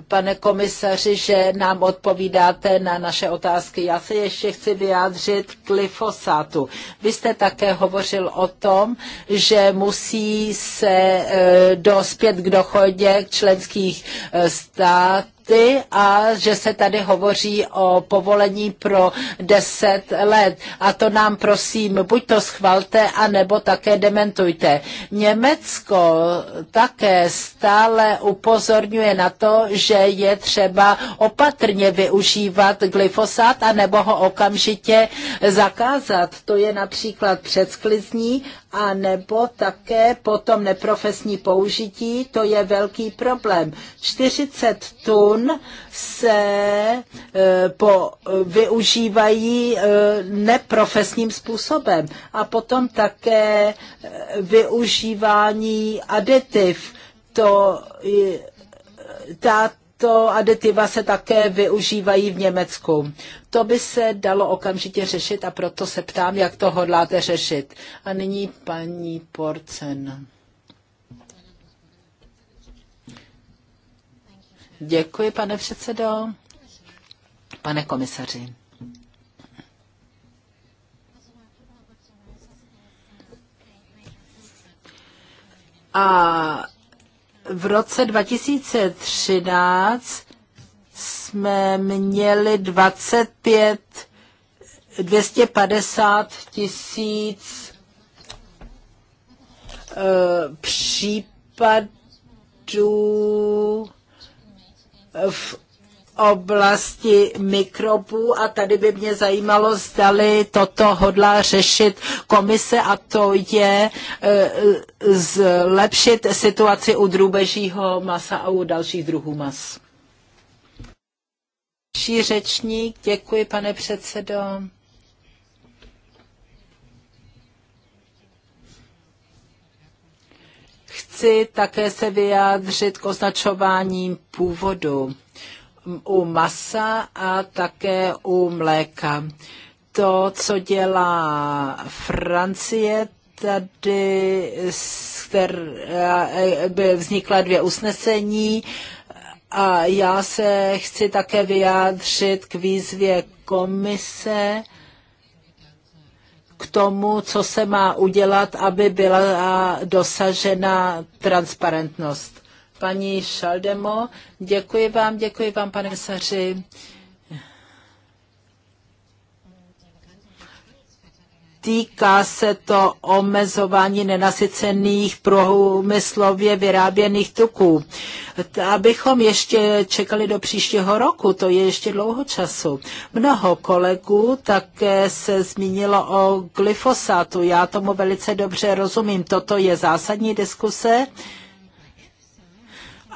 pane komisaři, že nám odpovídáte na naše otázky. Já se ještě chci vyjádřit k glyfosátu. Vy jste také hovořil o tom, že musí se eh, dospět k dochodě členských eh, států ty a že se tady hovoří o povolení pro 10 let. A to nám prosím, buď to schvalte, anebo také dementujte. Německo také stále upozorňuje na to, že je třeba opatrně využívat glyfosát, anebo ho okamžitě zakázat. To je například předsklizní a nebo také potom neprofesní použití, to je velký problém. 40 tun se e, po, využívají e, neprofesním způsobem a potom také e, využívání aditiv, to e, ta, tyto aditiva se také využívají v Německu. To by se dalo okamžitě řešit a proto se ptám, jak to hodláte řešit. A nyní paní Porcen. Děkuji, pane předsedo. Pane komisaři. A v roce 2013 jsme měli 25 250 tisíc eh, případů v oblasti mikrobů a tady by mě zajímalo, zdali toto hodlá řešit komise a to je e, zlepšit situaci u drůbežího masa a u dalších druhů mas. Další řečník, děkuji pane předsedo. Chci také se vyjádřit k označování původu u masa a také u mléka. To, co dělá Francie, tady eh, vznikla dvě usnesení a já se chci také vyjádřit k výzvě komise k tomu, co se má udělat, aby byla dosažena transparentnost. Paní Šaldemo, děkuji vám, děkuji vám, pane saři. týká se to omezování nenasycených průmyslově vyráběných tuků. Abychom ještě čekali do příštího roku, to je ještě dlouho času. Mnoho kolegů také se zmínilo o glyfosátu. Já tomu velice dobře rozumím. Toto je zásadní diskuse.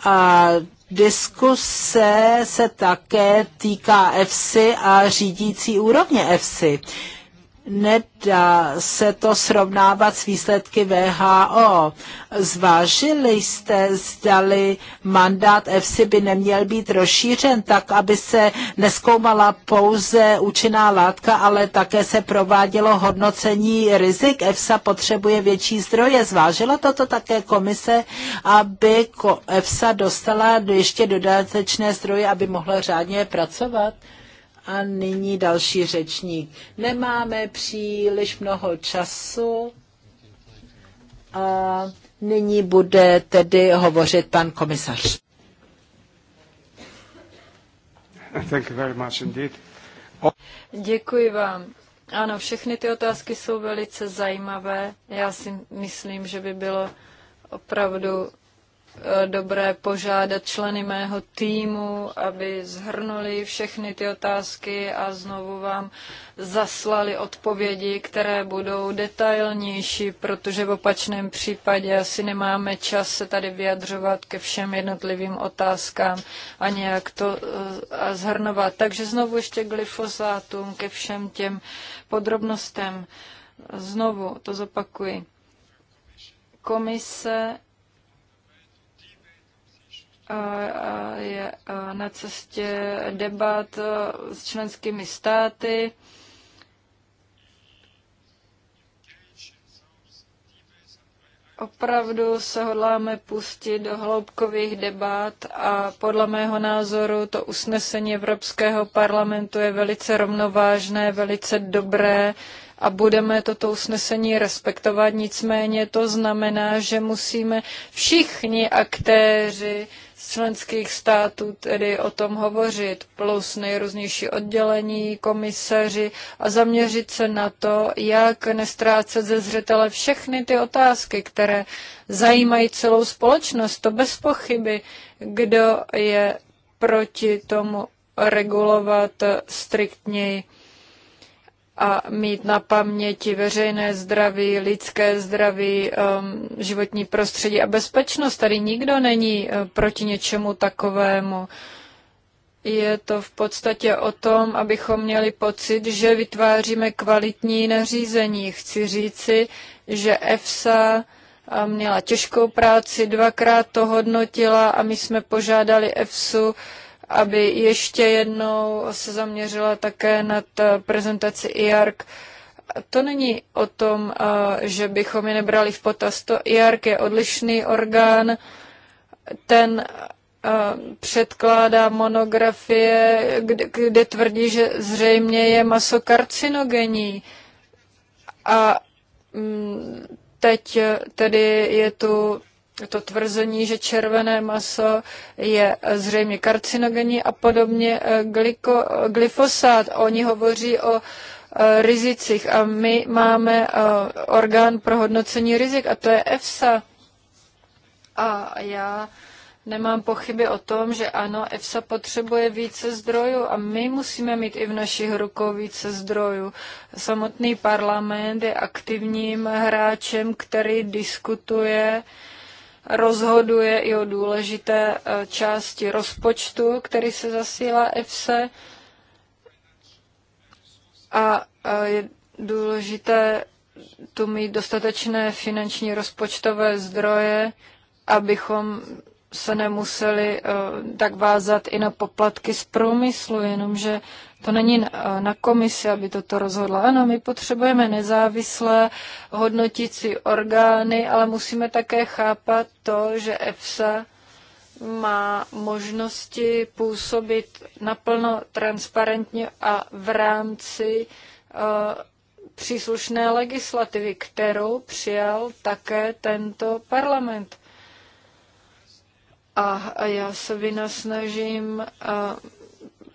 A diskuse se také týká EFSI a řídící úrovně EFSI nedá se to srovnávat s výsledky VHO. Zvážili jste, zdali mandát EFSI by neměl být rozšířen tak, aby se neskoumala pouze účinná látka, ale také se provádělo hodnocení rizik. EFSA potřebuje větší zdroje. Zvážila toto také komise, aby EFSA dostala ještě dodatečné zdroje, aby mohla řádně pracovat? A nyní další řečník. Nemáme příliš mnoho času. A nyní bude tedy hovořit pan komisař. Thank you very much indeed. Děkuji vám. Ano, všechny ty otázky jsou velice zajímavé. Já si myslím, že by bylo opravdu Eh, dobré požádat členy mého týmu, aby zhrnuli všechny ty otázky a znovu vám zaslali odpovědi, které budou detailnější, protože v opačném případě asi nemáme čas se tady vyjadřovat ke všem jednotlivým otázkám a nějak to eh, a zhrnovat. Takže znovu ještě glyfosátům, ke všem těm podrobnostem. Znovu to zopakuji. Komise je na cestě debat e, s členskými státy. Opravdu se hodláme pustit do hloubkových debat a podle mého názoru to usnesení Evropského parlamentu je velice rovnovážné, velice dobré a budeme toto usnesení respektovat. Nicméně to znamená, že musíme všichni aktéři členských států tedy o tom hovořit, plus nejrůznější oddělení, komiseři a zaměřit se na to, jak nestrácet ze zřetele všechny ty otázky, které zajímají celou společnost. To bez pochyby, kdo je proti tomu regulovat striktněji a mít na paměti veřejné zdraví, lidské zdraví, um, životní prostředí a bezpečnost. Tady nikdo není eh, proti něčemu takovému. Je to v podstatě o tom, abychom měli pocit, že vytváříme kvalitní nařízení. Chci říci, že EFSA eh, měla těžkou práci, dvakrát to hodnotila a my jsme požádali EFSU, aby ještě jednou se zaměřila také na eh, prezentaci IARC. To není o tom, eh, že bychom je nebrali v potaz. To IARC je odlišný orgán, ten eh, předkládá monografie, kde, kde tvrdí, že zřejmě je maso karcinogenní. A mm, teď tedy je tu to tvrzení, že červené maso je zřejmě karcinogenní a podobně eh, gliko, eh, glyfosát. Oni hovoří o eh, rizicích a my máme orgán pro hodnocení rizik a to je EFSA. A já nemám pochyby o tom, že ano, EFSA potřebuje více zdrojů a my musíme mít i v našich rukou více zdrojů. Samotný parlament je aktivním hráčem, který diskutuje uh, rozhoduje i o důležité eh, části rozpočtu, který se zasílá EFSE. A eh, je důležité tu mít dostatečné finanční rozpočtové zdroje, abychom se nemuseli eh, tak vázat i na poplatky z průmyslu, jenomže to není eh, na komisi, aby toto rozhodla. Ano, my potřebujeme nezávislé hodnotící orgány, ale musíme také chápat to, že EFSA má možnosti působit naplno transparentně a v rámci eh, příslušné legislativy, kterou přijal také tento parlament. A já se vynasnažím eh,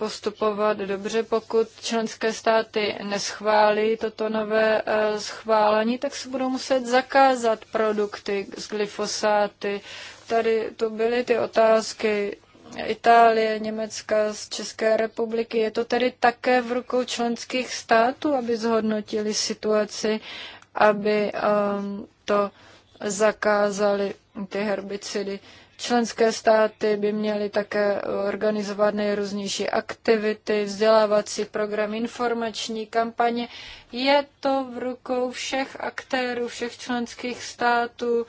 postupovat dobře. Pokud členské státy neschválí toto nové eh, schválení, tak se budou muset zakázat produkty z glyfosáty. Tady to byly ty otázky Itálie, Německa, z České republiky. Je to tedy také v rukou členských států, aby zhodnotili situaci, aby um, to zakázali ty herbicidy. Členské státy by měly také organizovat nejrůznější aktivity, vzdělávací program, informační kampaně. Je to v rukou všech aktérů, všech členských států,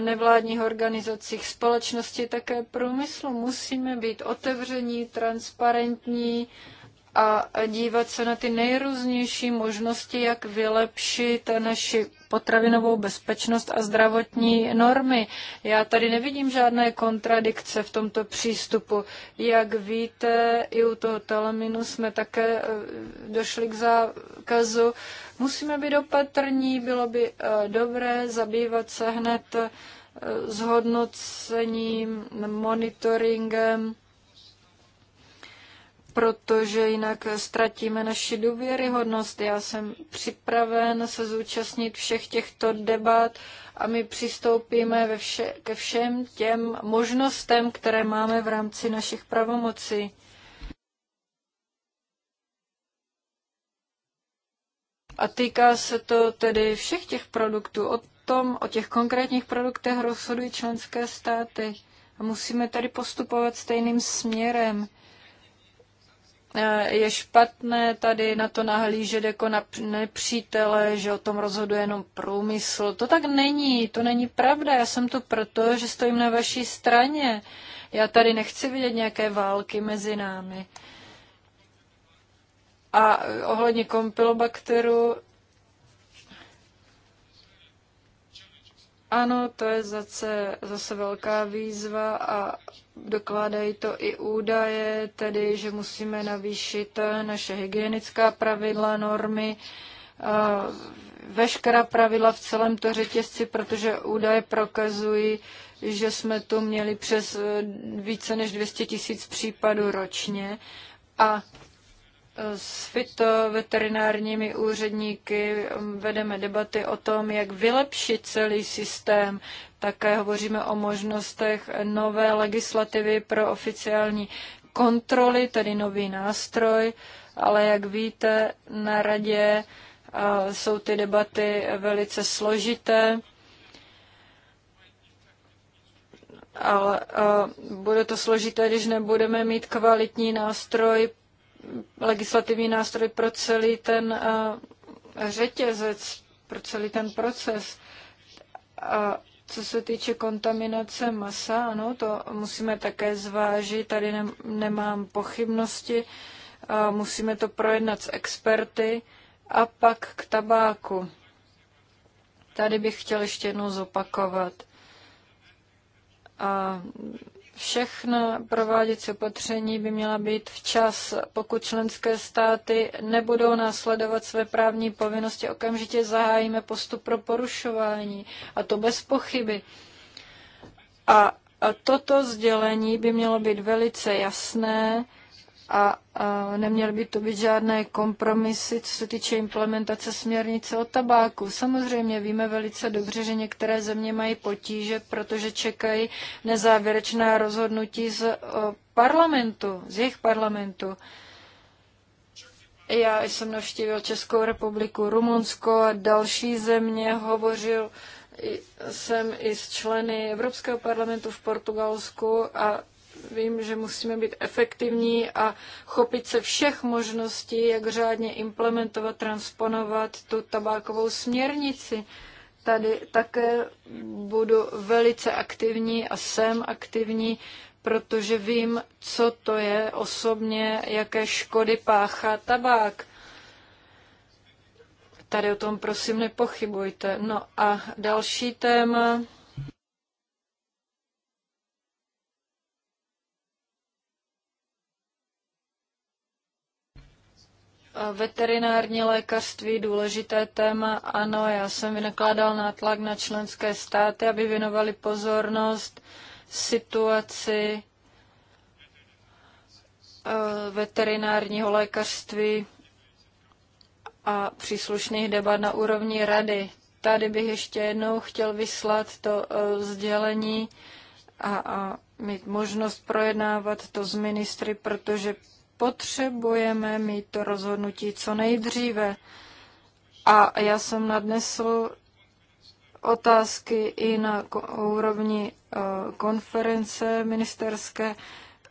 nevládních organizacích, společnosti, také průmyslu. Musíme být otevření, transparentní a dívat se na ty nejrůznější možnosti, jak vylepšit naši potravinovou bezpečnost a zdravotní normy. Já tady nevidím žádné kontradikce v tomto přístupu. Jak víte, i u toho teleminu jsme také eh, došli k zákazu. Musíme být opatrní, bylo by eh, dobré zabývat se hned eh, hodnocením, monitoringem protože jinak ztratíme naši důvěryhodnost. Já jsem připraven se zúčastnit všech těchto debat a my přistoupíme ve vše, ke všem těm možnostem, které máme v rámci našich pravomocí. A týká se to tedy všech těch produktů. O tom, o těch konkrétních produktech rozhodují členské státy. A musíme tady postupovat stejným směrem. Eh, je špatné tady na to nahlížet jako na nepřítele, že o tom rozhoduje jenom průmysl. To tak není, to není pravda. Já jsem tu proto, že stojím na vaší straně. Já tady nechci vidět nějaké války mezi námi. A eh, ohledně kompilobakteru, Ano, to je zase, zase velká výzva a dokládají to i údaje, tedy že musíme navýšit naše hygienická pravidla, normy, veškerá pravidla v celém to řetězci, protože údaje prokazují, že jsme tu měli přes více než 200 tisíc případů ročně a s fitoveterinárními úředníky um, vedeme debaty o tom, jak vylepšit celý systém. Také hovoříme o možnostech nové legislativy pro oficiální kontroly, tedy nový nástroj, ale jak víte, na radě jsou ty debaty velice složité. ale bude to složité, když nebudeme mít kvalitní nástroj legislativní nástroj pro celý ten eh, řetězec, pro celý ten proces. A co se týče kontaminace masa, ano, to musíme také zvážit, tady ne, nemám pochybnosti, uh, musíme to projednat s experty a pak k tabáku. Tady bych chtěl ještě jednou zopakovat. A Všechna prováděcí opatření by měla být včas. Pokud členské státy nebudou následovat své právní povinnosti, okamžitě zahájíme postup pro porušování. A to bez pochyby. A, a toto sdělení by mělo být velice jasné a, a neměly by to být žádné kompromisy, co se týče implementace směrnice o tabáku. Samozřejmě víme velice dobře, že některé země mají potíže, protože čekají nezávěrečná rozhodnutí z parlamentu, z jejich parlamentu. Já jsem navštívil Českou republiku, Rumunsko a další země, hovořil jsem i s členy Evropského parlamentu v Portugalsku a vím, že musíme být efektivní a chopit se všech možností, jak řádně implementovat, transponovat tu tabákovou směrnici. Tady také budu velice aktivní a jsem aktivní, protože vím, co to je osobně, jaké škody páchá tabák. Tady o tom prosím nepochybujte. No a další téma Eh, veterinární lékařství, důležité téma. Ano, já jsem vynakládal nátlak na členské státy, aby věnovali pozornost situaci eh, veterinárního lékařství a příslušných debat na úrovni rady. Tady bych ještě jednou chtěl vyslat to eh, sdělení a, a mít možnost projednávat to s ministry, protože potřebujeme mít to rozhodnutí co nejdříve. A já jsem nadnesl otázky i na úrovni e, konference ministerské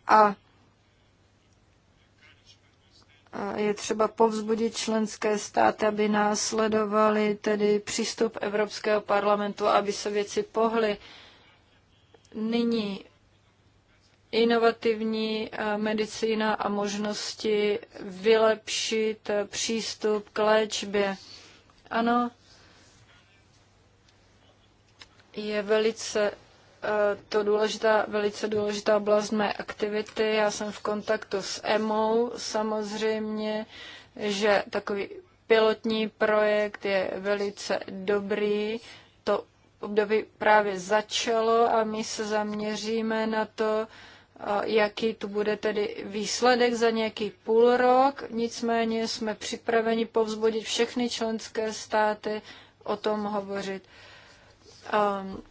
a je třeba povzbudit členské státy, aby následovali tedy přístup Evropského parlamentu, aby se věci pohly. Nyní inovativní eh, medicína a možnosti vylepšit eh, přístup k léčbě. Ano, je velice eh, to důležitá, velice důležitá oblast mé aktivity. Já jsem v kontaktu s EMOU samozřejmě, že takový pilotní projekt je velice dobrý. To období právě začalo a my se zaměříme na to, jaký tu bude tedy výsledek za nějaký půl rok. Nicméně jsme připraveni povzbudit všechny členské státy o tom hovořit.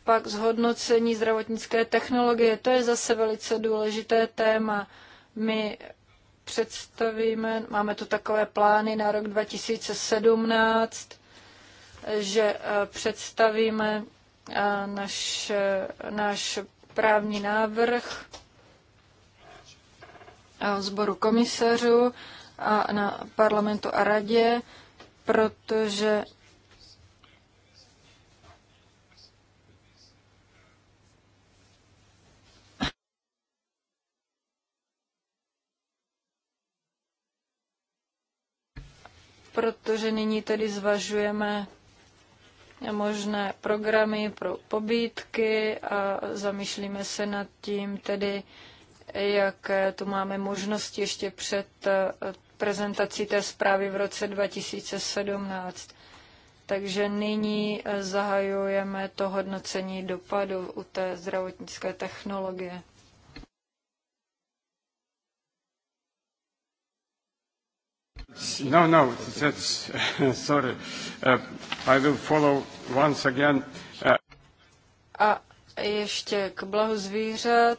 Pak zhodnocení zdravotnické technologie, to je zase velice důležité téma. My představíme, máme tu takové plány na rok 2017, že eh, představíme eh, naš, eh, náš právní návrh sboru komisařů a na parlamentu a radě, protože protože nyní tedy zvažujeme možné programy pro pobídky a zamýšlíme se nad tím tedy, jaké eh, tu máme možnosti ještě před eh, prezentací té zprávy v roce 2017. Takže nyní eh, zahajujeme to hodnocení dopadu u té zdravotnické technologie. No, no, that's, sorry. Uh, I will follow once again. Uh... A ještě k blahu zvířat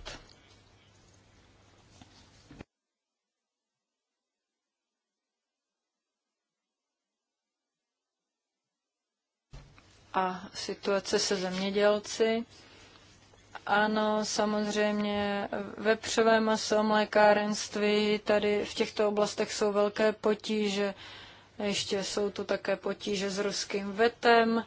a situace se zemědělci. Ano, samozřejmě vepřové maso, mlékárenství, tady v těchto oblastech jsou velké potíže. Ještě jsou tu také potíže s ruským vetem.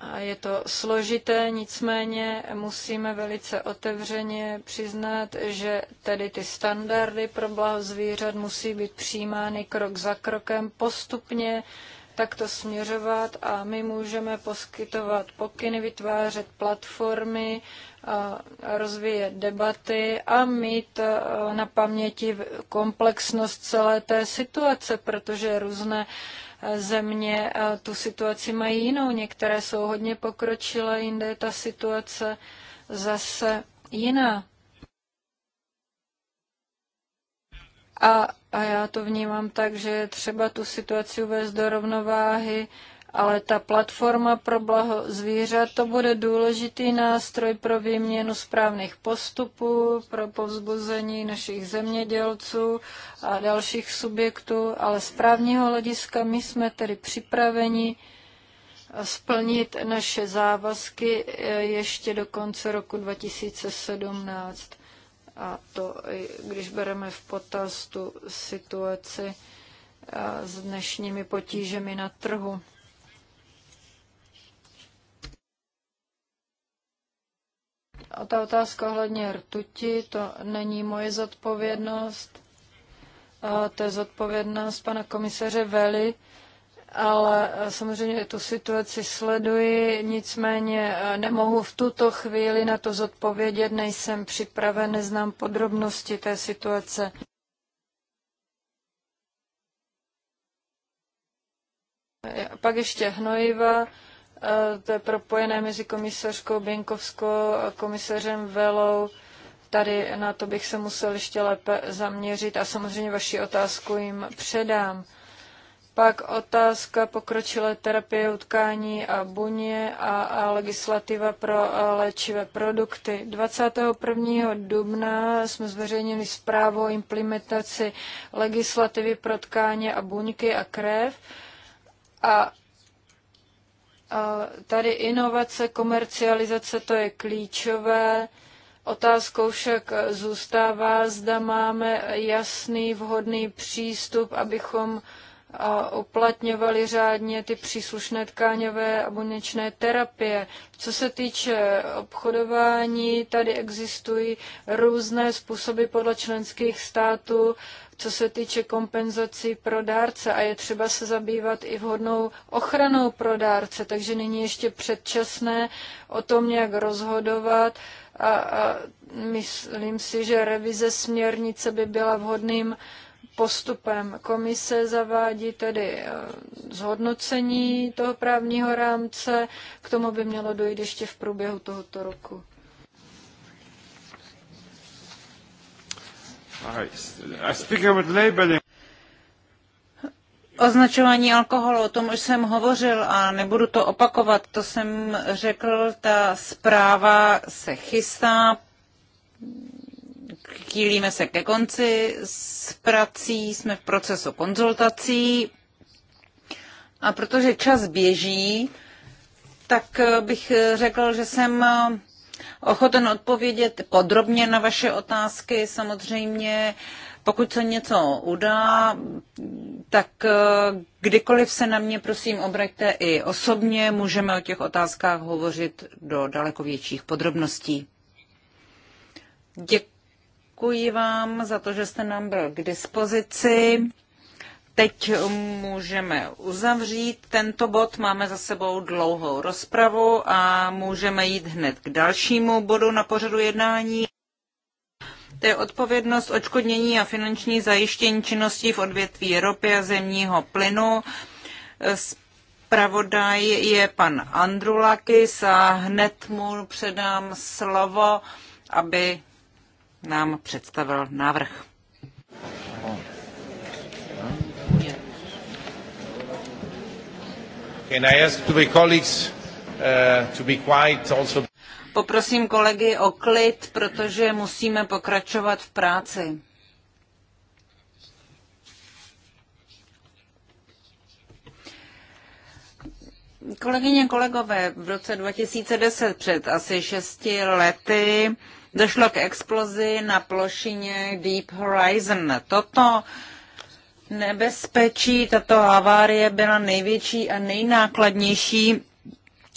A je to složité, nicméně musíme velice otevřeně přiznat, že tedy ty standardy pro blaho zvířat musí být přijímány krok za krokem postupně, takto směřovat a my můžeme poskytovat pokyny, vytvářet platformy, rozvíjet debaty a mít na paměti komplexnost celé té situace, protože různé země tu situaci mají jinou. Některé jsou hodně pokročilé, jinde je ta situace zase jiná. A, a já to vnímám tak, že je třeba tu situaci uvést do rovnováhy, ale ta platforma pro blaho zvířat, to bude důležitý nástroj pro výměnu správných postupů, pro povzbuzení našich zemědělců a dalších subjektů, ale z právního hlediska my jsme tedy připraveni splnit naše závazky eh, ještě do konce roku 2017. A to, když bereme v potaz tu situaci s dnešními potížemi na trhu. A ta otázka ohledně rtuti, to není moje zodpovědnost. A to je zodpovědnost pana komisaře Veli ale eh, samozřejmě tu situaci sleduji, nicméně eh, nemohu v tuto chvíli na to zodpovědět, nejsem připraven, neznám podrobnosti té situace. Eh, pak ještě hnojiva, to je propojené mezi komisařkou Binkovskou a komisařem Velou. Tady na to bych se musel ještě lépe zaměřit a samozřejmě vaši otázku jim předám. Pak otázka pokročilé terapie utkání a buně a, a legislativa pro léčivé produkty. 21. dubna jsme zveřejnili zprávu o implementaci legislativy pro tkáně a buňky a krev. A, a tady inovace, komercializace, to je klíčové. Otázkou však zůstává, zda máme jasný, vhodný přístup, abychom a uplatňovali řádně ty příslušné tkáňové a buněčné terapie. Co se týče obchodování, tady existují různé způsoby podle členských států, co se týče kompenzací pro dárce a je třeba se zabývat i vhodnou ochranou pro dárce, takže není ještě předčasné o tom nějak rozhodovat a, a myslím si, že revize směrnice by byla vhodným postupem komise zavádí tedy eh, zhodnocení toho právního rámce. K tomu by mělo dojít ještě v průběhu tohoto roku. Označování alkoholu, o tom už jsem hovořil a nebudu to opakovat, to jsem řekl, ta zpráva se chystá, chýlíme se ke konci s prací, jsme v procesu konzultací a protože čas běží, tak bych řekl, že jsem ochoten odpovědět podrobně na vaše otázky. Samozřejmě, pokud se něco udá, tak kdykoliv se na mě prosím obraťte i osobně, můžeme o těch otázkách hovořit do daleko větších podrobností. Děkuji. Děkuji vám za to, že jste nám byl k dispozici. Teď můžeme uzavřít tento bod. Máme za sebou dlouhou rozpravu a můžeme jít hned k dalšímu bodu na pořadu jednání. To je odpovědnost očkodnění a finanční zajištění činností v odvětví ropy a zemního plynu. Spravodaj je pan Andrulakis a hned mu předám slovo, aby nám představil návrh. Uh, Poprosím kolegy o klid, protože musíme pokračovat v práci. Kolegyně, kolegové, v roce 2010 před asi šesti lety došlo k explozi na plošině Deep Horizon. Toto nebezpečí, tato havárie byla největší a nejnákladnější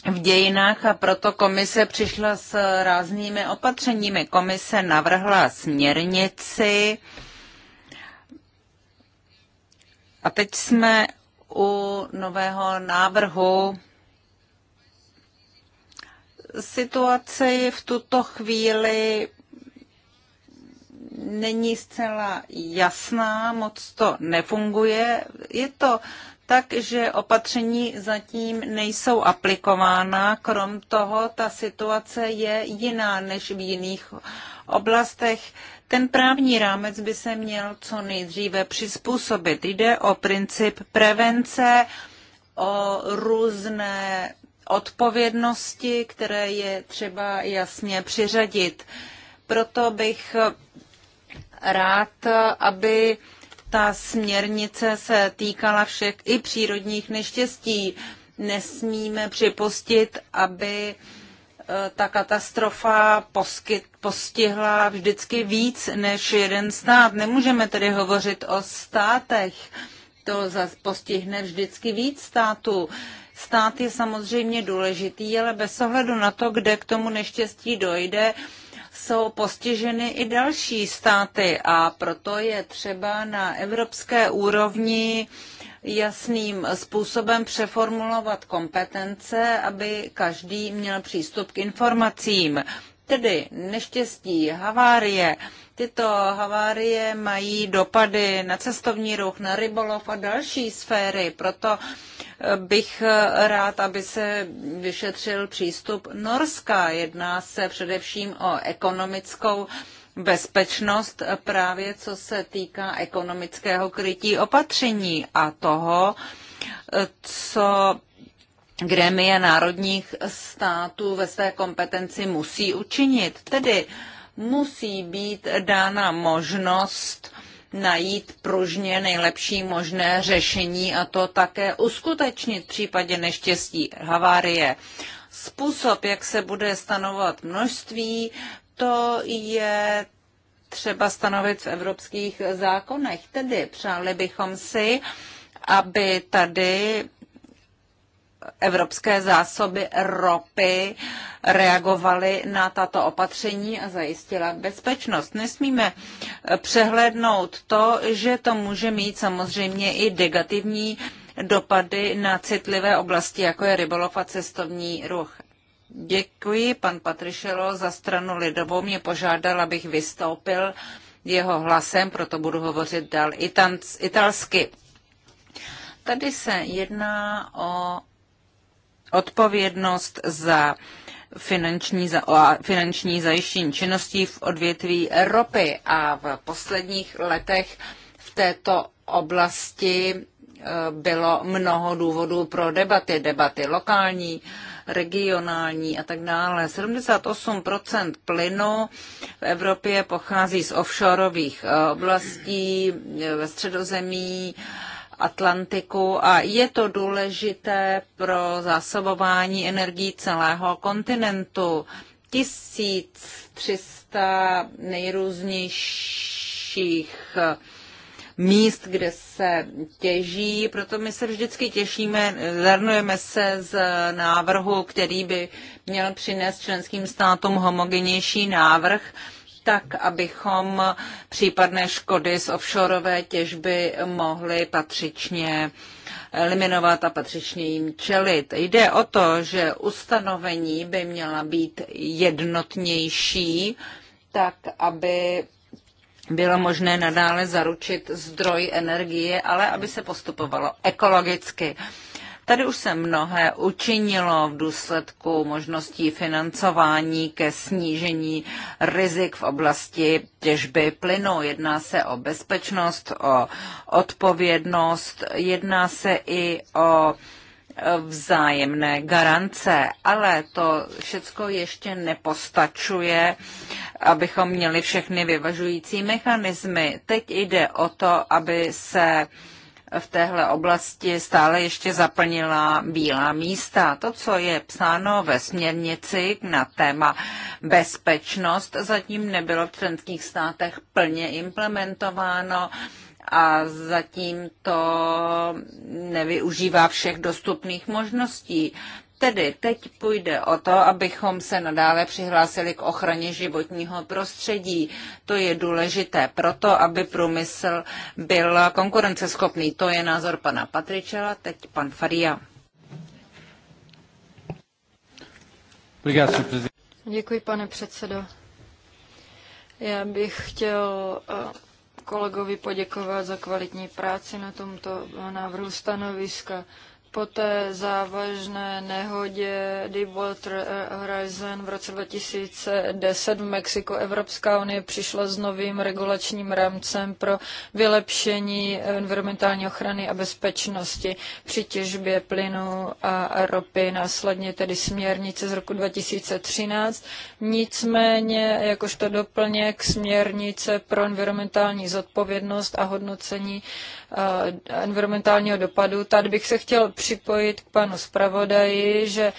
v dějinách a proto komise přišla s ráznými opatřeními. Komise navrhla směrnici a teď jsme u nového návrhu Situace v tuto chvíli není zcela jasná, moc to nefunguje. Je to tak, že opatření zatím nejsou aplikována. Krom toho, ta situace je jiná než v jiných oblastech. Ten právní rámec by se měl co nejdříve přizpůsobit. Jde o princip prevence, o různé odpovědnosti, které je třeba jasně přiřadit. Proto bych rád, aby ta směrnice se týkala všech i přírodních neštěstí. Nesmíme připustit, aby eh, ta katastrofa poskyt, postihla vždycky víc než jeden stát. Nemůžeme tedy hovořit o státech. To postihne vždycky víc států. Stát je samozřejmě důležitý, ale bez ohledu na to, kde k tomu neštěstí dojde, jsou postiženy i další státy a proto je třeba na evropské úrovni jasným způsobem přeformulovat kompetence, aby každý měl přístup k informacím. Tedy neštěstí, havárie. Tyto havárie mají dopady na cestovní ruch, na rybolov a další sféry. Proto eh, bych eh, rád, aby se vyšetřil přístup Norska. Jedná se především o ekonomickou bezpečnost eh, právě co se týká ekonomického krytí opatření a toho, co grémie národních států ve své kompetenci musí učinit. Tedy musí být dána možnost najít pružně nejlepší možné řešení a to také uskutečnit v případě neštěstí havárie. Způsob, jak se bude stanovat množství, to je třeba stanovit v evropských zákonech. Tedy přáli bychom si, aby tady evropské zásoby ropy reagovaly na tato opatření a zajistila bezpečnost. Nesmíme eh, přehlédnout to, že to může mít samozřejmě i negativní dopady na citlivé oblasti, jako je rybolov a cestovní ruch. Děkuji, pan Patrišelo, za stranu lidovou mě požádal, abych vystoupil jeho hlasem, proto budu hovořit dál italsky. Tady se jedná o odpovědnost za finanční, za, finanční zajištění činností v odvětví ropy a v posledních letech v této oblasti e, bylo mnoho důvodů pro debaty, debaty lokální, regionální a tak dále. 78% plynu v Evropě pochází z offshoreových e, oblastí e, ve středozemí, Atlantiku a je to důležité pro zásobování energií celého kontinentu. 1300 nejrůznějších míst, kde se těží. Proto my se vždycky těšíme, zhrnujeme se z návrhu, který by měl přinést členským státům homogenější návrh tak abychom případné škody z offshoreové těžby mohli patřičně eliminovat a patřičně jim čelit. Jde o to, že ustanovení by měla být jednotnější, tak aby bylo možné nadále zaručit zdroj energie, ale aby se postupovalo ekologicky. Tady už se mnohé učinilo v důsledku možností financování ke snížení rizik v oblasti těžby plynu. Jedná se o bezpečnost, o odpovědnost, jedná se i o vzájemné garance, ale to všecko ještě nepostačuje, abychom měli všechny vyvažující mechanismy. Teď jde o to, aby se uh, v téhle oblasti stále ještě zaplnila bílá místa. To, co je psáno ve směrnici na téma bezpečnost, zatím nebylo v členských státech plně implementováno a zatím to nevyužívá všech dostupných možností. Tedy teď půjde o to, abychom se nadále přihlásili k ochraně životního prostředí. To je důležité proto, aby průmysl byl konkurenceschopný. To je názor pana Patričela, teď pan Faria. Děkuji, pane předsedo. Já bych chtěl eh, kolegovi poděkovat za kvalitní práci na tomto návrhu stanoviska po té závažné nehodě Deepwater Horizon v roce 2010 v Mexiku Evropská unie přišla s novým regulačním rámcem pro vylepšení environmentální ochrany a bezpečnosti při těžbě plynu a ropy, následně tedy směrnice z roku 2013. Nicméně, jakožto doplněk směrnice pro environmentální zodpovědnost a hodnocení uh, Eh, environmentálního dopadu. Tady bych se chtěl připojit k panu zpravodaji, že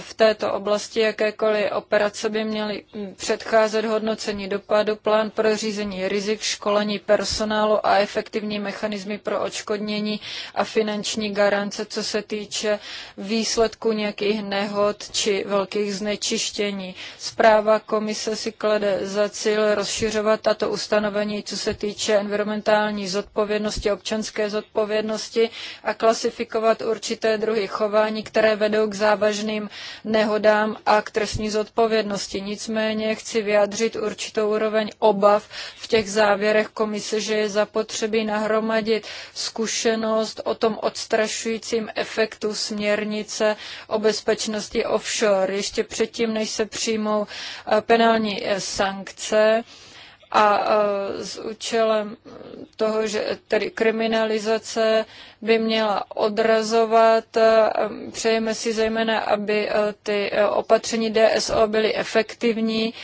v této oblasti jakékoliv operace by měly předcházet hodnocení dopadu, plán pro řízení rizik, školení personálu a efektivní mechanismy pro odškodnění a finanční garance, co se týče výsledků nějakých nehod či velkých znečištění. Zpráva komise si klade za cíl rozšiřovat tato ustanovení, co se týče environmentální zodpovědnosti, občanské zodpovědnosti a klasifikovat určité druhy chování, které vedou k závažným nehodám a k trestní zodpovědnosti. Nicméně chci vyjádřit určitou úroveň obav v těch závěrech komise, že je zapotřebí nahromadit zkušenost o tom odstrašujícím efektu směrnice o bezpečnosti offshore. Ještě předtím, než se přijmou eh, penální eh, sankce, a s účelem toho, že tedy kriminalizace by měla odrazovat. Přejeme si zejména, aby ty opatření DSO byly efektivní,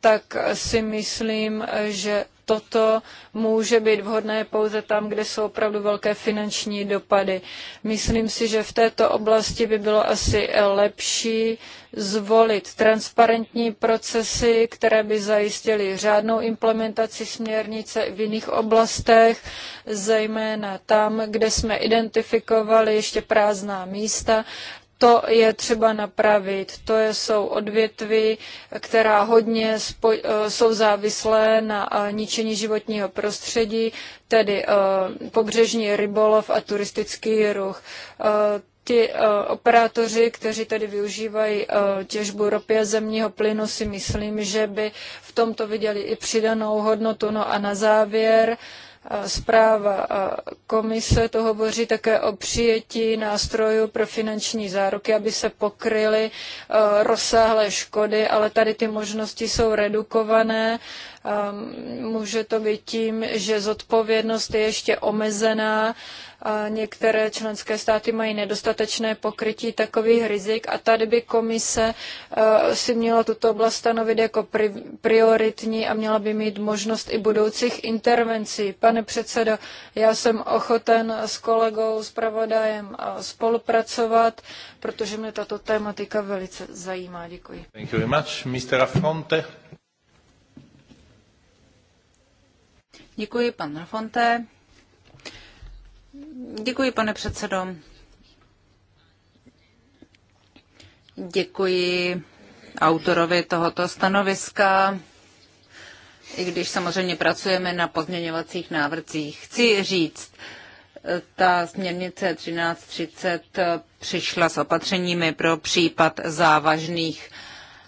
tak si myslím, že toto může být vhodné pouze tam, kde jsou opravdu velké finanční dopady. Myslím si, že v této oblasti by bylo asi lepší zvolit transparentní procesy, které by zajistily řádnou implementaci směrnice v jiných oblastech, zejména tam, kde jsme identifikovali ještě prázdná místa, to je třeba napravit. To jsou odvětvy, která hodně eh, jsou závislé na eh, ničení životního prostředí, tedy eh, pobřežní rybolov a turistický ruch. Ti operátoři, kteří tady využívají těžbu ropy a zemního plynu, si myslím, že by v tomto viděli i přidanou hodnotu. No a na závěr Zpráva komise to hovoří také o přijetí nástrojů pro finanční záruky, aby se pokryly e, rozsáhlé škody, ale tady ty možnosti jsou redukované Ehm, může to být tím, že zodpovědnost je ještě omezená, některé členské státy mají nedostatečné pokrytí takových rizik a tady by komise eh, si měla tuto oblast stanovit jako prioritní a měla by mít možnost i budoucích intervencí. Pane předsedo, já jsem ochoten s kolegou, s pravodajem eh, spolupracovat, protože mě tato tématika velice zajímá. Děkuji. Thank you very much, Mr. Affronte. Děkuji, pan Fonte. Děkuji, pane předsedo. Děkuji autorovi tohoto stanoviska, i když samozřejmě pracujeme na pozměňovacích návrcích. Chci říct, ta směrnice 1330 přišla s opatřeními pro případ závažných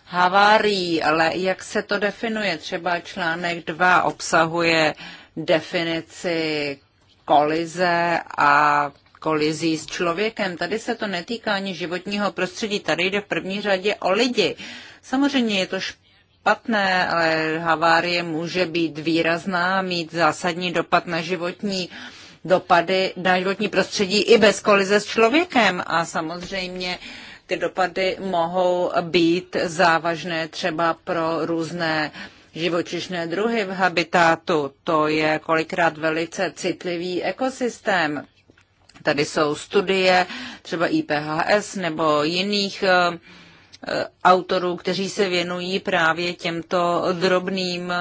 havárií, ale jak se to definuje? Třeba článek 2 obsahuje uh, definici kolize a kolizí s člověkem. Tady se to netýká ani životního prostředí, tady jde v první řadě o lidi. Samozřejmě je to špatné, ale havárie může být výrazná, mít zásadní dopad na životní dopady na životní prostředí i bez kolize s člověkem. A samozřejmě ty dopady mohou být závažné třeba pro různé uh, živočišné druhy v habitátu. To je kolikrát velice citlivý ekosystém. Tady jsou studie třeba IPHS nebo jiných eh, eh, autorů, kteří se věnují právě těmto drobným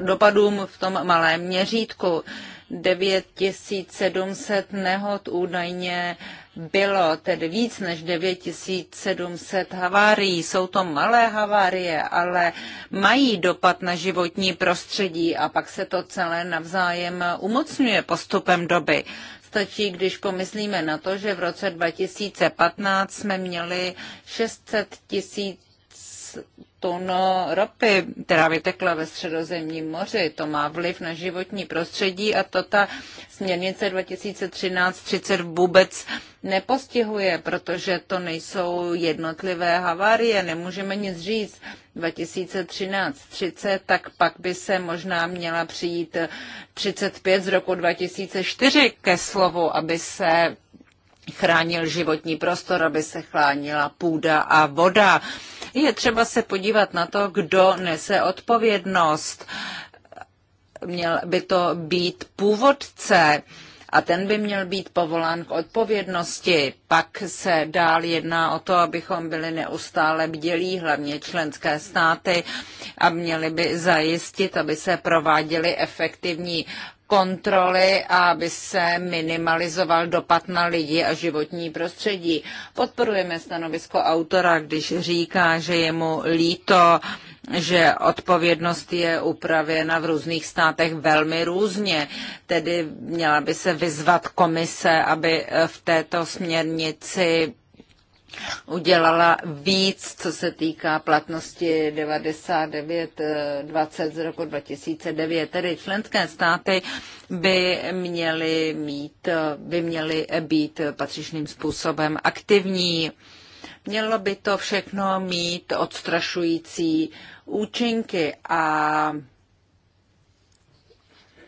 dopadům v tom malém měřítku. 9700 nehod údajně bylo tedy víc než 9700 havárií. Jsou to malé havárie, ale mají dopad na životní prostředí a pak se to celé navzájem umocňuje postupem doby. Stačí, když pomyslíme na to, že v roce 2015 jsme měli 600 tisíc tun ropy, která vytekla ve středozemním moři. To má vliv na životní prostředí a to ta směrnice 2013-30 vůbec nepostihuje, protože to nejsou jednotlivé havárie, nemůžeme nic říct. 2013-30, tak pak by se možná měla přijít 35 z roku 2004 ke slovu, aby se chránil životní prostor, aby se chránila půda a voda. Je třeba se podívat na to, kdo nese odpovědnost. Měl by to být původce a ten by měl být povolán k odpovědnosti. Pak se dál jedná o to, abychom byli neustále bdělí, hlavně členské státy, a měli by zajistit, aby se prováděly efektivní kontroly a aby se minimalizoval dopad na lidi a životní prostředí. Podporujeme stanovisko autora, když říká, že je mu líto, že odpovědnost je upravena v různých státech velmi různě. Tedy měla by se vyzvat komise, aby v této směrnici udělala víc, co se týká platnosti 99-20 eh, z roku 2009. Tedy členské státy by měly, mít, eh, by měly být patřičným způsobem aktivní. Mělo by to všechno mít odstrašující účinky a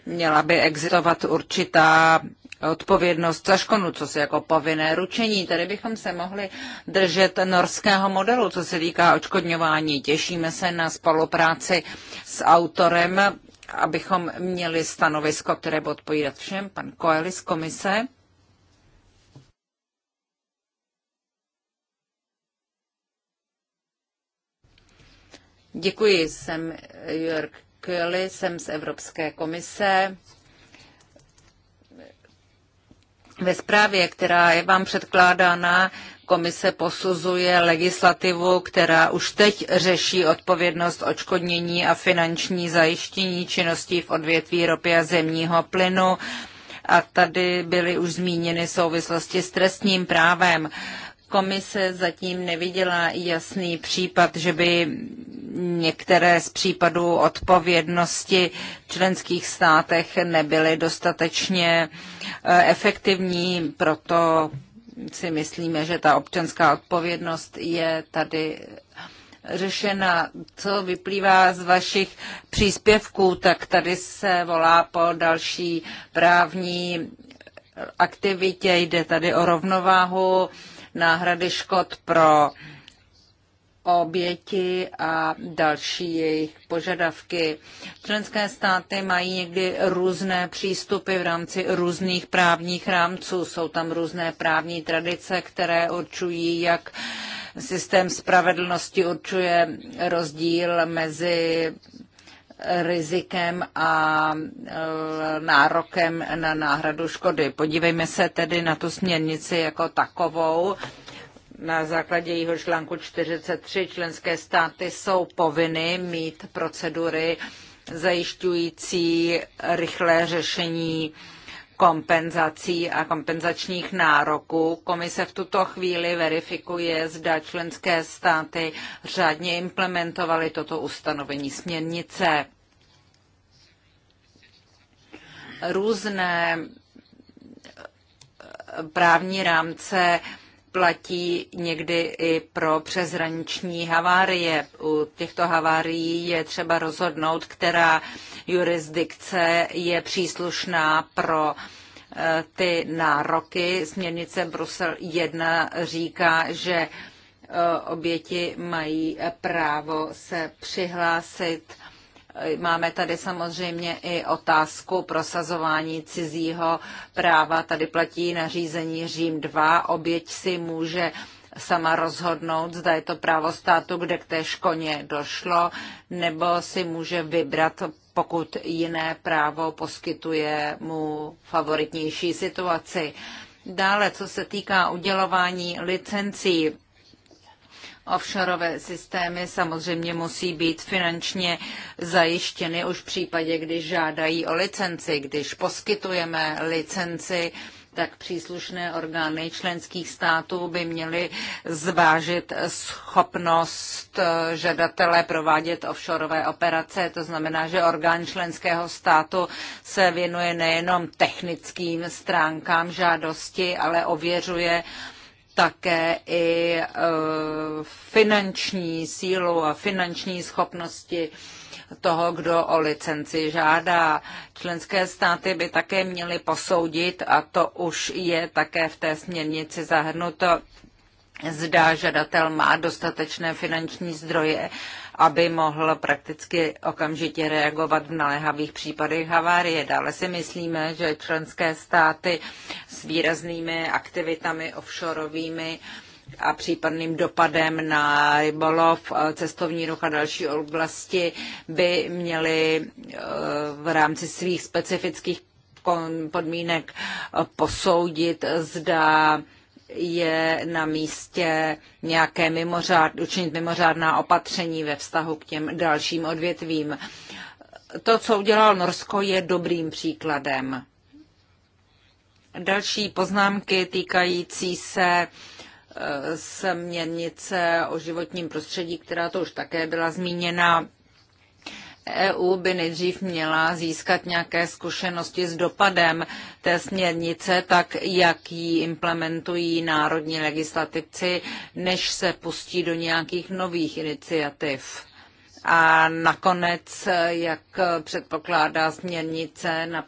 měla by existovat určitá odpovědnost za škodu, co se jako povinné ručení. Tady bychom se mohli držet norského modelu, co se týká očkodňování. Těšíme se na spolupráci s autorem, abychom měli stanovisko, které by odpovídat všem. Pan Koeli z komise. Děkuji, jsem Jörg Köhli, jsem z Evropské komise. Ve zprávě, která je vám předkládána, komise posuzuje legislativu, která už teď řeší odpovědnost očkodnění a finanční zajištění činností v odvětví ropy a zemního plynu. A tady byly už zmíněny souvislosti s trestním právem. Uh, Komise zatím neviděla jasný případ, že by některé z případů odpovědnosti v členských státech nebyly dostatečně eh, efektivní, proto si myslíme, že ta občanská odpovědnost je tady řešena, co vyplývá z vašich příspěvků, tak tady se volá po další právní aktivitě, jde tady o rovnováhu náhrady škod pro oběti a další jejich požadavky. Členské státy mají někdy různé přístupy v rámci různých právních rámců. Jsou tam různé právní tradice, které určují, jak systém spravedlnosti určuje rozdíl mezi rizikem a e, nárokem na náhradu škody. Podívejme se tedy na tu směrnici jako takovou. Na základě jeho článku 43 členské státy jsou povinny mít procedury zajišťující rychlé řešení uh, kompenzací a kompenzačních nároků. Komise v tuto chvíli verifikuje, zda členské státy řádně implementovaly toto ustanovení směrnice. Různé právní rámce platí někdy i pro přeshraniční havárie. U těchto havárií je třeba rozhodnout, která jurisdikce je příslušná pro eh, ty nároky. Směrnice Brusel 1 říká, že eh, oběti mají právo se přihlásit Máme tady samozřejmě i otázku prosazování cizího práva. Tady platí nařízení Řím 2. Oběť si může sama rozhodnout, zda je to právo státu, kde k té škoně došlo, nebo si může vybrat, pokud jiné právo poskytuje mu favoritnější situaci. Dále, co se týká udělování licencí, offshore systémy samozřejmě musí být finančně zajištěny už v případě, když žádají o licenci. Když poskytujeme licenci, tak příslušné orgány členských států by měly zvážit schopnost eh, žadatele provádět offshoreové operace. To znamená, že orgán členského státu se věnuje nejenom technickým stránkám žádosti, ale ověřuje, také i e, finanční sílu a finanční schopnosti toho, kdo o licenci žádá. Členské státy by také měly posoudit, a to už je také v té směrnici zahrnuto, zda žadatel má dostatečné finanční zdroje aby mohl prakticky okamžitě reagovat v naléhavých případech havárie. Dále si myslíme, že členské státy s výraznými aktivitami offshoreovými a případným dopadem na rybolov, cestovní ruch a další oblasti by měly eh, v rámci svých specifických podmínek posoudit, zda je na místě nějaké mimořád, učinit mimořádná opatření ve vztahu k těm dalším odvětvím. To, co udělal Norsko, je dobrým příkladem. Další poznámky týkající se e, směrnice o životním prostředí, která to už také byla zmíněna, EU by nejdřív měla získat nějaké zkušenosti s dopadem té směrnice, tak jak ji implementují národní legislativci, než se pustí do nějakých nových iniciativ. A nakonec, jak předpokládá směrnice, na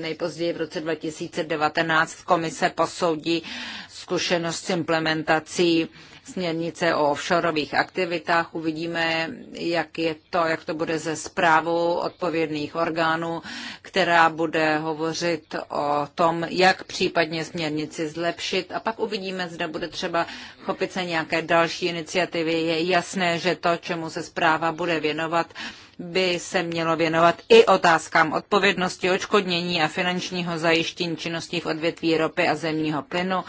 nejpozději v roce 2019 komise posoudí zkušenost s implementací směrnice o offshoreových aktivitách. Uvidíme, jak je to, jak to bude ze zprávou odpovědných orgánů, která bude hovořit o tom, jak případně směrnici zlepšit. A pak uvidíme, zda bude třeba chopit se nějaké další iniciativy. Je jasné, že to, čemu se zpráva bude věnovat, by se mělo věnovat i otázkám odpovědnosti, očkodnění a finančního zajištění činností v odvětví ropy a zemního plynu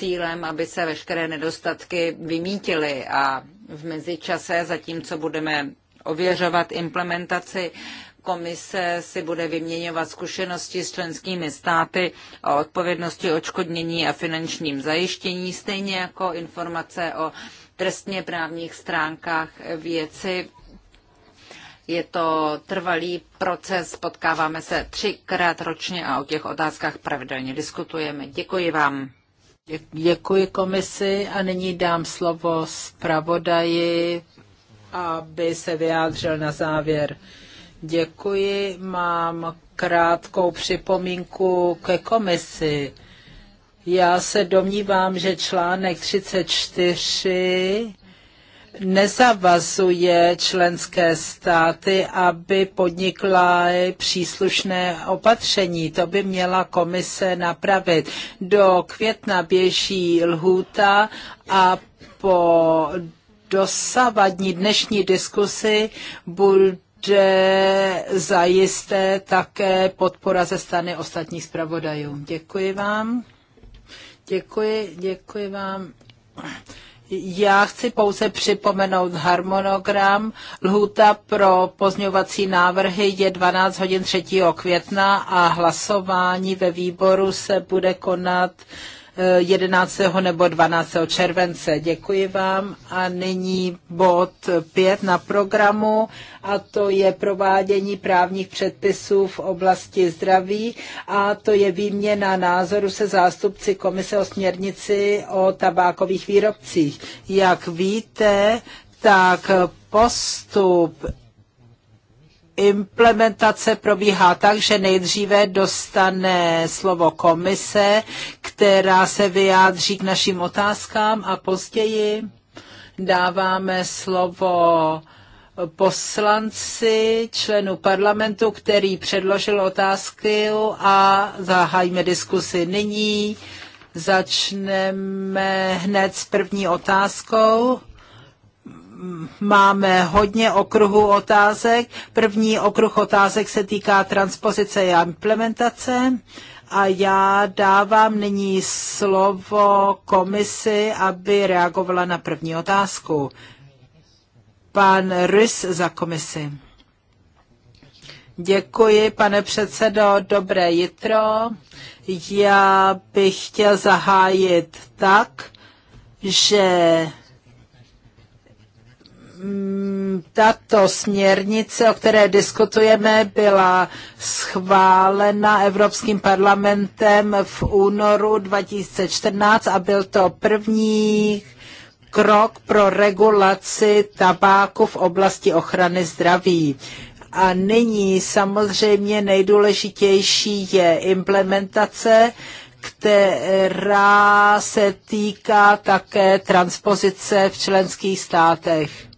cílem, aby se veškeré nedostatky vymítily a v mezičase, zatímco budeme ověřovat implementaci, komise si bude vyměňovat zkušenosti s členskými státy o odpovědnosti očkodnění a finančním zajištění, stejně jako informace o trestně právních stránkách věci. Je to trvalý proces, potkáváme se třikrát ročně a o těch otázkách pravidelně diskutujeme. Děkuji vám. Děkuji komisi a nyní dám slovo zpravodaji, aby se vyjádřil na závěr. Děkuji, mám krátkou připomínku ke komisi. Já se domnívám, že článek 34 nezavazuje členské státy, aby podnikla příslušné opatření. To by měla komise napravit. Do května běží lhůta a po dosavadní dnešní diskusi bude zajisté také podpora ze strany ostatních zpravodajů. Děkuji vám. Děkuji, děkuji vám. Já chci pouze připomenout harmonogram. Lhuta pro pozňovací návrhy je 12 hodin 3. května a hlasování ve výboru se bude konat 11. Eh, nebo 12. července. Děkuji vám a nyní bod 5 na programu a to je provádění právních předpisů v oblasti zdraví a to je výměna názoru se zástupci Komise o směrnici o tabákových výrobcích. Jak víte, tak postup implementace probíhá tak, že nejdříve dostane slovo komise, která se vyjádří k našim otázkám a později dáváme slovo poslanci, členu parlamentu, který předložil otázky a zahájíme diskusi nyní. Začneme hned s první otázkou máme hodně okruhů otázek. První okruh otázek se týká transpozice a implementace a já dávám nyní slovo komisi, aby reagovala na první otázku. Pan Rys za komisi. Děkuji, pane předsedo. Dobré jitro. Já bych chtěl zahájit tak, že Mm, tato směrnice, o které diskutujeme, byla schválena Evropským parlamentem v únoru 2014 a byl to první krok pro regulaci tabáku v oblasti ochrany zdraví. A nyní samozřejmě nejdůležitější je implementace, která se týká také transpozice v členských státech.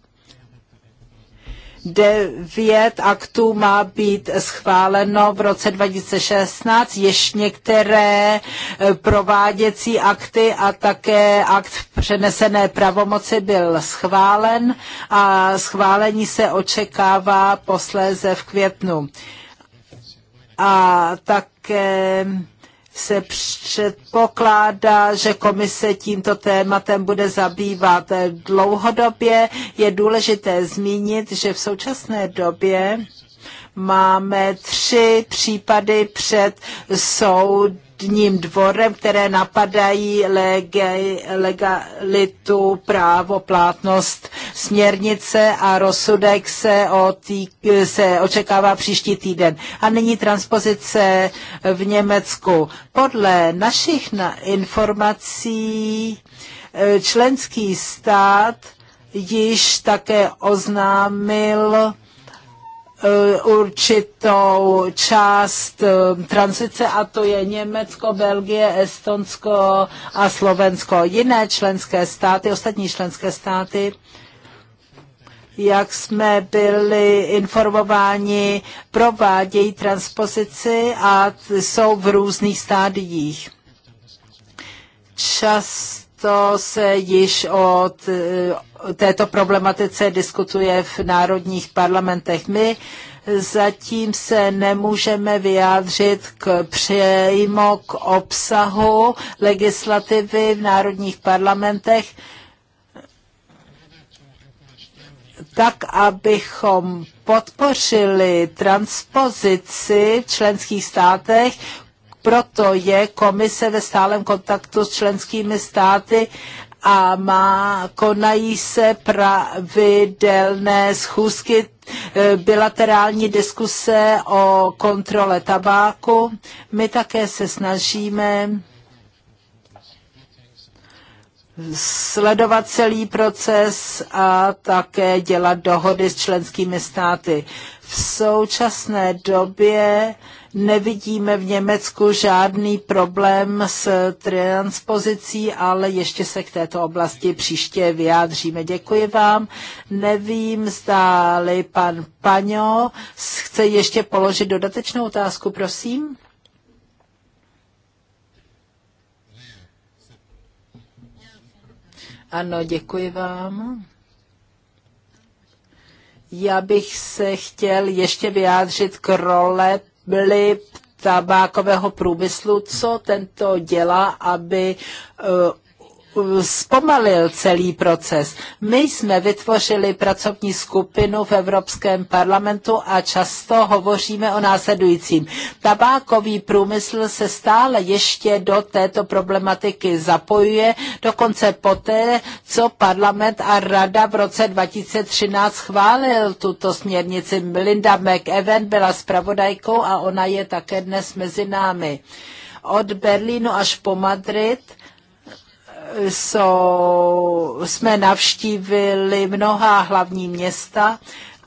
Devět aktů má být schváleno v roce 2016, ještě některé eh, prováděcí akty a také akt přenesené pravomoci byl schválen a schválení se očekává posléze v květnu. A také se předpokládá, že komise tímto tématem bude zabývat dlouhodobě. Je důležité zmínit, že v současné době Máme tři případy před soudním dvorem, které napadají legalitu, právo, plátnost směrnice a rozsudek se, o tý, se očekává příští týden. A nyní transpozice v Německu. Podle našich informací eh, členský stát již také oznámil Eh, určitou část eh, tranzice a to je Německo, Belgie, Estonsko a Slovensko. Jiné členské státy, ostatní členské státy, jak jsme byli informováni, provádějí transpozici a jsou v různých stádiích. Čas to se již od této problematice diskutuje v národních parlamentech. My zatím se nemůžeme vyjádřit k přejmo k obsahu legislativy v národních parlamentech, tak, abychom podpořili transpozici v členských státech, proto je komise ve stálem kontaktu s členskými státy a má, konají se pravidelné schůzky, eh, bilaterální diskuse o kontrole tabáku. My také se snažíme sledovat celý proces a také dělat dohody s členskými státy. V současné době Nevidíme v Německu žádný problém s transpozicí, ale ještě se k této oblasti příště vyjádříme. Děkuji vám. Nevím, zdáli pan Paňo chce ještě položit dodatečnou otázku, prosím. Ano, děkuji vám. Já bych se chtěl ještě vyjádřit k role byly tabákového průmyslu, co tento dělá, aby eh, zpomalil celý proces. My jsme vytvořili pracovní skupinu v Evropském parlamentu a často hovoříme o následujícím. Tabákový průmysl se stále ještě do této problematiky zapojuje, dokonce poté, co parlament a rada v roce 2013 schválil tuto směrnici. Linda McEwen byla zpravodajkou a ona je také dnes mezi námi. Od Berlínu až po Madrid – jsou, jsme navštívili mnohá hlavní města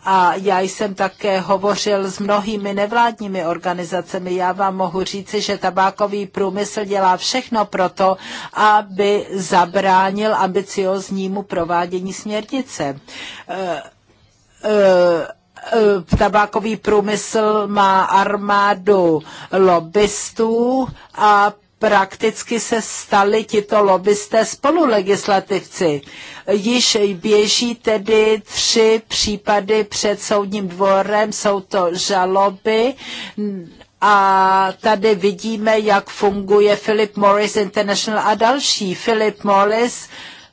a já jsem také hovořil s mnohými nevládními organizacemi. Já vám mohu říci, že tabákový průmysl dělá všechno proto, aby zabránil ambicioznímu provádění směrnice. E, e, e, tabákový průmysl má armádu lobbystů a prakticky se stali tito lobbysté spolulegislativci. Již běží tedy tři případy před soudním dvorem, jsou to žaloby a tady vidíme, jak funguje Philip Morris International a další. Philip Morris uh,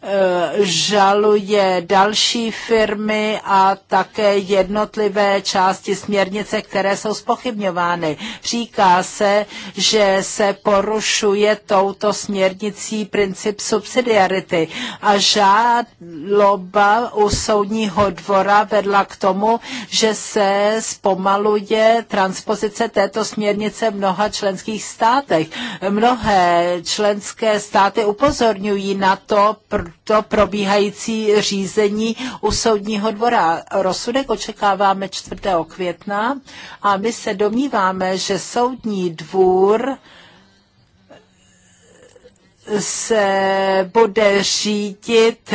Eh, žaluje další firmy a také jednotlivé části směrnice, které jsou spochybňovány. Říká se, že se porušuje touto směrnicí princip subsidiarity a žáloba u soudního dvora vedla k tomu, že se zpomaluje transpozice této směrnice v mnoha členských státech. Mnohé členské státy upozorňují na to, pr- to probíhající řízení u soudního dvora. Rozsudek očekáváme 4. května a my se domníváme, že soudní dvůr se bude řídit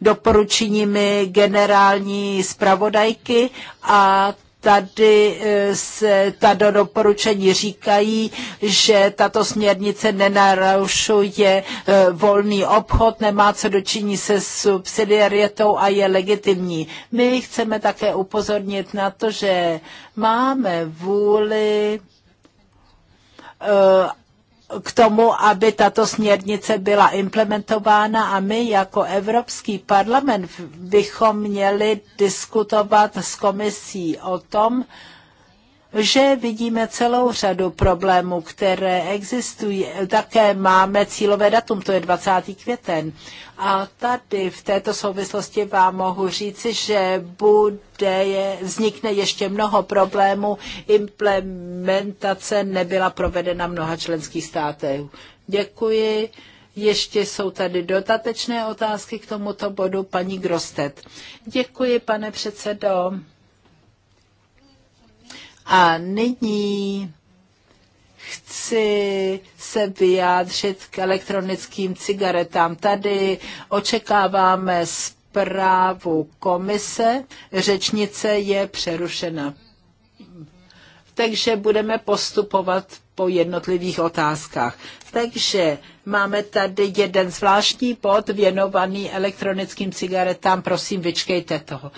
doporučeními generální zpravodajky a tady e, se ta doporučení říkají, že tato směrnice nenarušuje e, volný obchod, nemá co dočiní se subsidiaritou a je legitimní. My chceme také upozornit na to, že máme vůli e, k tomu, aby tato směrnice byla implementována a my jako Evropský parlament bychom měli diskutovat s komisí o tom, že vidíme celou řadu problémů, které existují. Také máme cílové datum, to je 20. květen. A tady v této souvislosti vám mohu říci, že bude, vznikne ještě mnoho problémů. Implementace nebyla provedena v mnoha členských státech. Děkuji. Ještě jsou tady dodatečné otázky k tomuto bodu paní Grostet. Děkuji, pane předsedo. A nyní chci se vyjádřit k elektronickým cigaretám. Tady očekáváme zprávu komise. Řečnice je přerušena. Takže budeme postupovat po jednotlivých otázkách. Takže máme tady jeden zvláštní bod věnovaný elektronickým cigaretám. Prosím, vyčkejte toho.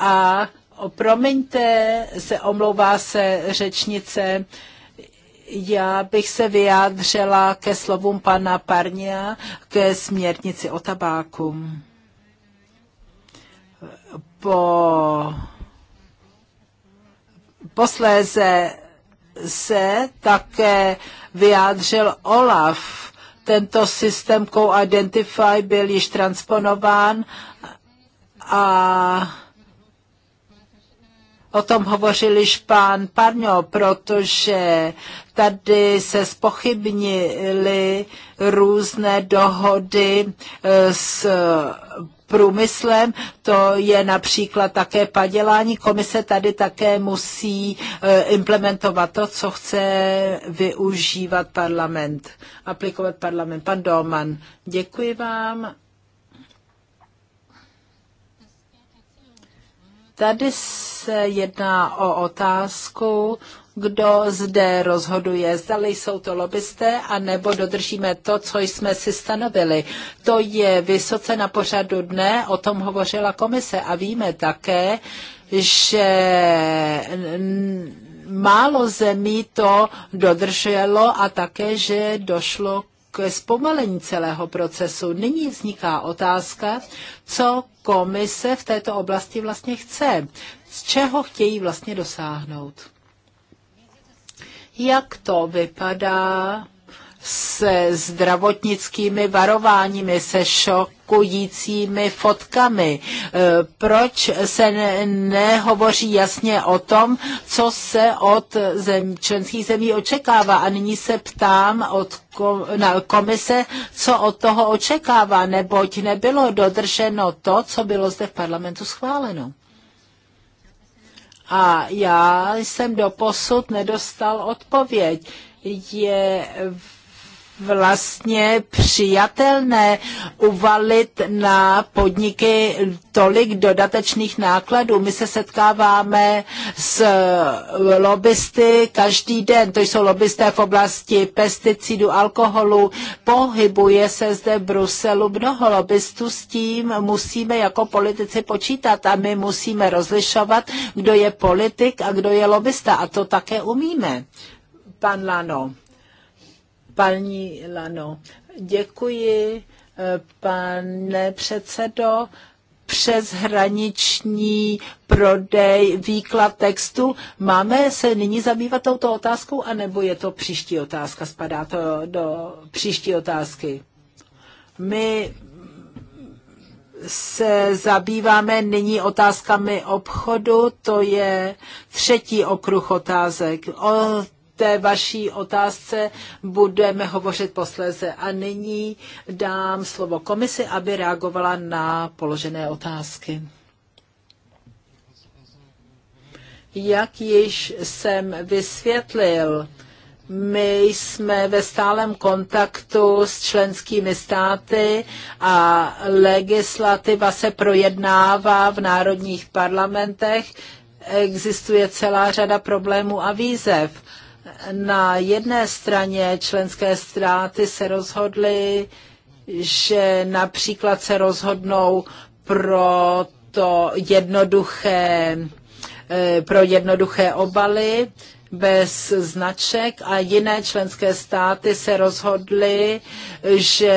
A Promiňte, se omlouvá se řečnice. Já bych se vyjádřila ke slovům pana Parnia ke směrnici o tabáku. Po posléze se také vyjádřil Olaf. Tento systém Co-Identify byl již transponován a o tom hovořil již pán Parňo, protože tady se spochybnily různé dohody e, s průmyslem, to je například také padělání. Komise tady také musí e, implementovat to, co chce využívat parlament, aplikovat parlament. Pan Doman, děkuji vám. Tady se jedná o otázku, kdo zde rozhoduje. Zdali jsou to lobbysté, anebo dodržíme to, co jsme si stanovili. To je vysoce na pořadu dne, o tom hovořila komise a víme také, že málo zemí to dodrželo a také, že došlo k zpomalení celého procesu. Nyní vzniká otázka, co komise v této oblasti vlastně chce z čeho chtějí vlastně dosáhnout. Jak to vypadá se zdravotnickými varováními, se šokujícími fotkami. E, proč se ne, nehovoří jasně o tom, co se od zem, členských zemí očekává? A nyní se ptám od na komise, co od toho očekává, neboť nebylo dodrženo to, co bylo zde v parlamentu schváleno. A já jsem do posud nedostal odpověď. Je vlastně přijatelné uvalit na podniky tolik dodatečných nákladů. My se setkáváme s eh, lobbysty každý den, to jsou lobbysté v oblasti pesticidů, alkoholu. Pohybuje se zde v Bruselu mnoho lobbystů, s tím musíme jako politici počítat a my musíme rozlišovat, kdo je politik a kdo je lobbysta a to také umíme. Pan Lano. Paní Lano, děkuji, pane předsedo přeshraniční prodej, výklad textu. Máme se nyní zabývat touto otázkou, anebo je to příští otázka? Spadá to do příští otázky. My se zabýváme nyní otázkami obchodu, to je třetí okruh otázek. O té vaší otázce budeme hovořit posléze. A nyní dám slovo komisi, aby reagovala na položené otázky. Jak již jsem vysvětlil, my jsme ve stálem kontaktu s členskými státy a legislativa se projednává v národních parlamentech. Existuje celá řada problémů a výzev na jedné straně členské státy se rozhodly, že například se rozhodnou pro to jednoduché, eh, pro jednoduché obaly, bez značek a jiné členské státy se rozhodly, že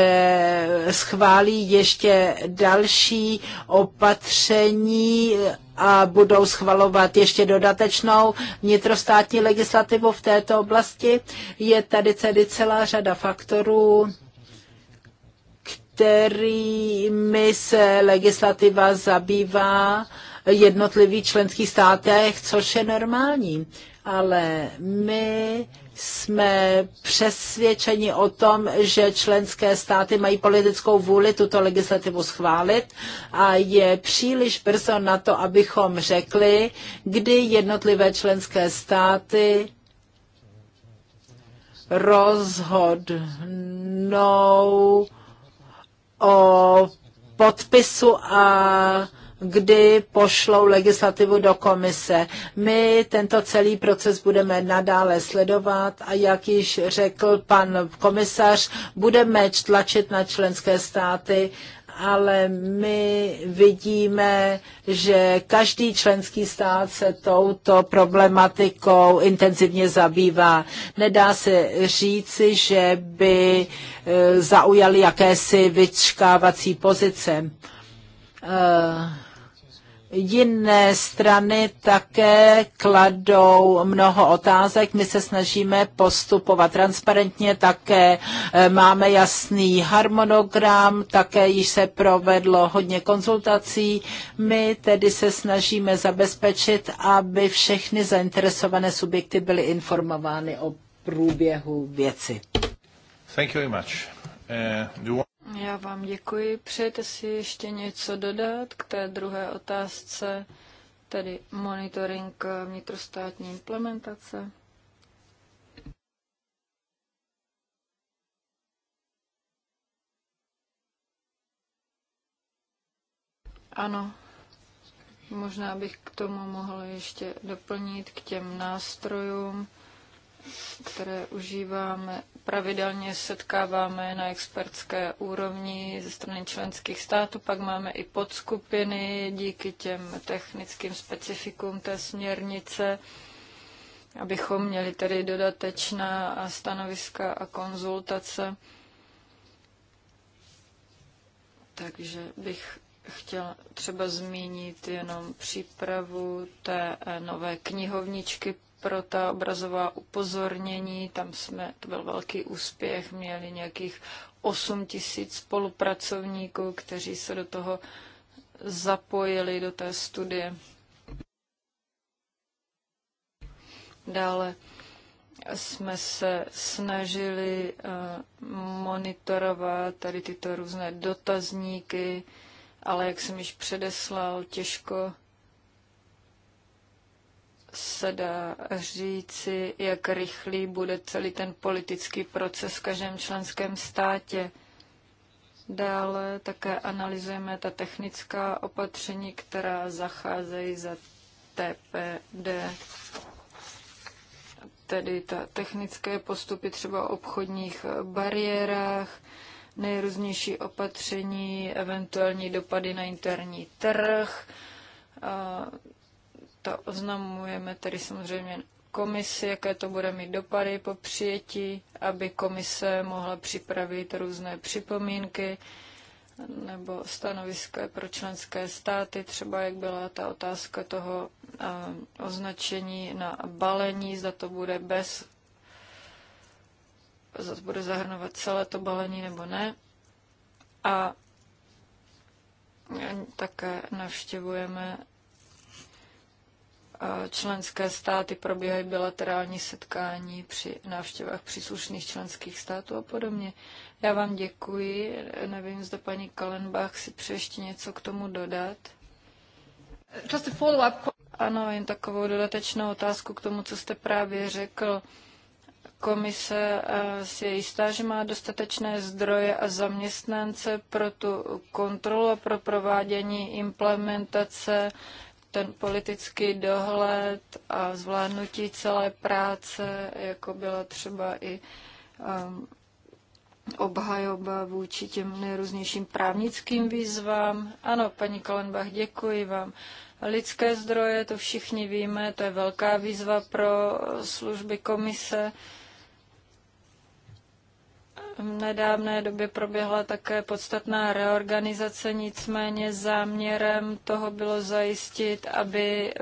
schválí ještě další opatření a budou schvalovat ještě dodatečnou vnitrostátní legislativu v této oblasti. Je tady tedy celá řada faktorů, kterými se legislativa zabývá jednotlivých členských státech, což je normální ale my jsme přesvědčeni o tom, že členské státy mají politickou vůli tuto legislativu schválit a je příliš brzo na to, abychom řekli, kdy jednotlivé členské státy rozhodnou o podpisu a kdy pošlou legislativu do komise. My tento celý proces budeme nadále sledovat a jak již řekl pan komisař, budeme tlačit na členské státy, ale my vidíme, že každý členský stát se touto problematikou intenzivně zabývá. Nedá se říci, že by eh, zaujali jakési vyčkávací pozice. Uh Jiné strany také kladou mnoho otázek. My se snažíme postupovat transparentně, také eh, máme jasný harmonogram, také již se provedlo hodně konzultací. My tedy se snažíme zabezpečit, aby všechny zainteresované subjekty byly informovány o průběhu věci. Thank you very much. Eh, Já vám děkuji. Přejete si ještě něco dodat k té druhé otázce, tedy monitoring eh, vnitrostátní implementace? Ano, možná bych k tomu mohl ještě doplnit k těm nástrojům které užíváme, pravidelně setkáváme na expertské úrovni ze strany členských států, pak máme i podskupiny díky těm technickým specifikům té směrnice, abychom měli tedy dodatečná stanoviska a konzultace. Takže bych chtěl třeba zmínit jenom přípravu té nové knihovničky pro ta obrazová upozornění. Tam jsme, to byl velký úspěch, měli nějakých 8 tisíc spolupracovníků, kteří se do toho zapojili, do té studie. Dále jsme se snažili eh, monitorovat tady tyto různé dotazníky, ale jak jsem již předeslal, těžko se dá říci, jak rychlý bude celý ten politický proces v každém členském státě. Dále také analyzujeme ta technická opatření, která zacházejí za TPD, tedy ta technické postupy třeba o obchodních bariérách, nejrůznější opatření, eventuální dopady na interní trh, to oznamujeme tedy samozřejmě komisi, jaké to bude mít dopady po přijetí, aby komise mohla připravit různé připomínky nebo stanoviska pro členské státy, třeba jak byla ta otázka toho eh, označení na balení, zda to bude bez, zda to bude zahrnovat celé to balení nebo ne. A také navštěvujeme členské státy probíhají bilaterální setkání při návštěvách příslušných členských států a podobně. Já vám děkuji. Nevím, zda paní Kalenbach si přeje ještě něco k tomu dodat. Just a follow-up. Ano, jen takovou dodatečnou otázku k tomu, co jste právě řekl. Komise eh, si je jistá, že má dostatečné zdroje a zaměstnance pro tu kontrolu a pro provádění implementace ten politický dohled a zvládnutí celé práce, jako byla třeba i um, obhajoba vůči těm nejrůznějším právnickým výzvám. Ano, paní Kolenbach, děkuji vám. Lidské zdroje, to všichni víme, to je velká výzva pro služby komise. Uh, v nedávné době proběhla také podstatná reorganizace, nicméně záměrem toho bylo zajistit, aby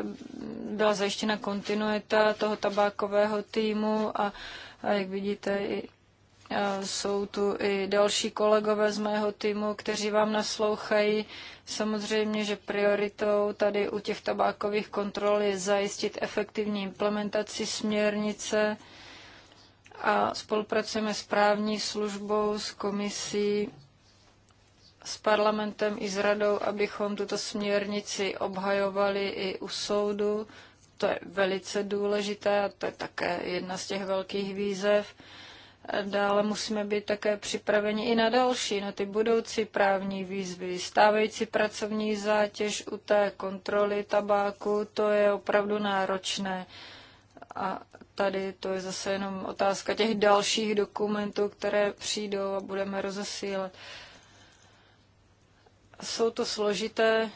byla zajištěna kontinuita toho tabákového týmu a, a jak vidíte, i jsou tu i další kolegové z mého týmu, kteří vám naslouchají. Samozřejmě, že prioritou tady u těch tabákových kontrol je zajistit efektivní implementaci směrnice a spolupracujeme s právní službou, s komisí, s parlamentem i s radou, abychom tuto směrnici obhajovali i u soudu. To je velice důležité a to je také jedna z těch velkých výzev. Dále musíme být také připraveni i na další, na ty budoucí právní výzvy. Stávající pracovní zátěž u té kontroly tabáku, to je opravdu náročné. A tady to je zase jenom otázka těch dalších dokumentů, které přijdou a budeme rozesílat. Jsou to složité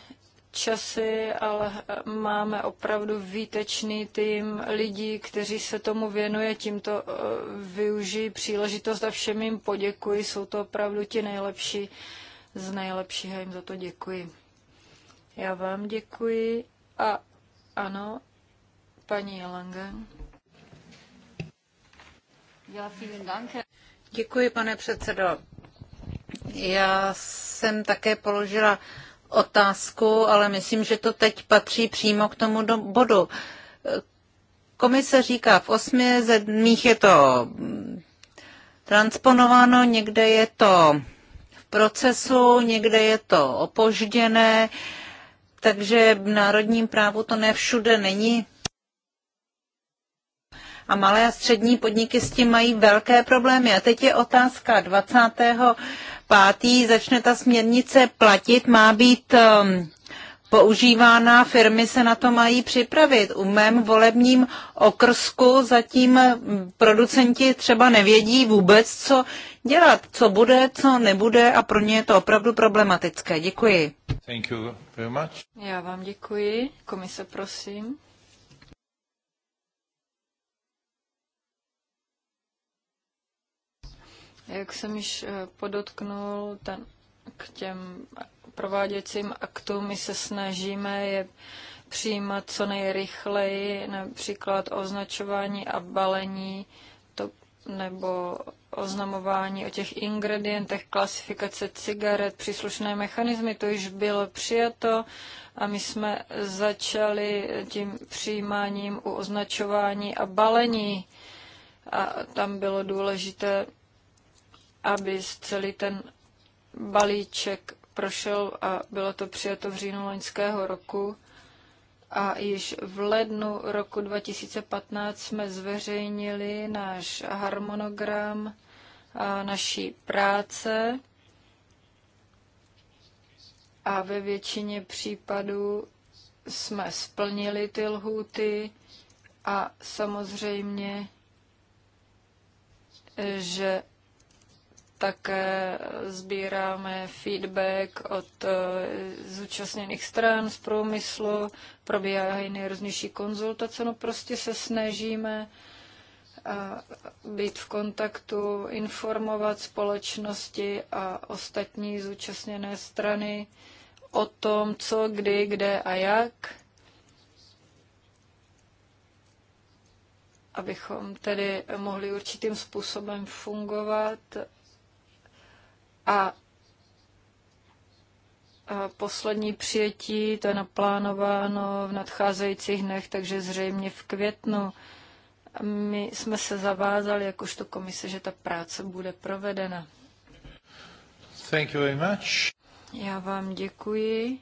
časy, ale máme opravdu výtečný tým lidí, kteří se tomu věnuje, tímto eh, využijí příležitost a všem jim poděkuji. Jsou to opravdu ti nejlepší z nejlepších a jim za to děkuji. Já vám děkuji a ano, paní Langen. Děkuji, pane předsedající. Já jsem také položila otázku, ale myslím, že to teď patří přímo k tomu bodu. Komise říká, v osmi zemích je to transponováno, někde je to v procesu, někde je to opožděné, takže v národním právu to ne všude není a malé a střední podniky s tím mají velké problémy. A teď je otázka 20. pátý, začne ta směrnice platit, má být um, používána, firmy se na to mají připravit. U mém volebním okrsku zatím producenti třeba nevědí vůbec, co dělat, co bude, co nebude a pro ně je to opravdu problematické. Děkuji. Thank you very much. Já vám děkuji. Komise, prosím. Jak jsem již eh, podotknul, ten, k těm prováděcím aktům my se snažíme je přijímat co nejrychleji, například označování a balení to, nebo oznamování o těch ingredientech, klasifikace cigaret, příslušné mechanismy, to již bylo přijato a my jsme začali tím přijímáním u označování a balení a tam bylo důležité aby celý ten balíček prošel a bylo to přijato v říjnu loňského roku. A již v lednu roku 2015 jsme zveřejnili náš harmonogram a naší práce a ve většině případů jsme splnili ty lhůty a samozřejmě, že také sbíráme feedback od eh, zúčastněných stran z průmyslu, probíhají nejrůznější konzultace, no prostě se snažíme eh, být v kontaktu, informovat společnosti a ostatní zúčastněné strany o tom, co, kdy, kde a jak, abychom tedy mohli určitým způsobem fungovat a poslední přijetí, to je naplánováno v nadcházejících dnech, takže zřejmě v květnu. My jsme se zavázali jakožto komise, že ta práce bude provedena. Thank you very much. Já vám děkuji.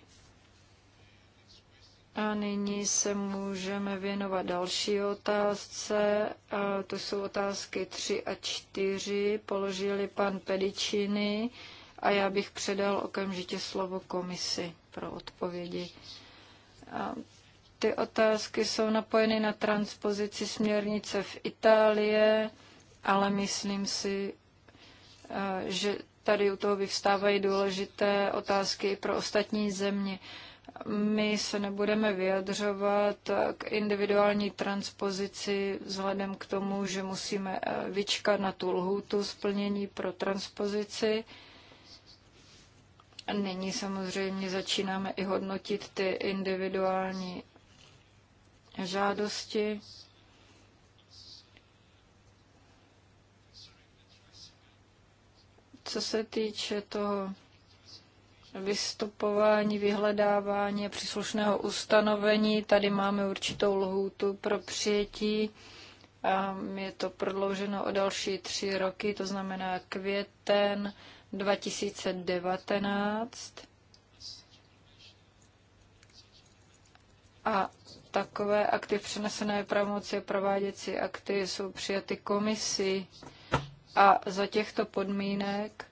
A nyní se můžeme věnovat další otázce. A to jsou otázky 3 a 4. Položili pan Pedicini a já bych předal okamžitě slovo komisi pro odpovědi. A ty otázky jsou napojeny na transpozici směrnice v Itálii, ale myslím si, že tady u toho vyvstávají důležité otázky i pro ostatní země. My se nebudeme vyjadřovat k individuální transpozici vzhledem k tomu, že musíme eh, vyčkat na tu lhůtu splnění pro transpozici. Nyní samozřejmě začínáme i hodnotit ty individuální žádosti. Co se týče toho vystupování, vyhledávání a příslušného ustanovení. Tady máme určitou lhůtu pro přijetí. A je to prodlouženo o další tři roky, to znamená květen 2019. A takové akty přenesené pravomoci a prováděcí akty jsou přijaty komisí a za těchto podmínek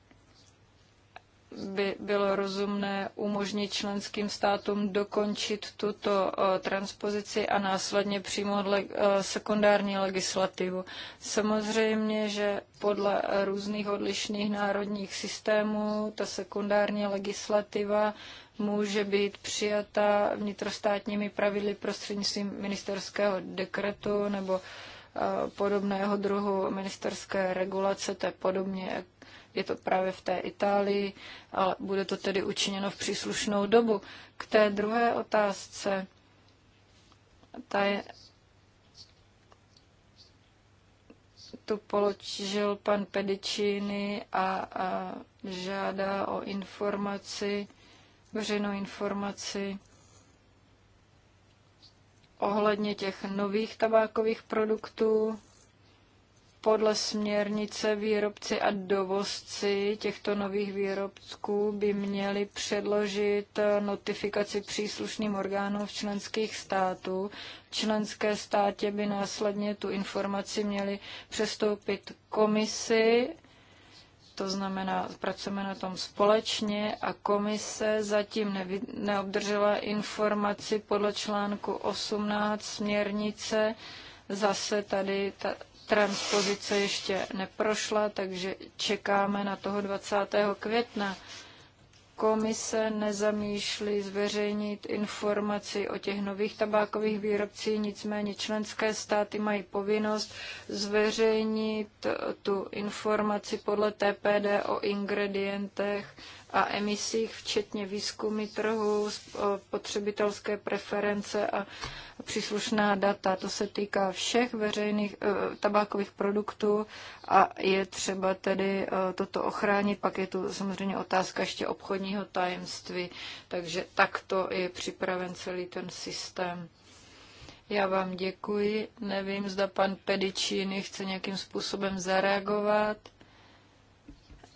by bylo rozumné umožnit členským státům dokončit tuto eh, transpozici a následně přijmout eh, sekundární legislativu. Samozřejmě, že podle různých odlišných národních systémů ta sekundární legislativa může být přijata vnitrostátními pravidly prostřednictvím ministerského dekretu nebo eh, podobného druhu ministerské regulace, to je podobně je to právě v té Itálii, ale bude to tedy učiněno v příslušnou dobu. K té druhé otázce, ta je, tu položil pan Pedicini a, a žádá o informaci, veřejnou informaci ohledně těch nových tabákových produktů podle směrnice výrobci a dovozci těchto nových výrobků by měli předložit notifikaci příslušným orgánům v členských států. Členské státě by následně tu informaci měli přestoupit komisi, to znamená, pracujeme na tom společně a komise zatím nevy, neobdržela informaci podle článku 18 směrnice zase tady ta, transpozice ještě neprošla, takže čekáme na toho 20. května. Komise nezamýšlí zveřejnit informaci o těch nových tabákových výrobcích, nicméně členské státy mají povinnost zveřejnit tu informaci podle TPD o ingredientech a emisích, včetně výzkumy trhu, potřebitelské preference a příslušná data. To se týká všech veřejných e, tabákových produktů a je třeba tedy e, toto ochránit. Pak je tu samozřejmě otázka ještě obchodního tajemství, takže takto je připraven celý ten systém. Já vám děkuji. Nevím, zda pan Pedicini chce nějakým způsobem zareagovat.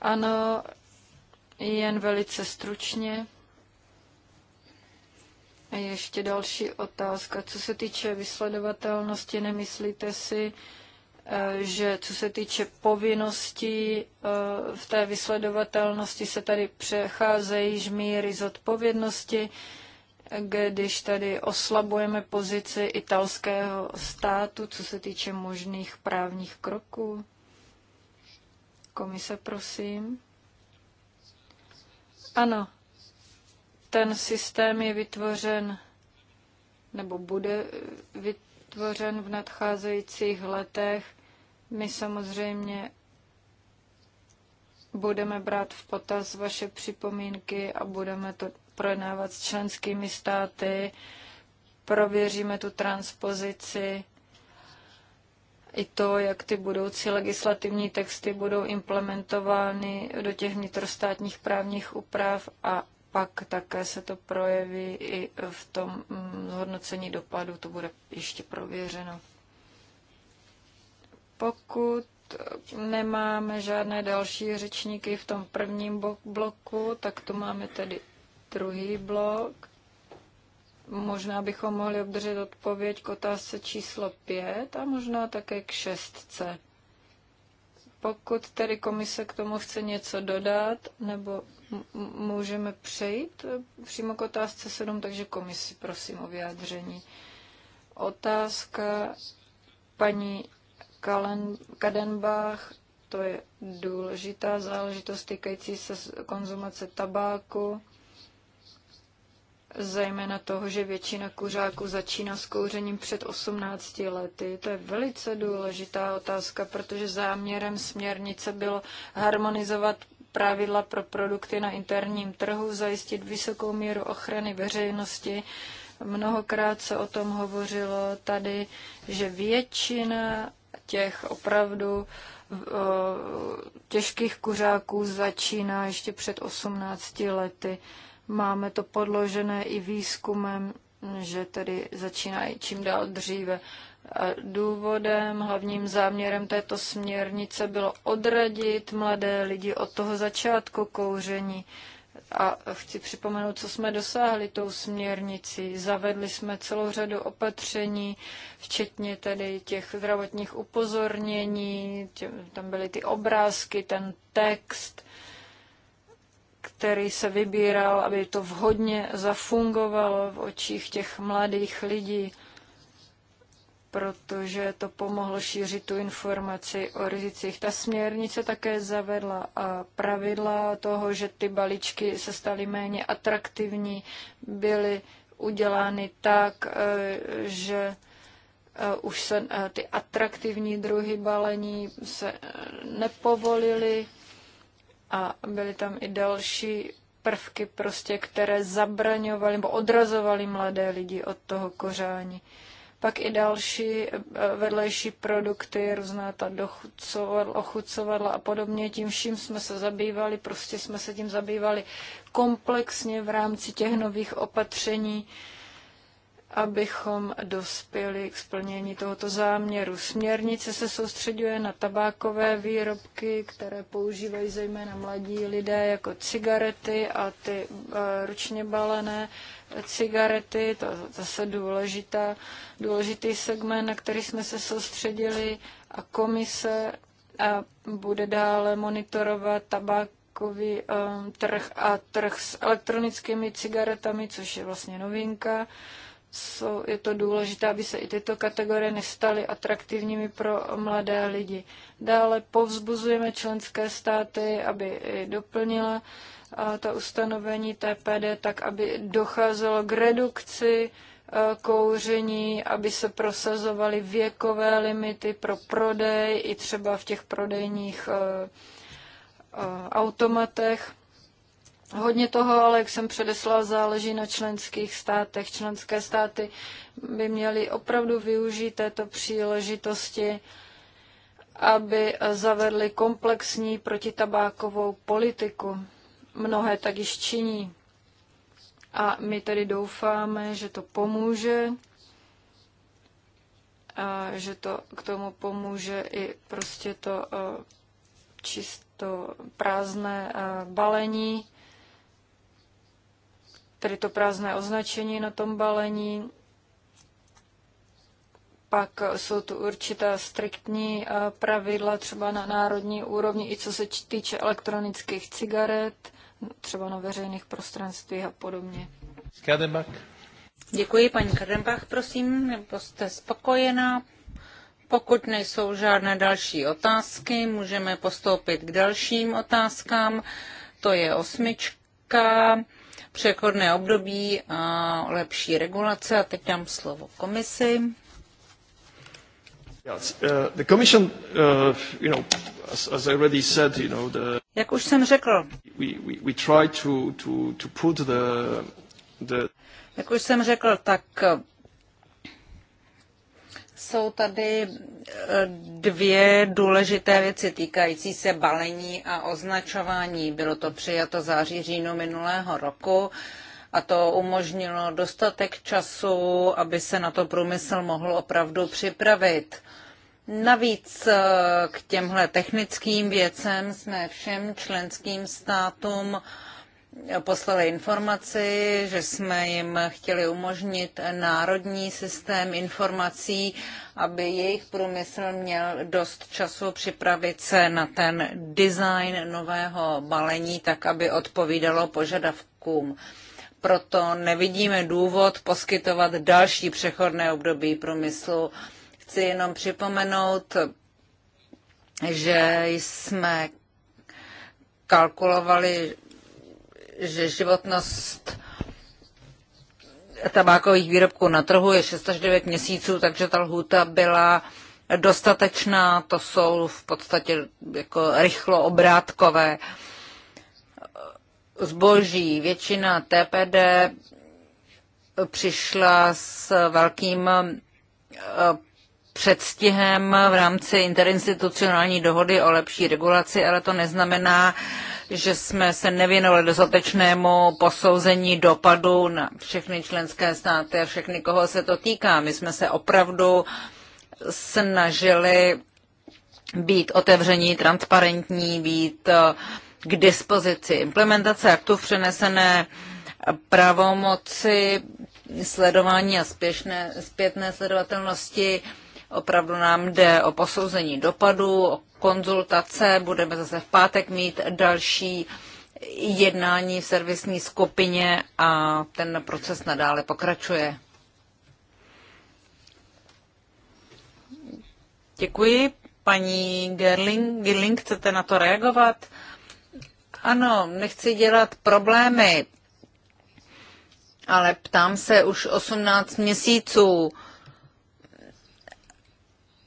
Ano, jen velice stručně. A ještě další otázka. Co se týče vysledovatelnosti, nemyslíte si, eh, že co se týče povinností eh, v té vysledovatelnosti se tady přecházejí žmíry zodpovědnosti, když tady oslabujeme pozici italského státu, co se týče možných právních kroků? Komise, prosím. Ano, ten systém je vytvořen nebo bude eh, vytvořen v nadcházejících letech. My samozřejmě budeme brát v potaz vaše připomínky a budeme to projednávat s členskými státy. Prověříme tu transpozici i to, jak ty budoucí legislativní texty budou implementovány do těch vnitrostátních právních úprav a pak také se to projeví i v tom mm, hodnocení dopadu, to bude ještě prověřeno. Pokud nemáme žádné další řečníky v tom prvním bloku, tak tu máme tedy druhý blok. Možná bychom mohli obdržet odpověď k otázce číslo 5 a možná také k šestce. Pokud tedy komise k tomu chce něco dodat, nebo můžeme přejít eh, přímo k otázce 7, takže komisi prosím o vyjádření. Otázka paní Kalen, Kadenbach, to je důležitá záležitost týkající se konzumace tabáku zejména toho, že většina kuřáků začíná s kouřením před 18 lety. To je velice důležitá otázka, protože záměrem směrnice bylo harmonizovat pravidla pro produkty na interním trhu, zajistit vysokou míru ochrany veřejnosti. Mnohokrát se o tom hovořilo tady, že většina těch opravdu těžkých kuřáků začíná ještě před 18 lety. Máme to podložené i výzkumem, že tedy začínají čím dál dříve. Důvodem, hlavním záměrem této směrnice bylo odradit mladé lidi od toho začátku kouření. A chci připomenout, co jsme dosáhli tou směrnicí. Zavedli jsme celou řadu opatření, včetně tedy těch zdravotních upozornění, tam byly ty obrázky, ten text, který se vybíral, aby to vhodně zafungovalo v očích těch mladých lidí, protože to pomohlo šířit tu informaci o rizicích. Ta směrnice také zavedla a pravidla toho, že ty balíčky se staly méně atraktivní, byly udělány tak, eh, že eh, už se eh, ty atraktivní druhy balení se nepovolily a byly tam i další prvky, prostě, které zabraňovaly nebo odrazovaly mladé lidi od toho kořání. Pak i další e, vedlejší produkty, různá ta dochucovadla, ochucovadla a podobně. Tím vším jsme se zabývali, prostě jsme se tím zabývali komplexně v rámci těch nových opatření. Uh, abychom dospěli k splnění tohoto záměru. Směrnice se soustředuje na tabákové výrobky, které používají zejména mladí lidé jako cigarety a ty eh, ručně balené cigarety, to je zase důležitá, důležitý segment, na který jsme se soustředili a komise a eh, bude dále monitorovat tabák eh, trh a trh s elektronickými cigaretami, což je vlastně novinka jsou, je to důležité, aby se i tyto kategorie nestaly atraktivními pro mladé lidi. Dále povzbuzujeme členské státy, aby doplnila ta ustanovení TPD tak, aby docházelo k redukci kouření, aby se prosazovaly věkové limity pro prodej i třeba v těch prodejních automatech Hodně toho, ale jak jsem předeslal, záleží na členských státech. Členské státy by měly opravdu využít této příležitosti, aby zavedly komplexní protitabákovou politiku. Mnohé tak již činí. A my tedy doufáme, že to pomůže, a že to k tomu pomůže i prostě to eh, čisto prázdné eh, balení tedy to prázdné označení na tom balení. Pak jsou tu určitá striktní eh, pravidla třeba na národní úrovni, i co se týče elektronických cigaret, třeba na veřejných prostranstvích a podobně. Skadenbach. Děkuji, paní Kadenbach, prosím, nebo jste spokojená. Pokud nejsou žádné další otázky, můžeme postoupit k dalším otázkám. To je osmička přechodné období a lepší regulace. A teď dám slovo komisi. Jak už jsem řekl, jak už jsem řekl, tak jsou tady e, dvě důležité věci týkající se balení a označování. Bylo to přijato září říjnu minulého roku a to umožnilo dostatek času, aby se na to průmysl mohl opravdu připravit. Navíc e, k těmhle technickým věcem jsme všem členským státům uh, poslali informaci, že jsme jim chtěli umožnit národní systém informací, aby jejich průmysl měl dost času připravit se na ten design nového balení, tak aby odpovídalo požadavkům. Proto nevidíme důvod poskytovat další přechodné období průmyslu. Chci jenom připomenout, že jsme kalkulovali že životnost tabákových výrobků na trhu je 6 až 9 měsíců, takže ta lhůta byla dostatečná, to jsou v podstatě jako rychlo obrátkové zboží. Většina TPD přišla s velkým eh, předstihem v rámci interinstitucionální dohody o lepší regulaci, ale to neznamená, že jsme se nevěnovali dostatečnému posouzení dopadu na všechny členské státy a všechny, koho se to týká. My jsme se opravdu snažili být otevření, transparentní, být eh, k dispozici. Implementace aktu v přenesené pravomoci, sledování a spěšné, zpětné sledovatelnosti opravdu nám jde o posouzení dopadu, o konzultace. Budeme zase v pátek mít další jednání v servisní skupině a ten proces nadále pokračuje. Děkuji. Paní Gerling, Gerling, chcete na to reagovat? Ano, nechci dělat problémy, ale ptám se už 18 měsíců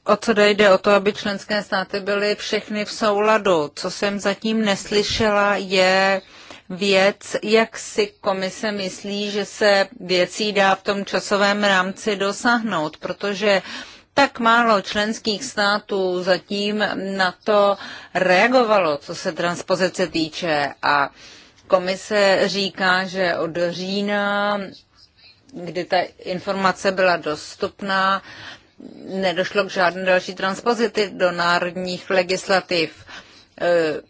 o co jde o to, aby členské státy byly všechny v souladu. Co jsem zatím neslyšela, je věc, jak si komise myslí, že se věcí dá v tom časovém rámci dosáhnout, protože tak málo členských států zatím na to reagovalo, co se transpozice týče. A komise říká, že od října, kdy ta informace byla dostupná, nedošlo k žádné další transpozici do národních legislativ. E,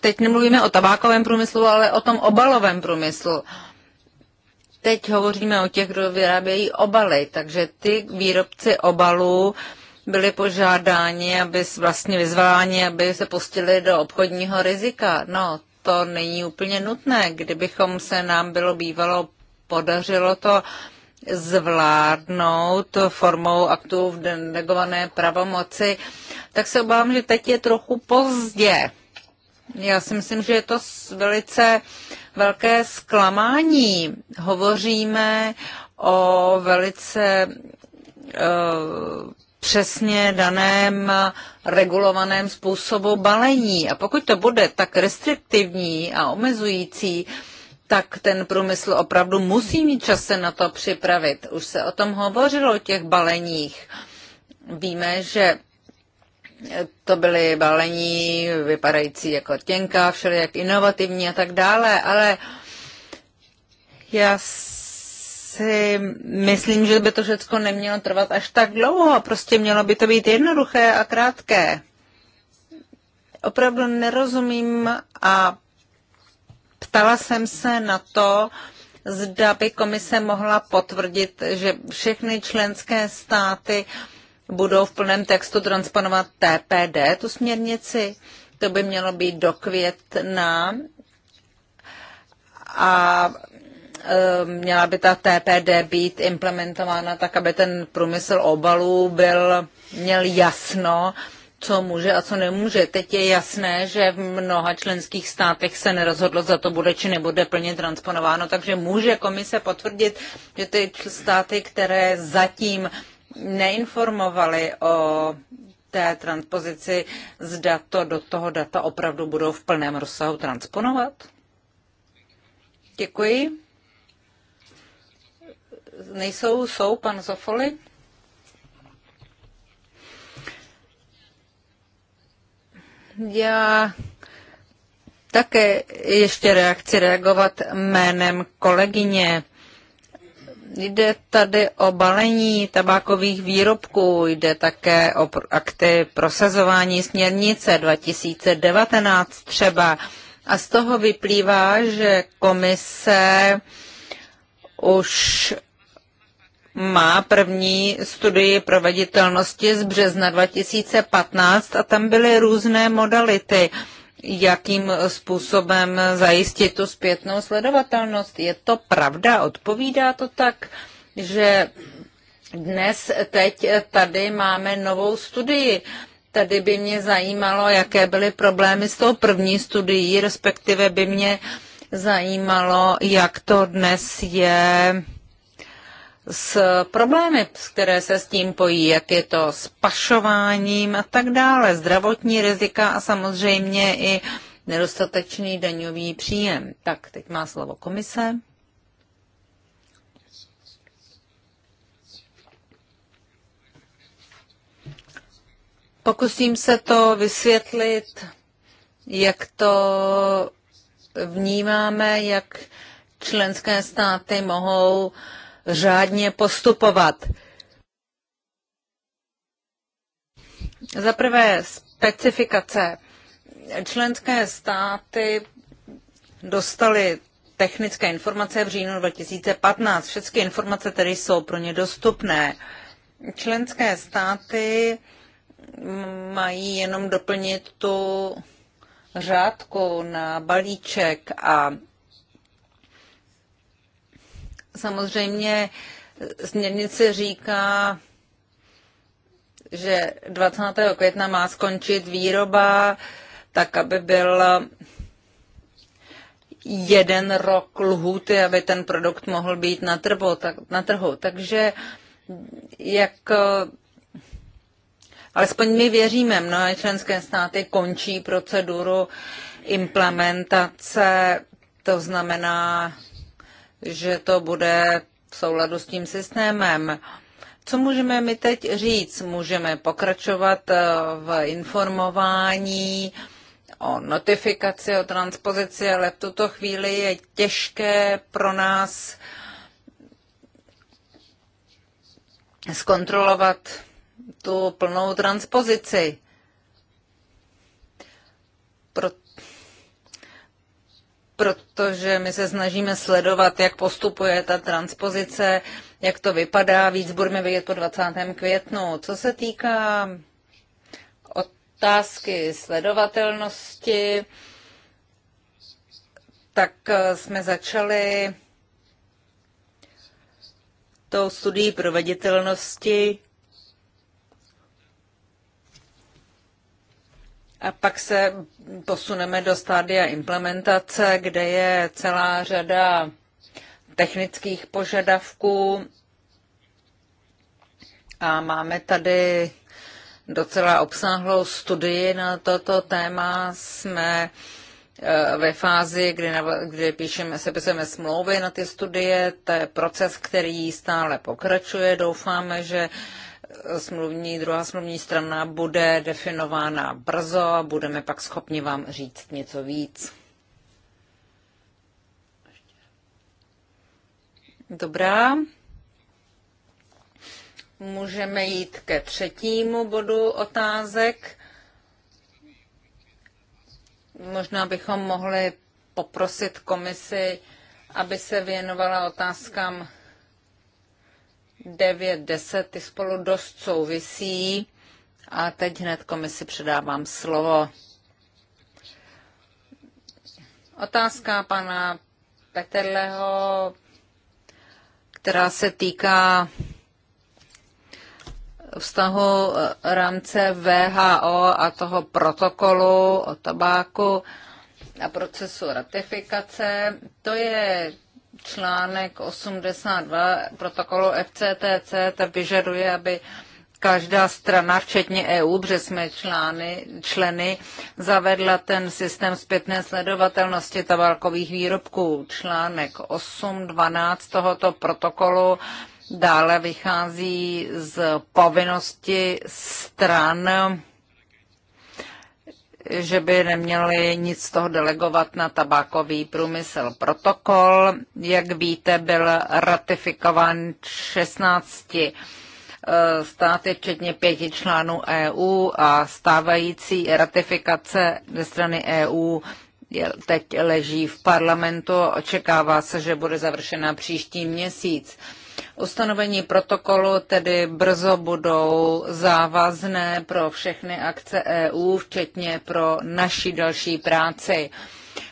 teď nemluvíme o tabákovém průmyslu, ale o tom obalovém průmyslu. Teď hovoříme o těch, kdo vyrábějí obaly, takže ty výrobci obalů byli požádáni, aby vlastně vyzváni, aby se pustili do obchodního rizika. No, to není úplně nutné. Kdybychom se nám bylo bývalo, podařilo to uh, zvládnout formou aktu v delegované pravomoci, tak se obávám, že teď je trochu pozdě. Já si myslím, že je to velice velké zklamání. Hovoříme o velice uh, přesně daném regulovaném způsobu balení. A pokud to bude tak restriktivní a omezující, uh, tak ten průmysl opravdu musí mít čas se na to připravit. Už se o tom hovořilo, o těch baleních. Víme, že to byly balení vypadající jako těnká, všelijak inovativní a tak dále, ale já si myslím, že by to všechno nemělo trvat až tak dlouho. Prostě mělo by to být jednoduché a krátké. Opravdu nerozumím a Ptala jsem se na to, zda by komise mohla potvrdit, že všechny členské státy budou v plném textu transponovat TPD, tu směrnici. To by mělo být do května. A e, měla by ta TPD být implementována tak, aby ten průmysl obalů byl, měl jasno, co může a co nemůže. Teď je jasné, že v mnoha členských státech se nerozhodlo, za to bude či nebude plně transponováno, takže může komise potvrdit, že ty státy, které zatím neinformovaly o té transpozici, zda to do toho data opravdu budou v plném rozsahu transponovat? Děkuji. Nejsou, jsou pan Zofoli? Já také ještě reakci reagovat jménem kolegyně. Jde tady o balení tabákových výrobků, jde také o akty prosazování směrnice 2019 třeba. A z toho vyplývá, že komise už má první studii proveditelnosti z března 2015 a tam byly různé modality, jakým způsobem zajistit tu zpětnou sledovatelnost. Je to pravda? Odpovídá to tak, že dnes, teď tady máme novou studii. Tady by mě zajímalo, jaké byly problémy s tou první studií, respektive by mě zajímalo, jak to dnes je s problémy, které se s tím pojí, jak je to s pašováním a tak dále, zdravotní rizika a samozřejmě i nedostatečný daňový příjem. Tak, teď má slovo komise. Pokusím se to vysvětlit, jak to vnímáme, jak členské státy mohou uh, řádně postupovat. Za prvé specifikace. Členské státy dostaly technické informace v říjnu 2015. Všechny informace tedy jsou pro ně dostupné. Členské státy mají jenom doplnit tu řádku na balíček a Samozřejmě směrnice říká, že 20. května má skončit výroba, tak aby byl jeden rok lhuty, aby ten produkt mohl být na trhu. Tak, na trhu. Takže jak alespoň my věříme, mnohé členské státy končí proceduru implementace, to znamená, že to bude v souladu s tím systémem. Co můžeme my teď říct? Můžeme pokračovat eh, v informování o notifikaci, o transpozici, ale v tuto chvíli je těžké pro nás zkontrolovat tu plnou transpozici. Proto protože my se snažíme sledovat, jak postupuje ta transpozice, jak to vypadá. Víc budeme vidět po 20. květnu. Co se týká otázky sledovatelnosti, tak eh, jsme začali tou studií proveditelnosti A pak se posuneme do stádia implementace, kde je celá řada technických požadavků a máme tady docela obsáhlou studii na toto téma. Jsme eh, ve fázi, kdy, kdy píšeme, sepisujeme smlouvy na ty studie, to je proces, který stále pokračuje. Doufáme, že uh, smluvní, druhá smluvní strana bude definována brzo a budeme pak schopni vám říct něco víc. Dobrá. Můžeme jít ke třetímu bodu otázek. Možná bychom mohli poprosit komisi, aby se věnovala otázkám 9, 10, ty spolu dost souvisí. A teď hned komisi předávám slovo. Otázka pana Peterleho, která se týká vztahu rámce VHO a toho protokolu o tabáku a procesu ratifikace. To je článek 82 protokolu FCTC ta vyžaduje, aby každá strana, včetně EU, protože jsme člány, členy, zavedla ten systém zpětné sledovatelnosti tabákových výrobků. Článek 8.12 tohoto protokolu dále vychází z povinnosti stran že by neměli nic z toho delegovat na tabákový průmysl. Protokol, jak víte, byl ratifikován 16 eh, státy, včetně pěti článů EU a stávající ratifikace ze strany EU teď leží v parlamentu. Očekává se, že bude završena příští měsíc. Ustanovení protokolu tedy brzo budou závazné pro všechny akce EU, včetně pro naši další práci.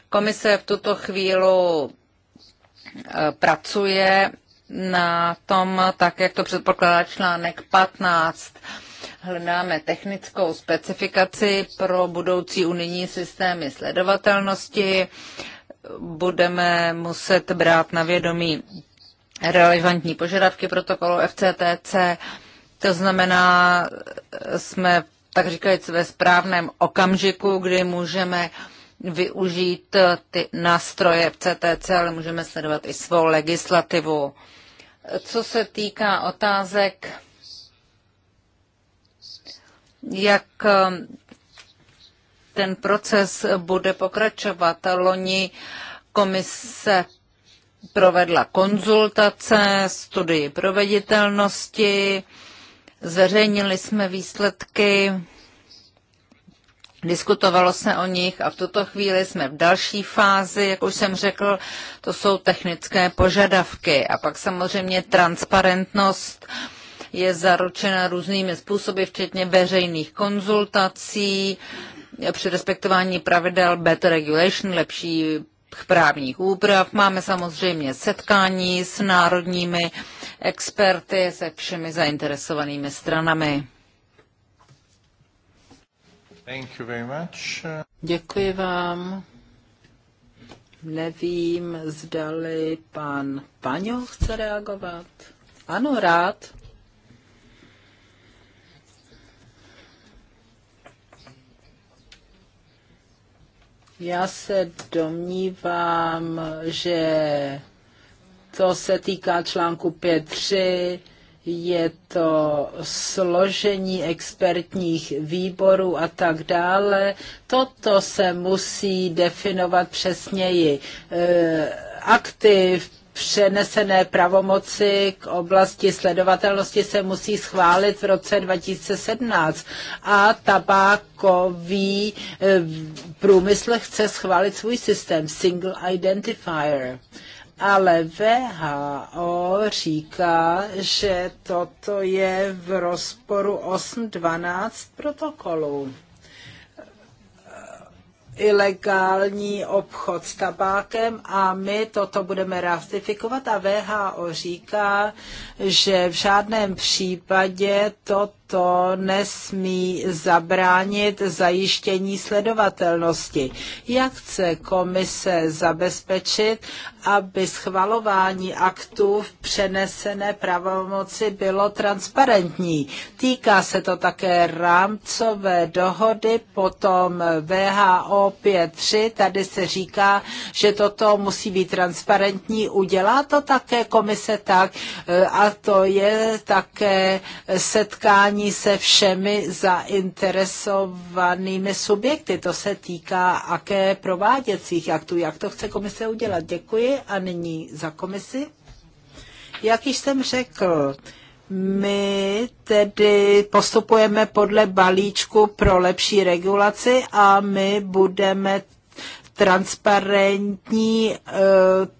Komise v tuto chvíli e, pracuje na tom, tak jak to předpokládá článek 15. Hledáme technickou specifikaci pro budoucí unijní systémy sledovatelnosti. Budeme muset brát na vědomí relevantní požadavky protokolu FCTC. To znamená, jsme tak říkajíc ve správném okamžiku, kdy můžeme využít ty nástroje FCTC, ale můžeme sledovat i svou legislativu. Co se týká otázek, jak ten proces bude pokračovat. Loni komise provedla konzultace, studii proveditelnosti, zveřejnili jsme výsledky, diskutovalo se o nich a v tuto chvíli jsme v další fázi, jak už jsem řekl, to jsou technické požadavky a pak samozřejmě transparentnost je zaručena různými způsoby, včetně veřejných konzultací, při respektování pravidel better regulation, lepší právních úprav. Máme samozřejmě setkání s národními experty, se všemi zainteresovanými stranami. Thank you very much. Děkuji vám. Nevím, zdali pan Paňo chce reagovat. Ano, rád. Já se domnívám, že to se týká článku 5.3, je to složení expertních výborů a tak dále. Toto se musí definovat přesněji. Eh, aktiv, přenesené pravomoci k oblasti sledovatelnosti se musí schválit v roce 2017 a tabákový eh, průmysl chce schválit svůj systém Single Identifier. Ale VHO říká, že toto je v rozporu 8.12 protokolu ilegální obchod s tabákem a my toto budeme ratifikovat a VHO říká, že v žádném případě to to nesmí zabránit zajištění sledovatelnosti. Jak chce komise zabezpečit, aby schvalování aktů v přenesené pravomoci bylo transparentní? Týká se to také rámcové dohody, potom VHO 5.3, tady se říká, že toto musí být transparentní, udělá to také komise tak e, a to je také setkání jednání se všemi zainteresovanými subjekty. To se týká aké prováděcích aktů. Jak to chce komise udělat? Děkuji a nyní za komisi. Jak již jsem řekl, my tedy postupujeme podle balíčku pro lepší regulaci a my budeme transparentní, eh,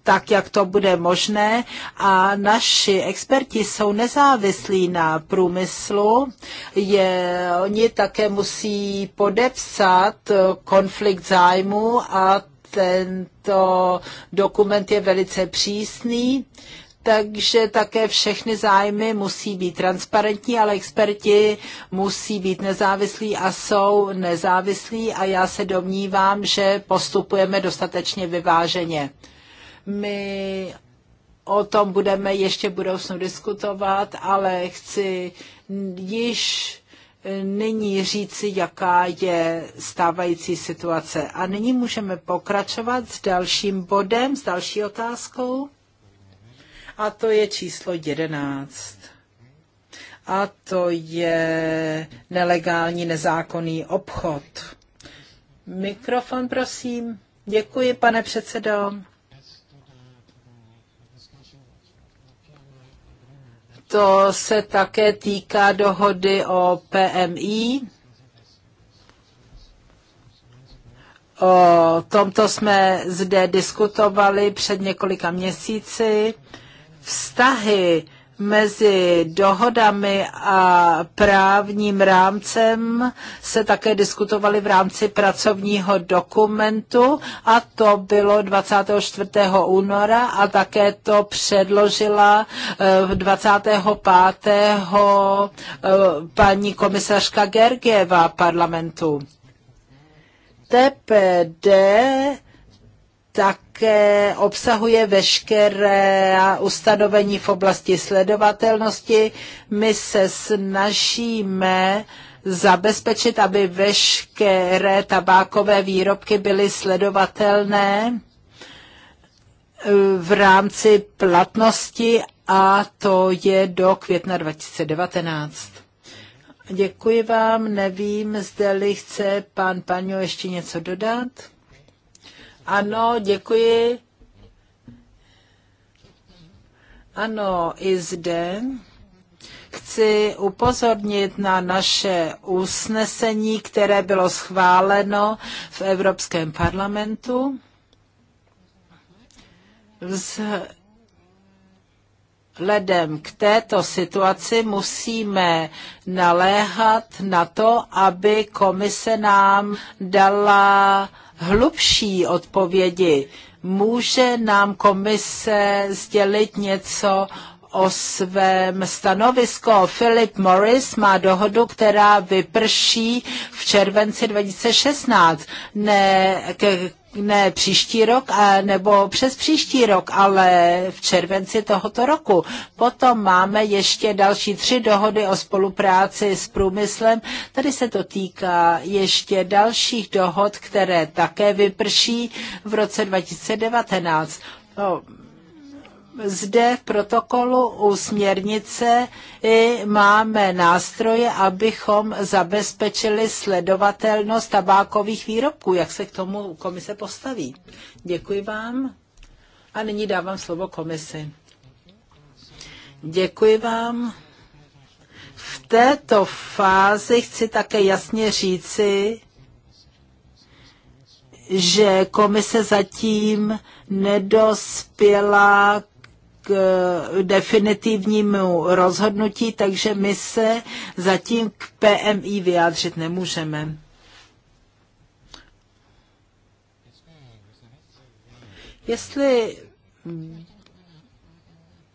tak jak to bude možné. A naši experti jsou nezávislí na průmyslu. Je, oni také musí podepsat eh, konflikt zájmu a tento dokument je velice přísný takže také všechny zájmy musí být transparentní, ale experti musí být nezávislí a jsou nezávislí a já se domnívám, že postupujeme dostatečně vyváženě. My o tom budeme ještě v budoucnu diskutovat, ale chci již nyní říci, jaká je stávající situace. A nyní můžeme pokračovat s dalším bodem, s další otázkou a to je číslo 11. A to je nelegální, nezákonný obchod. Mikrofon, prosím. Děkuji, pane předsedo. To se také týká dohody o PMI. O tomto jsme zde diskutovali před několika měsíci vztahy mezi dohodami a právním rámcem se také diskutovaly v rámci pracovního dokumentu a to bylo 24. února a také to předložila 25. Eh, eh, paní komisařka Gergieva parlamentu. TPD také obsahuje veškeré ustanovení v oblasti sledovatelnosti. My se snažíme zabezpečit, aby veškeré tabákové výrobky byly sledovatelné eh, v rámci platnosti a to je do května 2019. Děkuji vám, nevím, zda-li chce pan Paňo ještě něco dodat. Ano, děkuji. Ano, i zde chci upozornit na naše usnesení, které bylo schváleno v Evropském parlamentu. Vzhledem k této situaci musíme naléhat na to, aby komise nám dala hlubší odpovědi. Může nám komise sdělit něco o svém stanovisko. Philip Morris má dohodu, která vyprší v červenci 2016. Ne, ne příští rok, a, nebo přes příští rok, ale v červenci tohoto roku. Potom máme ještě další tři dohody o spolupráci s průmyslem. Tady se to týká ještě dalších dohod, které také vyprší v roce 2019. No, zde v protokolu u směrnice i máme nástroje, abychom zabezpečili sledovatelnost tabákových výrobků. Jak se k tomu komise postaví? Děkuji vám. A nyní dávám slovo komisi. Děkuji vám. V této fázi chci také jasně říci, že komise zatím nedospěla k eh, definitivnímu rozhodnutí, takže my se zatím k PMI vyjádřit nemůžeme. Jestli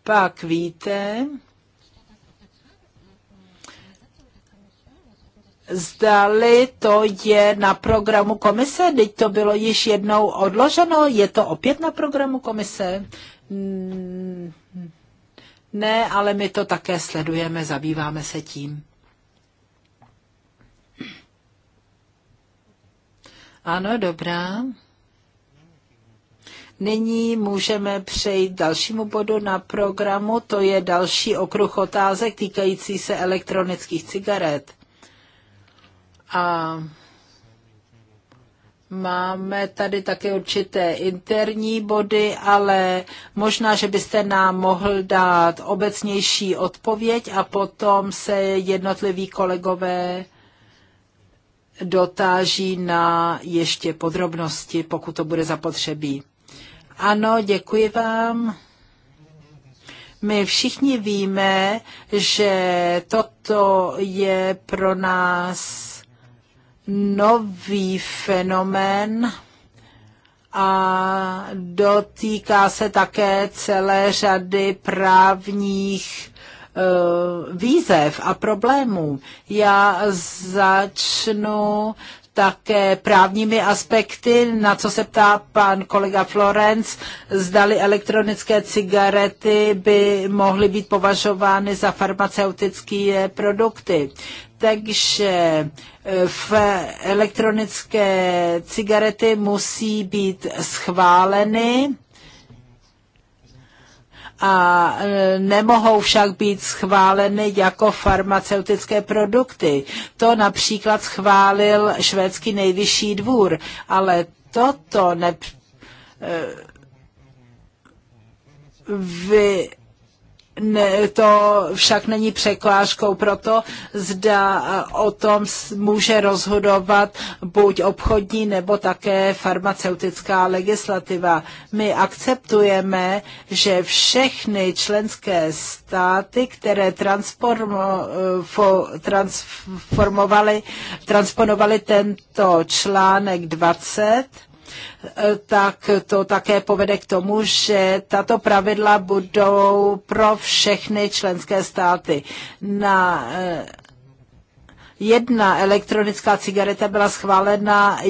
pak víte, zdali to je na programu komise, teď to bylo již jednou odloženo, je to opět na programu komise? Mm, ne, ale my to také sledujeme, zabýváme se tím. Ano, dobrá. Nyní můžeme přejít dalšímu bodu na programu, to je další okruh otázek týkající se elektronických cigaret. A Máme tady také určité interní body, ale možná, že byste nám mohl dát obecnější odpověď a potom se jednotliví kolegové dotáží na ještě podrobnosti, pokud to bude zapotřebí. Ano, děkuji vám. My všichni víme, že toto je pro nás nový fenomén a dotýká se také celé řady právních eh, výzev a problémů. Já začnu také právními aspekty, na co se ptá pan kolega Florenc, zdali elektronické cigarety by mohly být považovány za farmaceutické produkty. Takže eh, v elektronické cigarety musí být schváleny a eh, nemohou však být schváleny jako farmaceutické produkty. To například schválil švédský nejvyšší dvůr, ale toto ne, eh, vy, ne, to však není překlážkou proto, zda o tom může rozhodovat buď obchodní nebo také farmaceutická legislativa. My akceptujeme, že všechny členské státy, které transformovaly, transponovaly tento článek 20, tak to také povede k tomu, že tato pravidla budou pro všechny členské státy. Na eh, Jedna elektronická cigareta byla schválena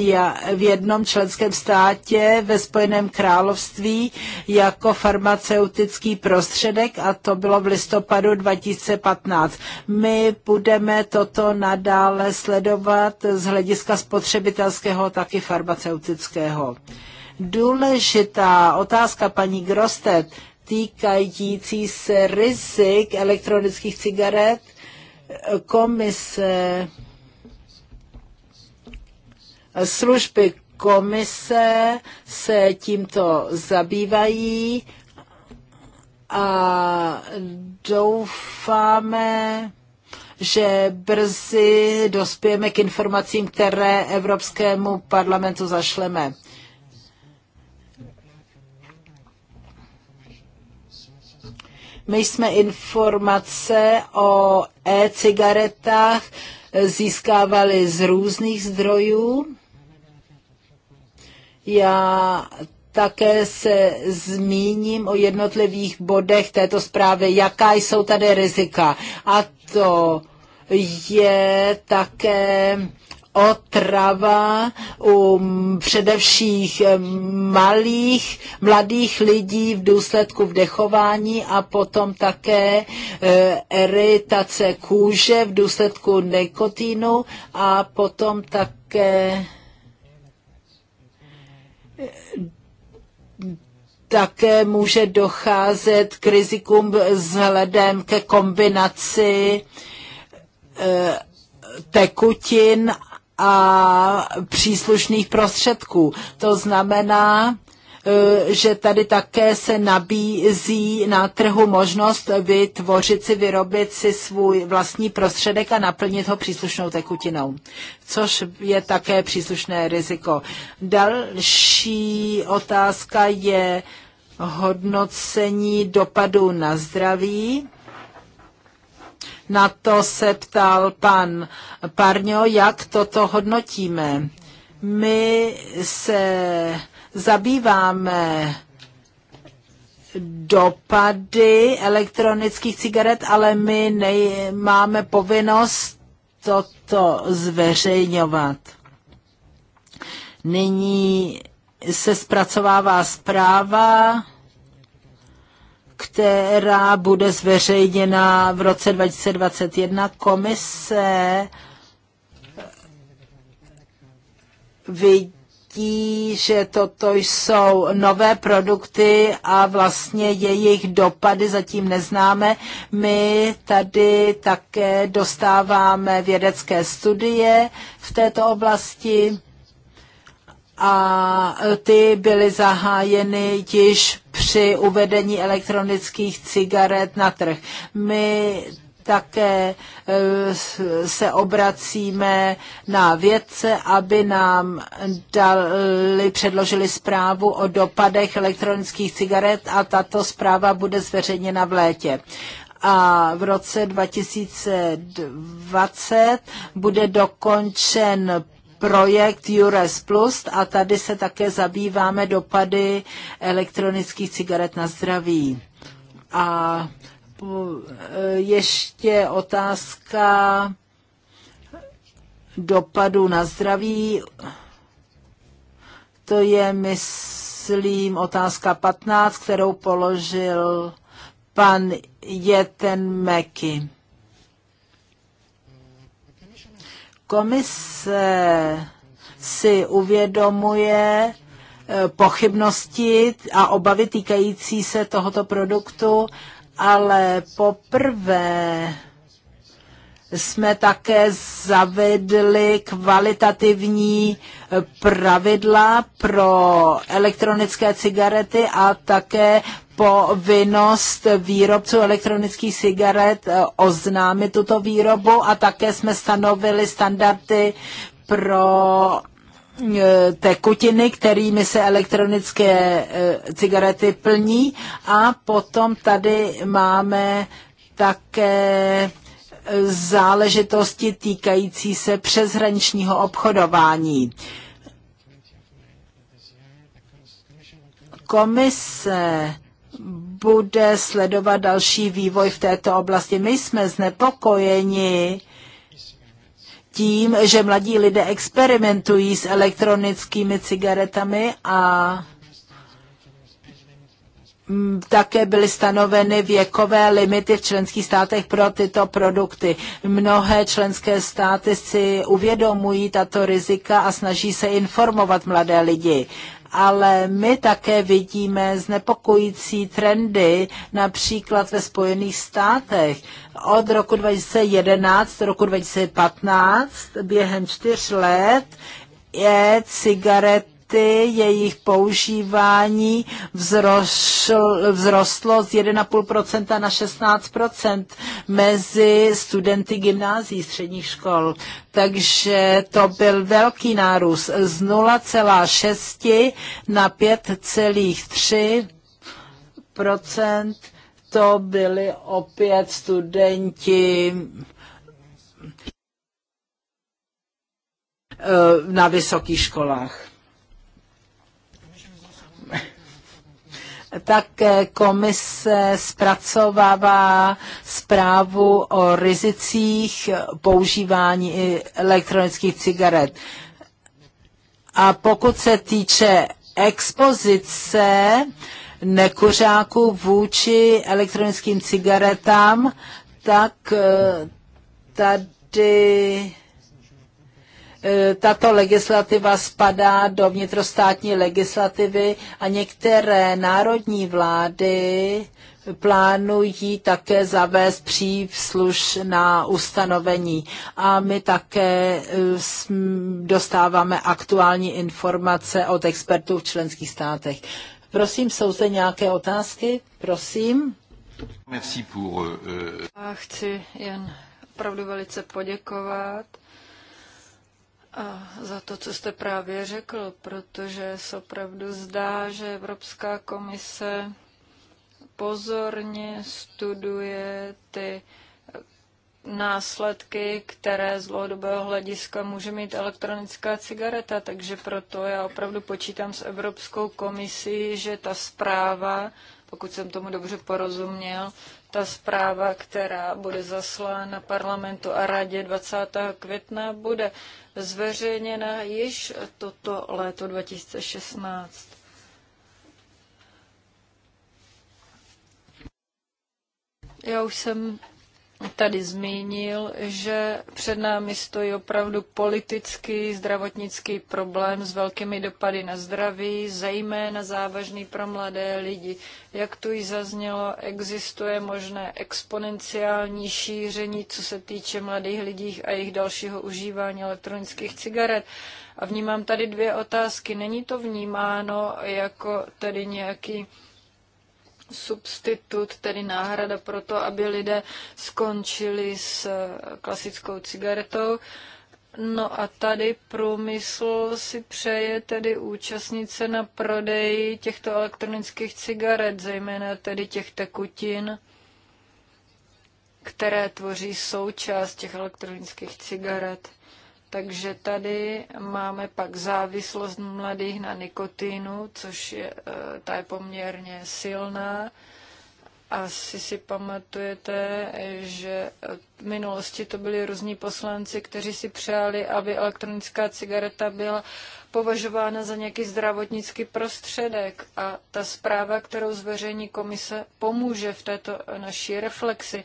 v jednom členském státě ve Spojeném království jako farmaceutický prostředek a to bylo v listopadu 2015. My budeme toto nadále sledovat z hlediska spotřebitelského, taky farmaceutického. Důležitá otázka paní Grostet týkající se rizik elektronických cigaret – komise, služby komise se tímto zabývají a doufáme, že brzy dospějeme k informacím, které Evropskému parlamentu zašleme. My jsme informace o e-cigaretách získávali z různých zdrojů. Já také se zmíním o jednotlivých bodech této zprávy, jaká jsou tady rizika. A to je také otrava u především eh, malých, mladých lidí v důsledku vdechování a potom také eh, eritace kůže v důsledku nikotínu a potom také eh, také může docházet k rizikům vzhledem ke kombinaci tekutin a příslušných prostředků. To znamená, e, že tady také se nabízí na trhu možnost vytvořit si, vyrobit si svůj vlastní prostředek a naplnit ho příslušnou tekutinou, což je také příslušné riziko. Další otázka je hodnocení dopadu na zdraví. Na to se ptal pan Parňo, jak toto hodnotíme. My se zabýváme dopady elektronických cigaret, ale my nemáme povinnost toto zveřejňovat. Nyní se zpracovává zpráva která bude zveřejněna v roce 2021. Komise vidí, že toto jsou nové produkty a vlastně jejich dopady zatím neznáme. My tady také dostáváme vědecké studie v této oblasti a e, ty byly zahájeny již při uvedení elektronických cigaret na trh. My také e, se obracíme na vědce, aby nám dali, předložili zprávu o dopadech elektronických cigaret a tato zpráva bude zveřejněna v létě a v roce 2020 bude dokončen projekt Jures Plus a tady se také zabýváme dopady elektronických cigaret na zdraví. A e, ještě otázka dopadu na zdraví. To je, myslím, otázka 15, kterou položil pan Jeten Meky. Komise si uvědomuje eh, pochybnosti a obavy týkající se tohoto produktu, ale poprvé jsme také zavedli kvalitativní eh, pravidla pro elektronické cigarety a také povinnost výrobců elektronických cigaret eh, oznámit tuto výrobu a také jsme stanovili standardy pro eh, tekutiny, kterými se elektronické eh, cigarety plní a potom tady máme také záležitosti týkající se přeshraničního obchodování. Komise bude sledovat další vývoj v této oblasti. My jsme znepokojeni tím, že mladí lidé experimentují s elektronickými cigaretami a také byly stanoveny věkové limity v členských státech pro tyto produkty. Mnohé členské státy si uvědomují tato rizika a snaží se informovat mladé lidi ale my také vidíme znepokojící trendy například ve Spojených státech. Od roku 2011 do roku 2015 během čtyř let je cigaret ty jejich používání vzrostlo z 1,5% na 16% mezi studenty gymnází středních škol. Takže to byl velký nárůst z 0,6 na 5,3%. To byli opět studenti eh, na vysokých školách. Tak komise zpracovává zprávu o rizicích používání elektronických cigaret. A pokud se týče expozice nekuřáků vůči elektronickým cigaretám, tak eh, tady E, tato legislativa spadá do vnitrostátní legislativy a některé národní vlády plánují také zavést na ustanovení. A my také e, dostáváme aktuální informace od expertů v členských státech. Prosím, jsou zde nějaké otázky? Prosím. Merci pour, uh... Chci jen opravdu velice poděkovat a za to, co jste právě řekl, protože se opravdu zdá, že Evropská komise pozorně studuje ty následky, které z dlouhodobého hlediska může mít elektronická cigareta, takže proto já opravdu počítám s Evropskou komisí, že ta zpráva, pokud jsem tomu dobře porozuměl, ta zpráva, která bude zaslána parlamentu a radě 20. května, bude zveřejněna již toto léto 2016. Já už jsem tady zmínil, že před námi stojí opravdu politický zdravotnický problém s velkými dopady na zdraví, zejména závažný pro mladé lidi. Jak tu již zaznělo, existuje možné exponenciální šíření, co se týče mladých lidí a jejich dalšího užívání elektronických cigaret. A vnímám tady dvě otázky. Není to vnímáno jako tedy nějaký substitut, tedy náhrada pro to, aby lidé skončili s eh, klasickou cigaretou. No a tady průmysl si přeje tedy účastnit se na prodeji těchto elektronických cigaret, zejména tedy těch tekutin, které tvoří součást těch elektronických cigaret. Takže tady máme pak závislost mladých na nikotinu, což je, eh, ta je poměrně silná. Asi si pamatujete, že v minulosti to byli různí poslanci, kteří si přáli, aby elektronická cigareta byla považována za nějaký zdravotnický prostředek. A ta zpráva, kterou zveřejní komise, pomůže v této eh, naší reflexi.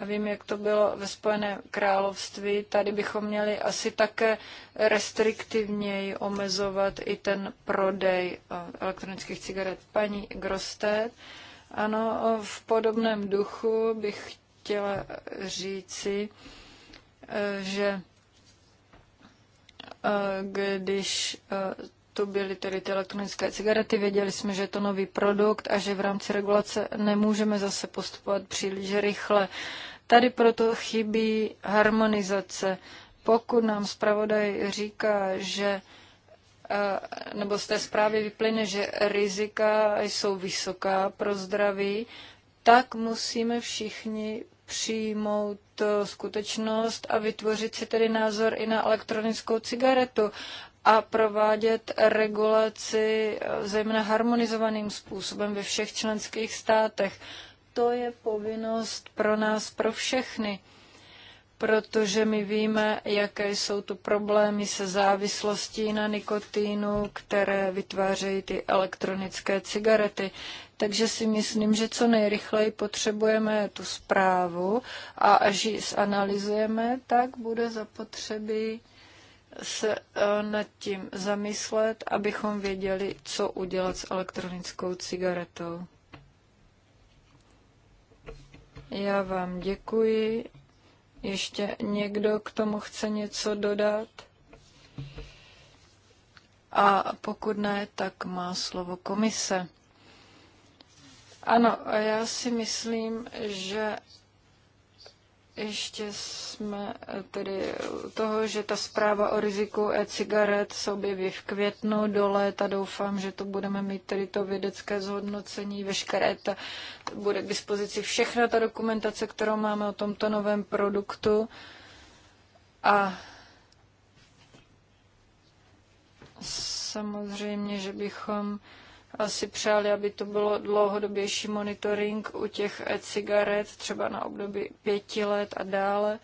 A vím, jak to bylo ve Spojeném království. Tady bychom měli asi také restriktivněji omezovat i ten prodej eh, elektronických cigaret. Paní Grostet, ano, eh, v podobném duchu bych chtěla říci, eh, že když to byly tedy ty elektronické cigarety. Věděli jsme, že je to nový produkt a že v rámci regulace nemůžeme zase postupovat příliš rychle. Tady proto chybí harmonizace. Pokud nám zpravodaj říká, že eh, nebo z té zprávy vyplyne, že rizika jsou vysoká pro zdraví, tak musíme všichni přijmout eh, skutečnost a vytvořit si tedy názor i na elektronickou cigaretu a provádět regulaci eh, zejména harmonizovaným způsobem ve všech členských státech. To je povinnost pro nás, pro všechny, protože my víme, jaké jsou tu problémy se závislostí na nikotínu, které vytvářejí ty elektronické cigarety. Takže si myslím, že co nejrychleji potřebujeme tu zprávu a až ji zanalizujeme, tak bude zapotřebí se eh, nad tím zamyslet, abychom věděli, co udělat s elektronickou cigaretou. Já vám děkuji. Ještě někdo k tomu chce něco dodat? A pokud ne, tak má slovo komise. Ano, já si myslím, že ještě jsme eh, tedy eh, toho, že ta zpráva o riziku e-cigaret se objeví v květnu do léta. Doufám, že to budeme mít tedy to vědecké zhodnocení veškeré. Ta, bude k dispozici všechna ta dokumentace, kterou máme o tomto novém produktu. A samozřejmě, že bychom asi přáli, aby to bylo dlouhodobější monitoring u těch e cigaret, třeba na období pěti let a dále.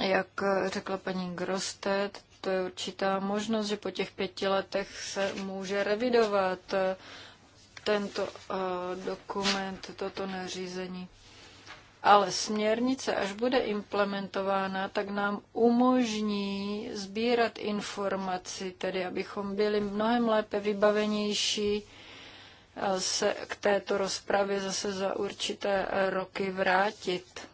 Jak řekla paní Grostet, to je určitá možnost, že po těch pěti letech se může revidovat tento eh, dokument, toto nařízení. Ale směrnice, až bude implementována, tak nám umožní sbírat informaci, tedy abychom byli mnohem lépe vybavenější eh, se k této rozpravě zase za určité roky vrátit.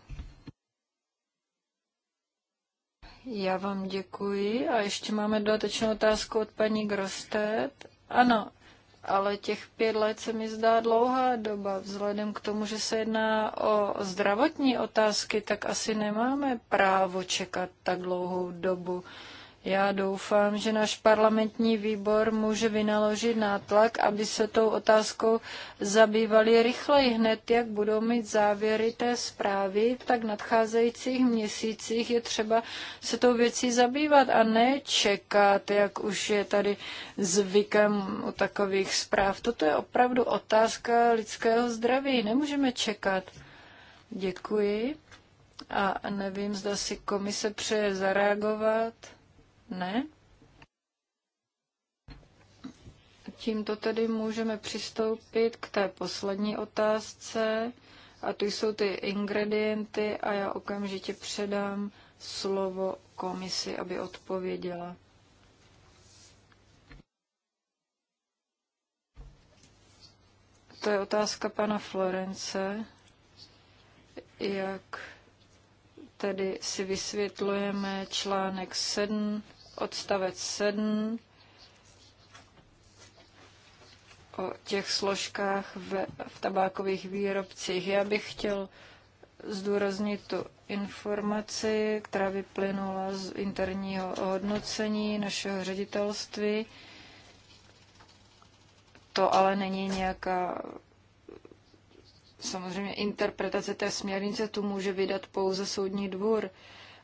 Já vám děkuji a ještě máme dodatečnou otázku od paní Grostet. Ano, ale těch pět let se mi zdá dlouhá doba. Vzhledem k tomu, že se jedná o zdravotní otázky, tak asi nemáme právo čekat tak dlouhou dobu. Já doufám, že náš parlamentní výbor může vynaložit nátlak, aby se tou otázkou zabývali rychleji hned, jak budou mít závěry té zprávy, tak v nadcházejících měsících je třeba se tou věcí zabývat a ne čekat, jak už je tady zvykem u takových zpráv. Toto je opravdu otázka lidského zdraví, nemůžeme čekat. Děkuji. A nevím, zda si komise přeje zareagovat. Ne? Tímto tedy můžeme přistoupit k té poslední otázce. A tu jsou ty ingredienty a já okamžitě předám slovo komisi, aby odpověděla. To je otázka pana Florence, jak tedy si vysvětlujeme článek 7 odstavec 7 o těch složkách v, v tabákových výrobcích. Já bych chtěl zdůraznit tu informaci, která vyplynula z interního hodnocení našeho ředitelství. To ale není nějaká samozřejmě interpretace té směrnice, tu může vydat pouze soudní dvůr. Uh,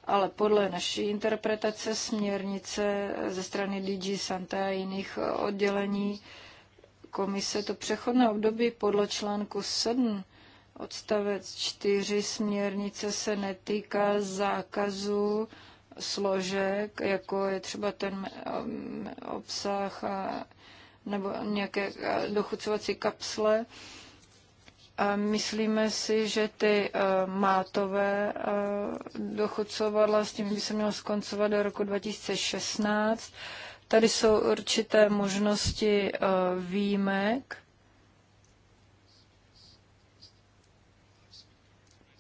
ale podle naší interpretace směrnice ze strany DG Santa a jiných oddělení komise to přechodné období podle článku 7 odstavec 4 směrnice se netýká zákazu složek, jako je třeba ten um, obsah a, nebo nějaké dochucovací kapsle, Myslíme si, že ty eh, mátové eh, dochodcovadla, s tím by se mělo skoncovat do roku 2016. Tady jsou určité možnosti eh, výjimek.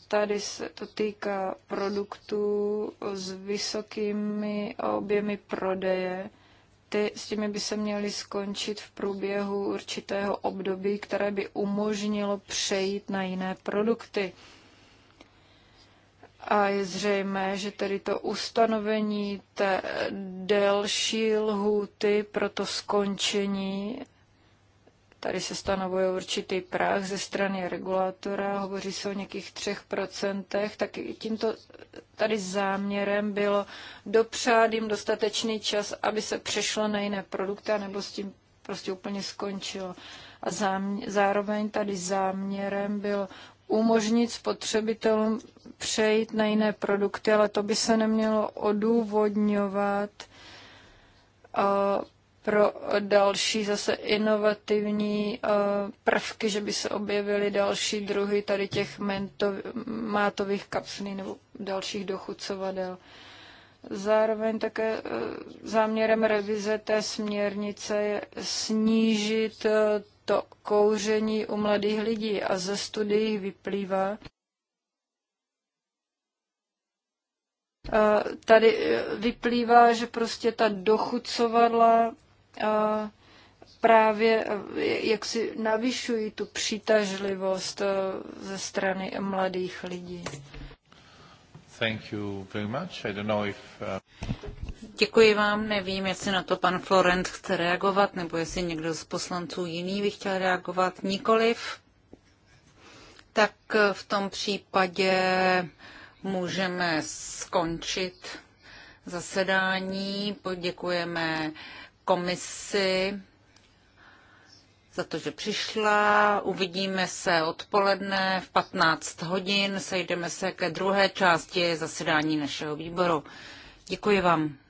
Tady se to týká produktů s vysokými objemy prodeje ty s těmi by se měly skončit v průběhu určitého období, které by umožnilo přejít na jiné produkty. A je zřejmé, že tedy to ustanovení té delší lhůty pro to skončení Tady se stanovuje určitý práh ze strany regulátora, hovoří se o nějakých 3%, tak tímto tady záměrem bylo dopřát jim dostatečný čas, aby se přešlo na jiné produkty, nebo s tím prostě úplně skončilo. A zámě, zároveň tady záměrem bylo umožnit spotřebitelům přejít na jiné produkty, ale to by se nemělo odůvodňovat pro další zase inovativní eh, prvky, že by se objevily další druhy tady těch mentov, mátových kapslí nebo dalších dochucovadel. Zároveň také eh, záměrem revize té směrnice je snížit eh, to kouření u mladých lidí a ze studií vyplývá, Tady vyplývá, že prostě ta dochucovadla právě eh, jak si navyšují tu přitažlivost eh, ze strany mladých lidí. Thank you very much. I don't know if, uh... Děkuji vám. Nevím, jestli na to pan Florent chce reagovat, nebo jestli někdo z poslanců jiný by chtěl reagovat. Nikoliv. Tak eh, v tom případě můžeme skončit zasedání. Poděkujeme komisi za to, že přišla. Uvidíme se odpoledne v 15 hodin. Sejdeme se ke druhé části zasedání našeho výboru. Děkuji vám.